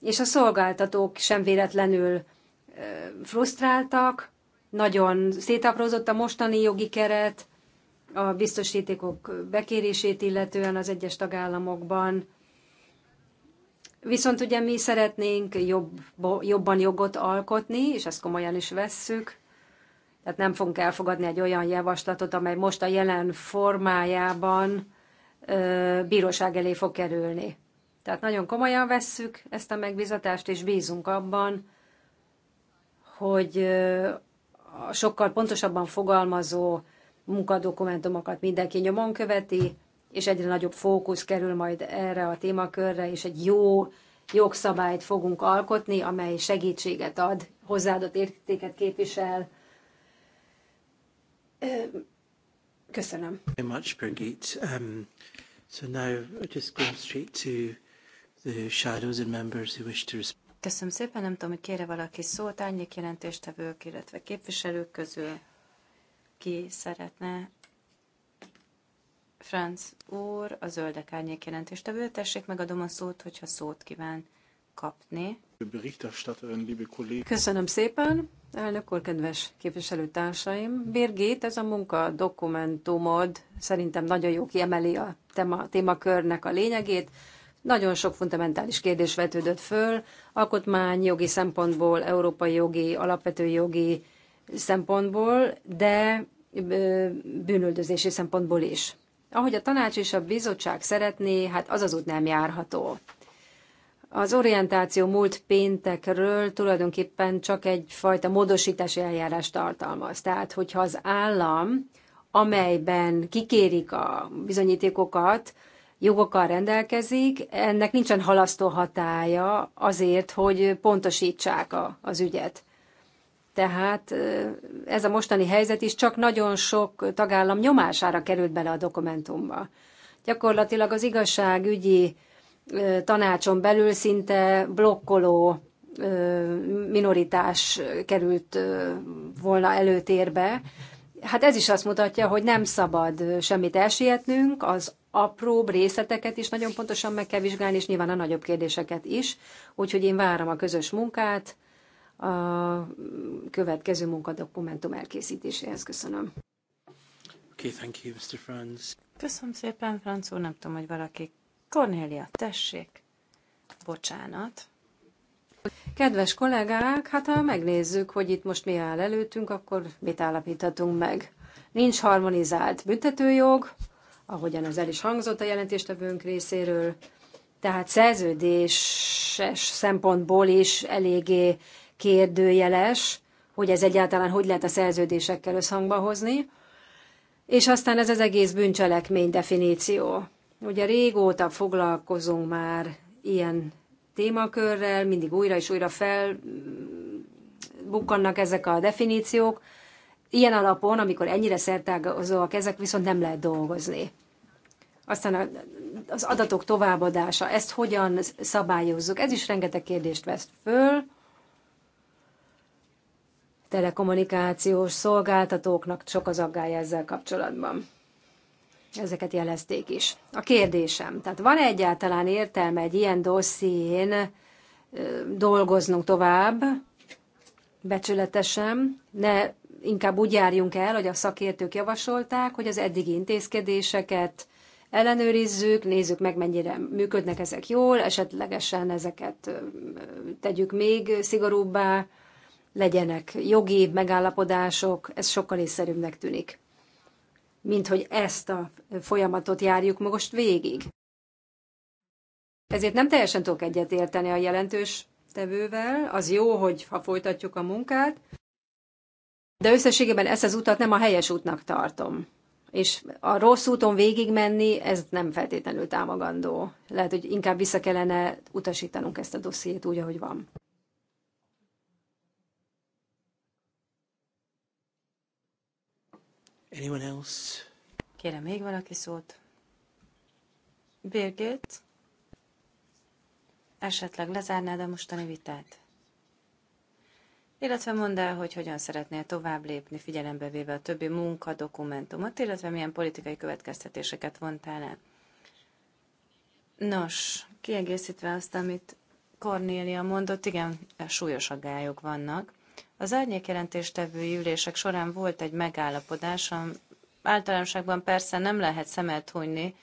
és a szolgáltatók sem véletlenül frusztráltak, nagyon szétaprózott a mostani jogi keret, a biztosítékok bekérését illetően az egyes tagállamokban, Viszont ugye mi szeretnénk jobb, jobban jogot alkotni, és ezt komolyan is vesszük. Tehát nem fogunk elfogadni egy olyan javaslatot, amely most a jelen formájában ö, bíróság elé fog kerülni. Tehát nagyon komolyan vesszük ezt a megbizatást, és bízunk abban, hogy ö, sokkal pontosabban fogalmazó munkadokumentumokat mindenki nyomon követi, és egyre nagyobb fókusz kerül majd erre a témakörre, és egy jó jogszabályt fogunk alkotni, amely segítséget ad, hozzáadott értéket képvisel. Köszönöm. Very much, Birgit. Um, so now just go straight to the shadows and members who wish to respond. Köszönöm szépen, nem tudom, hogy kére valaki szót, árnyék jelentéstevők, illetve képviselők közül ki szeretne Franz úr, a zöldek árnyék jelentéstevő. Tessék, megadom a szót, hogyha szót kíván kapni. Köszönöm szépen, elnök úr, kedves képviselőtársaim. Birgit, ez a munka dokumentumod szerintem nagyon jó kiemeli a tema, témakörnek a lényegét. Nagyon sok fundamentális kérdés vetődött föl, alkotmány, jogi szempontból, európai jogi, alapvető jogi szempontból, de bűnöldözési szempontból is ahogy a tanács és a bizottság szeretné, hát az az út nem járható. Az orientáció múlt péntekről tulajdonképpen csak egyfajta módosítási eljárás tartalmaz. Tehát, hogyha az állam, amelyben kikérik a bizonyítékokat, jogokkal rendelkezik, ennek nincsen halasztó hatája azért, hogy pontosítsák a, az ügyet. Tehát ez a mostani helyzet is csak nagyon sok tagállam nyomására került bele a dokumentumba. Gyakorlatilag az igazságügyi tanácson belül szinte blokkoló minoritás került volna előtérbe. Hát ez is azt mutatja, hogy nem szabad semmit elsietnünk, az apróbb részleteket is nagyon pontosan meg kell vizsgálni, és nyilván a nagyobb kérdéseket is. Úgyhogy én várom a közös munkát, a következő munkadokumentum elkészítéséhez. Köszönöm. Okay, thank you, Mr. Franz. Köszönöm szépen, Franz úr. Nem tudom, hogy valaki. Cornélia, tessék. Bocsánat. Kedves kollégák, hát ha megnézzük, hogy itt most mi áll előttünk, akkor mit állapíthatunk meg? Nincs harmonizált büntetőjog, ahogyan az el is hangzott a jelentéstevőnk részéről, tehát szerződéses szempontból is eléggé kérdőjeles, hogy ez egyáltalán hogy lehet a szerződésekkel összhangba hozni. És aztán ez az egész bűncselekmény definíció. Ugye régóta foglalkozunk már ilyen témakörrel, mindig újra és újra felbukkannak mm, ezek a definíciók. Ilyen alapon, amikor ennyire szertágazóak ezek, viszont nem lehet dolgozni. Aztán az adatok továbbadása, ezt hogyan szabályozzuk, ez is rengeteg kérdést vesz föl, telekommunikációs szolgáltatóknak sok az aggály ezzel kapcsolatban. Ezeket jelezték is. A kérdésem, tehát van -e egyáltalán értelme egy ilyen dosszién dolgoznunk tovább, becsületesen, ne inkább úgy járjunk el, hogy a szakértők javasolták, hogy az eddigi intézkedéseket ellenőrizzük, nézzük meg, mennyire működnek ezek jól, esetlegesen ezeket tegyük még szigorúbbá, legyenek jogi megállapodások, ez sokkal észszerűbbnek tűnik, mint hogy ezt a folyamatot járjuk most végig. Ezért nem teljesen tudok egyetérteni a jelentős tevővel, az jó, hogy ha folytatjuk a munkát, de összességében ezt az utat nem a helyes útnak tartom. És a rossz úton menni ez nem feltétlenül támogandó. Lehet, hogy inkább vissza kellene utasítanunk ezt a dossziét úgy, ahogy van. Anyone else? Kérem még valaki szót? Birgit? Esetleg lezárnád a mostani vitát? Illetve mondd el, hogy hogyan szeretnél tovább lépni, figyelembe véve a többi munka dokumentumot, illetve milyen politikai következtetéseket vontál el. Nos, kiegészítve azt, amit Kornélia mondott, igen, súlyos aggályok vannak. Az árnyékjelentéstevői ülések során volt egy megállapodás, általánosságban persze nem lehet szemet hunyni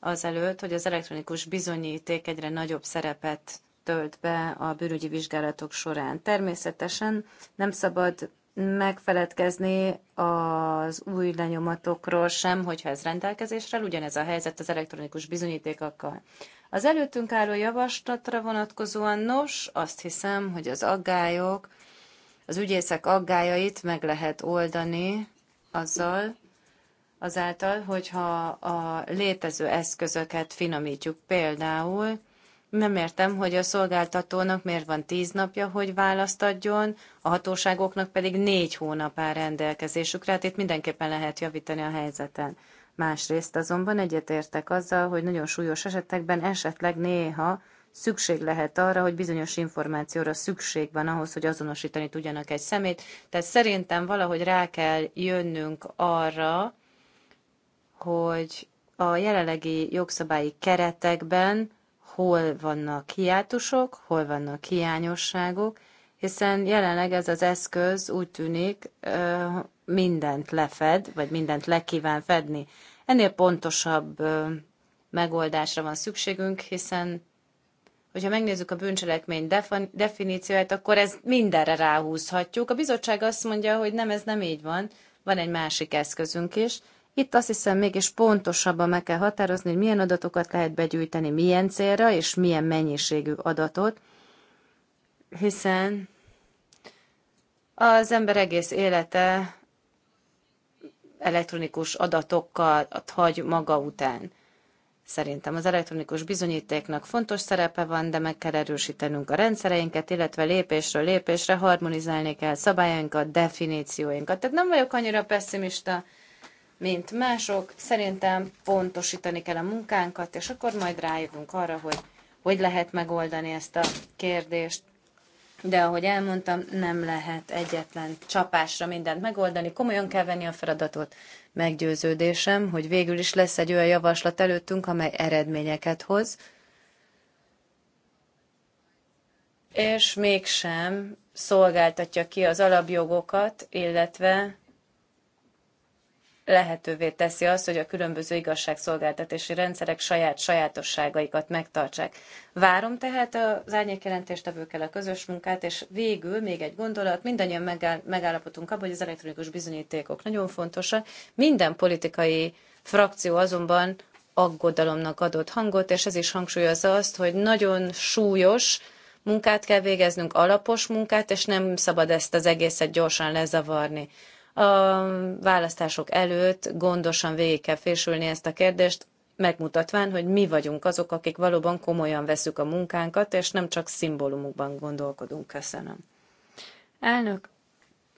azelőtt, hogy az elektronikus bizonyíték egyre nagyobb szerepet tölt be a bűnügyi vizsgálatok során. Természetesen nem szabad megfeledkezni az új lenyomatokról sem, hogyha ez rendelkezésre, ugyanez a helyzet az elektronikus bizonyítékakkal. Az előttünk álló javaslatra vonatkozóan nos, azt hiszem, hogy az aggályok az ügyészek aggájait meg lehet oldani azzal, azáltal, hogyha a létező eszközöket finomítjuk. Például nem értem, hogy a szolgáltatónak miért van tíz napja, hogy választ adjon, a hatóságoknak pedig négy hónap áll rendelkezésükre, hát itt mindenképpen lehet javítani a helyzeten. Másrészt azonban egyetértek azzal, hogy nagyon súlyos esetekben esetleg néha szükség lehet arra, hogy bizonyos információra szükség van ahhoz, hogy azonosítani tudjanak egy szemét. Tehát szerintem valahogy rá kell jönnünk arra, hogy a jelenlegi jogszabályi keretekben hol vannak hiátusok, hol vannak hiányosságok, hiszen jelenleg ez az eszköz úgy tűnik mindent lefed, vagy mindent lekíván fedni. Ennél pontosabb megoldásra van szükségünk, hiszen hogyha megnézzük a bűncselekmény definícióját, akkor ez mindenre ráhúzhatjuk. A bizottság azt mondja, hogy nem, ez nem így van, van egy másik eszközünk is. Itt azt hiszem mégis pontosabban meg kell határozni, hogy milyen adatokat lehet begyűjteni, milyen célra, és milyen mennyiségű adatot, hiszen az ember egész élete elektronikus adatokkal hagy maga után. Szerintem az elektronikus bizonyítéknak fontos szerepe van, de meg kell erősítenünk a rendszereinket, illetve lépésről lépésre harmonizálni kell szabályainkat, definícióinkat. Tehát nem vagyok annyira pessimista, mint mások. Szerintem pontosítani kell a munkánkat, és akkor majd rájövünk arra, hogy hogy lehet megoldani ezt a kérdést. De ahogy elmondtam, nem lehet egyetlen csapásra mindent megoldani, komolyan kell venni a feladatot, meggyőződésem, hogy végül is lesz egy olyan javaslat előttünk, amely eredményeket hoz, és mégsem szolgáltatja ki az alapjogokat, illetve lehetővé teszi azt, hogy a különböző igazságszolgáltatási rendszerek saját sajátosságaikat megtartsák. Várom tehát az árnyékjelentéstevőkkel a közös munkát, és végül még egy gondolat, mindannyian megáll, megállapodunk abban, hogy az elektronikus bizonyítékok nagyon fontosak. Minden politikai frakció azonban aggodalomnak adott hangot, és ez is hangsúlyozza azt, hogy nagyon súlyos, munkát kell végeznünk, alapos munkát, és nem szabad ezt az egészet gyorsan lezavarni. A választások előtt gondosan végig kell fésülni ezt a kérdést, megmutatván, hogy mi vagyunk azok, akik valóban komolyan veszük a munkánkat, és nem csak szimbólumokban gondolkodunk. Köszönöm. Elnök,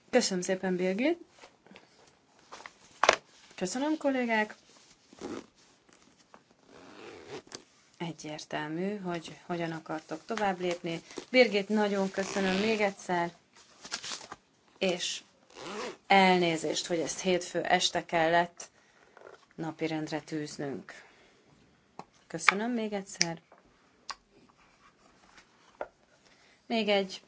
köszönöm szépen, Birgit. Köszönöm, kollégák. Egyértelmű, hogy hogyan akartok tovább lépni. Birgit, nagyon köszönöm még egyszer, és Elnézést, hogy ezt hétfő este kellett napirendre tűznünk. Köszönöm még egyszer. Még egy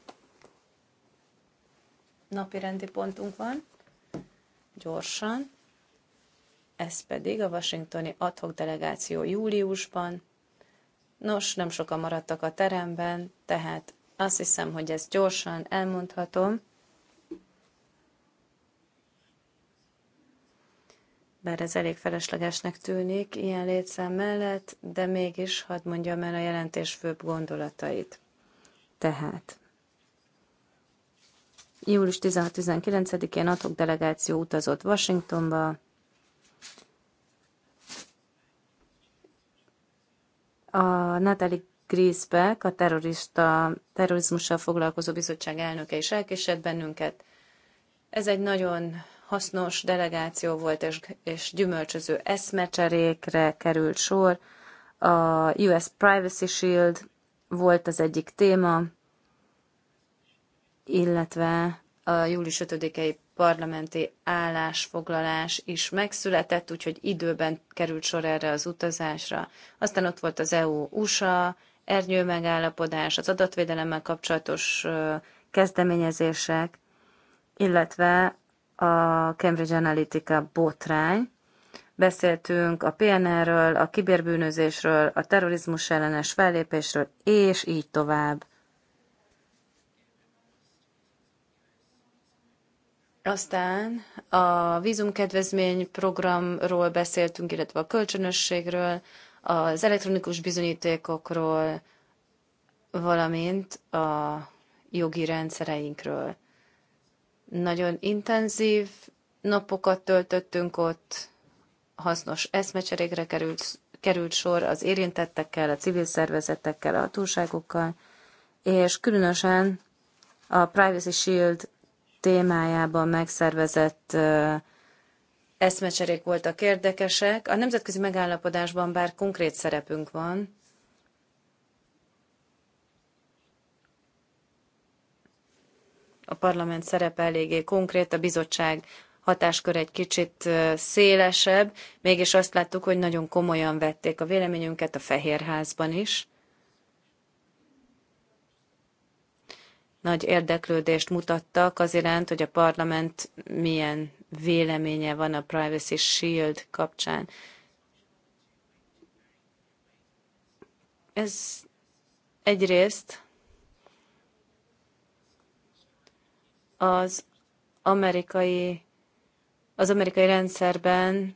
napirendi pontunk van, gyorsan, ez pedig a washingtoni adhok delegáció júliusban. Nos, nem sokan maradtak a teremben, tehát azt hiszem, hogy ezt gyorsan elmondhatom. bár ez elég feleslegesnek tűnik ilyen létszám mellett, de mégis hadd mondjam el a jelentés főbb gondolatait. Tehát július 16-19-én atok delegáció utazott Washingtonba, a Natalie Griesbeck, a terrorista, terrorizmussal foglalkozó bizottság elnöke is elkésett bennünket. Ez egy nagyon hasznos delegáció volt, és, és gyümölcsöző eszmecserékre került sor. A US Privacy Shield volt az egyik téma, illetve a július 5-i parlamenti állásfoglalás is megszületett, úgyhogy időben került sor erre az utazásra. Aztán ott volt az EU-USA, ernyő megállapodás, az adatvédelemmel kapcsolatos kezdeményezések, illetve a Cambridge Analytica botrány. Beszéltünk a PNR-ről, a kiberbűnözésről, a terrorizmus ellenes fellépésről, és így tovább. Aztán a vízumkedvezmény programról beszéltünk, illetve a kölcsönösségről, az elektronikus bizonyítékokról, valamint a jogi rendszereinkről. Nagyon intenzív napokat töltöttünk ott, hasznos eszmecserékre került, került sor az érintettekkel, a civil szervezetekkel, a túlságokkal, és különösen a Privacy Shield témájában megszervezett eszmecserék voltak érdekesek. A nemzetközi megállapodásban bár konkrét szerepünk van, a parlament szerepe eléggé konkrét, a bizottság hatáskör egy kicsit szélesebb, mégis azt láttuk, hogy nagyon komolyan vették a véleményünket a Fehérházban is. Nagy érdeklődést mutattak az iránt, hogy a parlament milyen véleménye van a Privacy Shield kapcsán. Ez egyrészt az amerikai, az amerikai rendszerben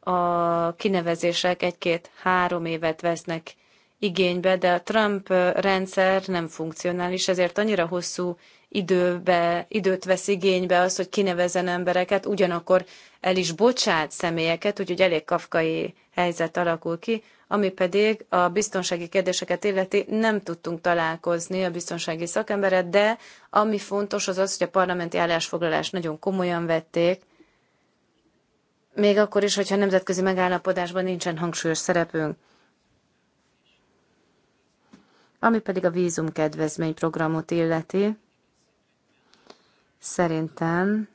a kinevezések egy-két-három évet vesznek igénybe, de a Trump rendszer nem funkcionális, ezért annyira hosszú időbe, időt vesz igénybe az, hogy kinevezzen embereket, ugyanakkor el is bocsát személyeket, úgyhogy elég kafkai helyzet alakul ki. Ami pedig a biztonsági kérdéseket illeti, nem tudtunk találkozni a biztonsági szakemberet, de ami fontos az az, hogy a parlamenti állásfoglalást nagyon komolyan vették, még akkor is, hogyha nemzetközi megállapodásban nincsen hangsúlyos szerepünk. Ami pedig a programot illeti, szerintem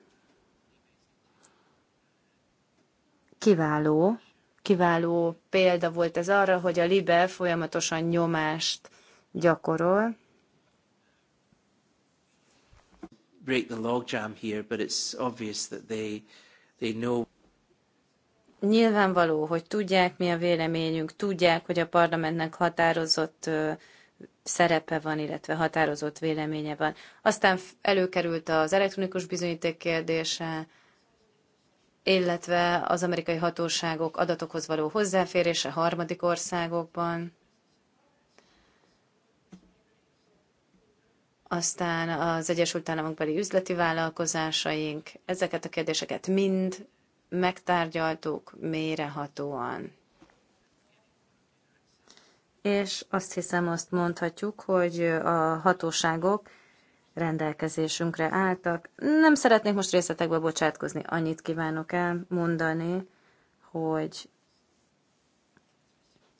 kiváló, Kiváló példa volt ez arra, hogy a Libe folyamatosan nyomást gyakorol. Break the logjam here, but it's obvious that they, they know nyilvánvaló, hogy tudják, mi a véleményünk, tudják, hogy a parlamentnek határozott szerepe van, illetve határozott véleménye van. Aztán előkerült az elektronikus bizonyíték kérdése, illetve az amerikai hatóságok adatokhoz való hozzáférése harmadik országokban, aztán az Egyesült Államok beli üzleti vállalkozásaink, ezeket a kérdéseket mind megtárgyaltuk mérehatóan. És azt hiszem, azt mondhatjuk, hogy a hatóságok rendelkezésünkre álltak. Nem szeretnék most részletekbe bocsátkozni, annyit kívánok elmondani, hogy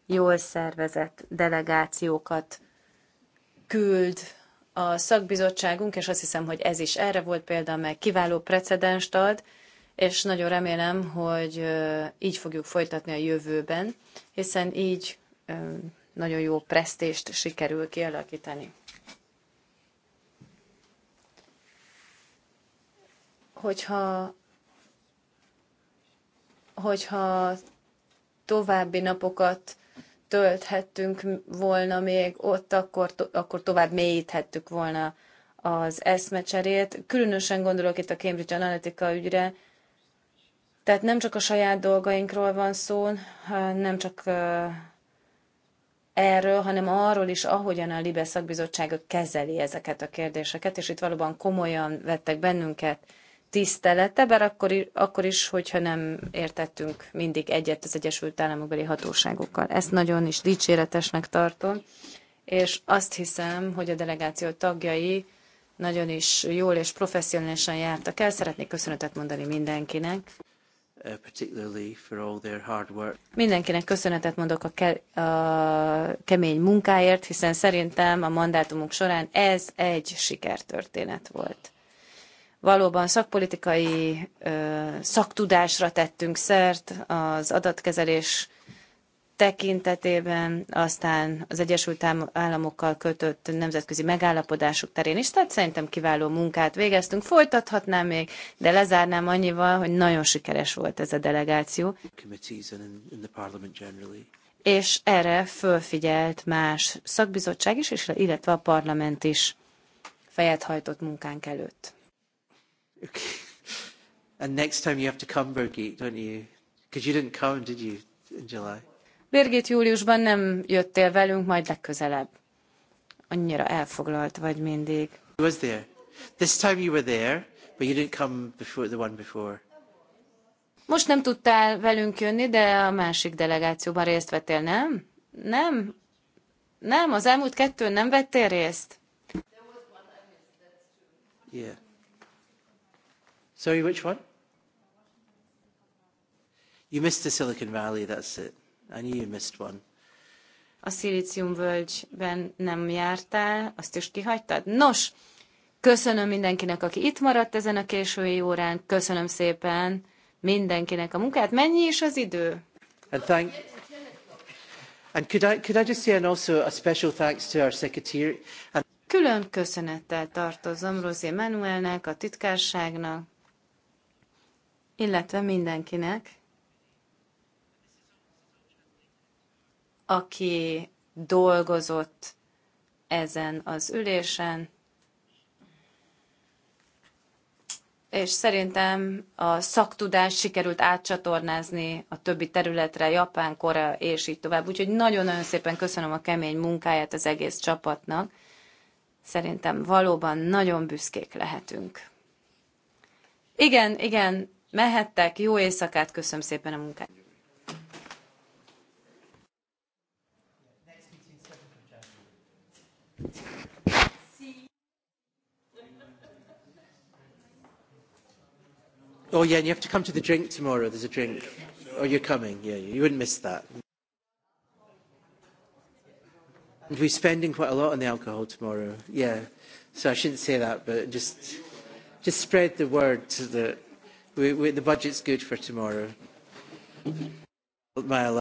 jól szervezett delegációkat küld a szakbizottságunk, és azt hiszem, hogy ez is erre volt példa, mert kiváló precedenst ad, és nagyon remélem, hogy így fogjuk folytatni a jövőben, hiszen így nagyon jó presztést sikerül kialakítani. hogyha, hogyha további napokat tölthettünk volna még ott, akkor, to, akkor tovább mélyíthettük volna az eszmecserét. Különösen gondolok itt a Cambridge Analytica ügyre, tehát nem csak a saját dolgainkról van szó, nem csak erről, hanem arról is, ahogyan a Libe szakbizottságot kezeli ezeket a kérdéseket, és itt valóban komolyan vettek bennünket, tisztelete, bár akkor, akkor is, hogyha nem értettünk mindig egyet az Egyesült Államokbeli hatóságokkal. Ezt nagyon is dicséretesnek tartom, és azt hiszem, hogy a delegáció tagjai nagyon is jól és professzionálisan jártak el. Szeretnék köszönetet mondani mindenkinek. Uh, mindenkinek köszönetet mondok a, ke- a kemény munkáért, hiszen szerintem a mandátumunk során ez egy sikertörténet volt valóban szakpolitikai szaktudásra tettünk szert az adatkezelés tekintetében, aztán az Egyesült Államokkal kötött nemzetközi megállapodások terén is, tehát szerintem kiváló munkát végeztünk. Folytathatnám még, de lezárnám annyival, hogy nagyon sikeres volt ez a delegáció. És erre fölfigyelt más szakbizottság is, illetve a parlament is fejet hajtott munkánk előtt. (laughs) and next time you have to come, Birgit, don't you? Because you didn't come, did you, in July? Birgit, júliusban nem jöttél velünk, majd legközelebb. Annyira elfoglalt vagy mindig. He was there. This time you were there, but you didn't come before the one before. Most nem tudtál velünk jönni, de a másik delegációban részt vettél, nem? Nem? Nem, az elmúlt kettőn nem vettél részt? Yeah. Sorry, which one? You missed the Silicon Valley, that's it. I knew you missed one. A völgyben nem jártál, azt is kihagytad? Nos, köszönöm mindenkinek, aki itt maradt ezen a késői órán, köszönöm szépen mindenkinek a munkát. Mennyi is az idő? And thank And could I, could I just say and also a special thanks to our secretary and Külön köszönettel tartozom Rosé Manuelnek, a titkárságnak, illetve mindenkinek, aki dolgozott ezen az ülésen, és szerintem a szaktudás sikerült átcsatornázni a többi területre, Japán, Korea és így tovább. Úgyhogy nagyon-nagyon szépen köszönöm a kemény munkáját az egész csapatnak. Szerintem valóban nagyon büszkék lehetünk. Igen, igen, mehettek, jó éjszakát, köszönöm szépen a munkát. Oh yeah, and you have to come to the drink tomorrow. There's a drink. Oh, you're coming. Yeah, you wouldn't miss that. And we're spending quite a lot on the alcohol tomorrow. Yeah, so I shouldn't say that, but just just spread the word to the We, we, the budget's good for tomorrow. My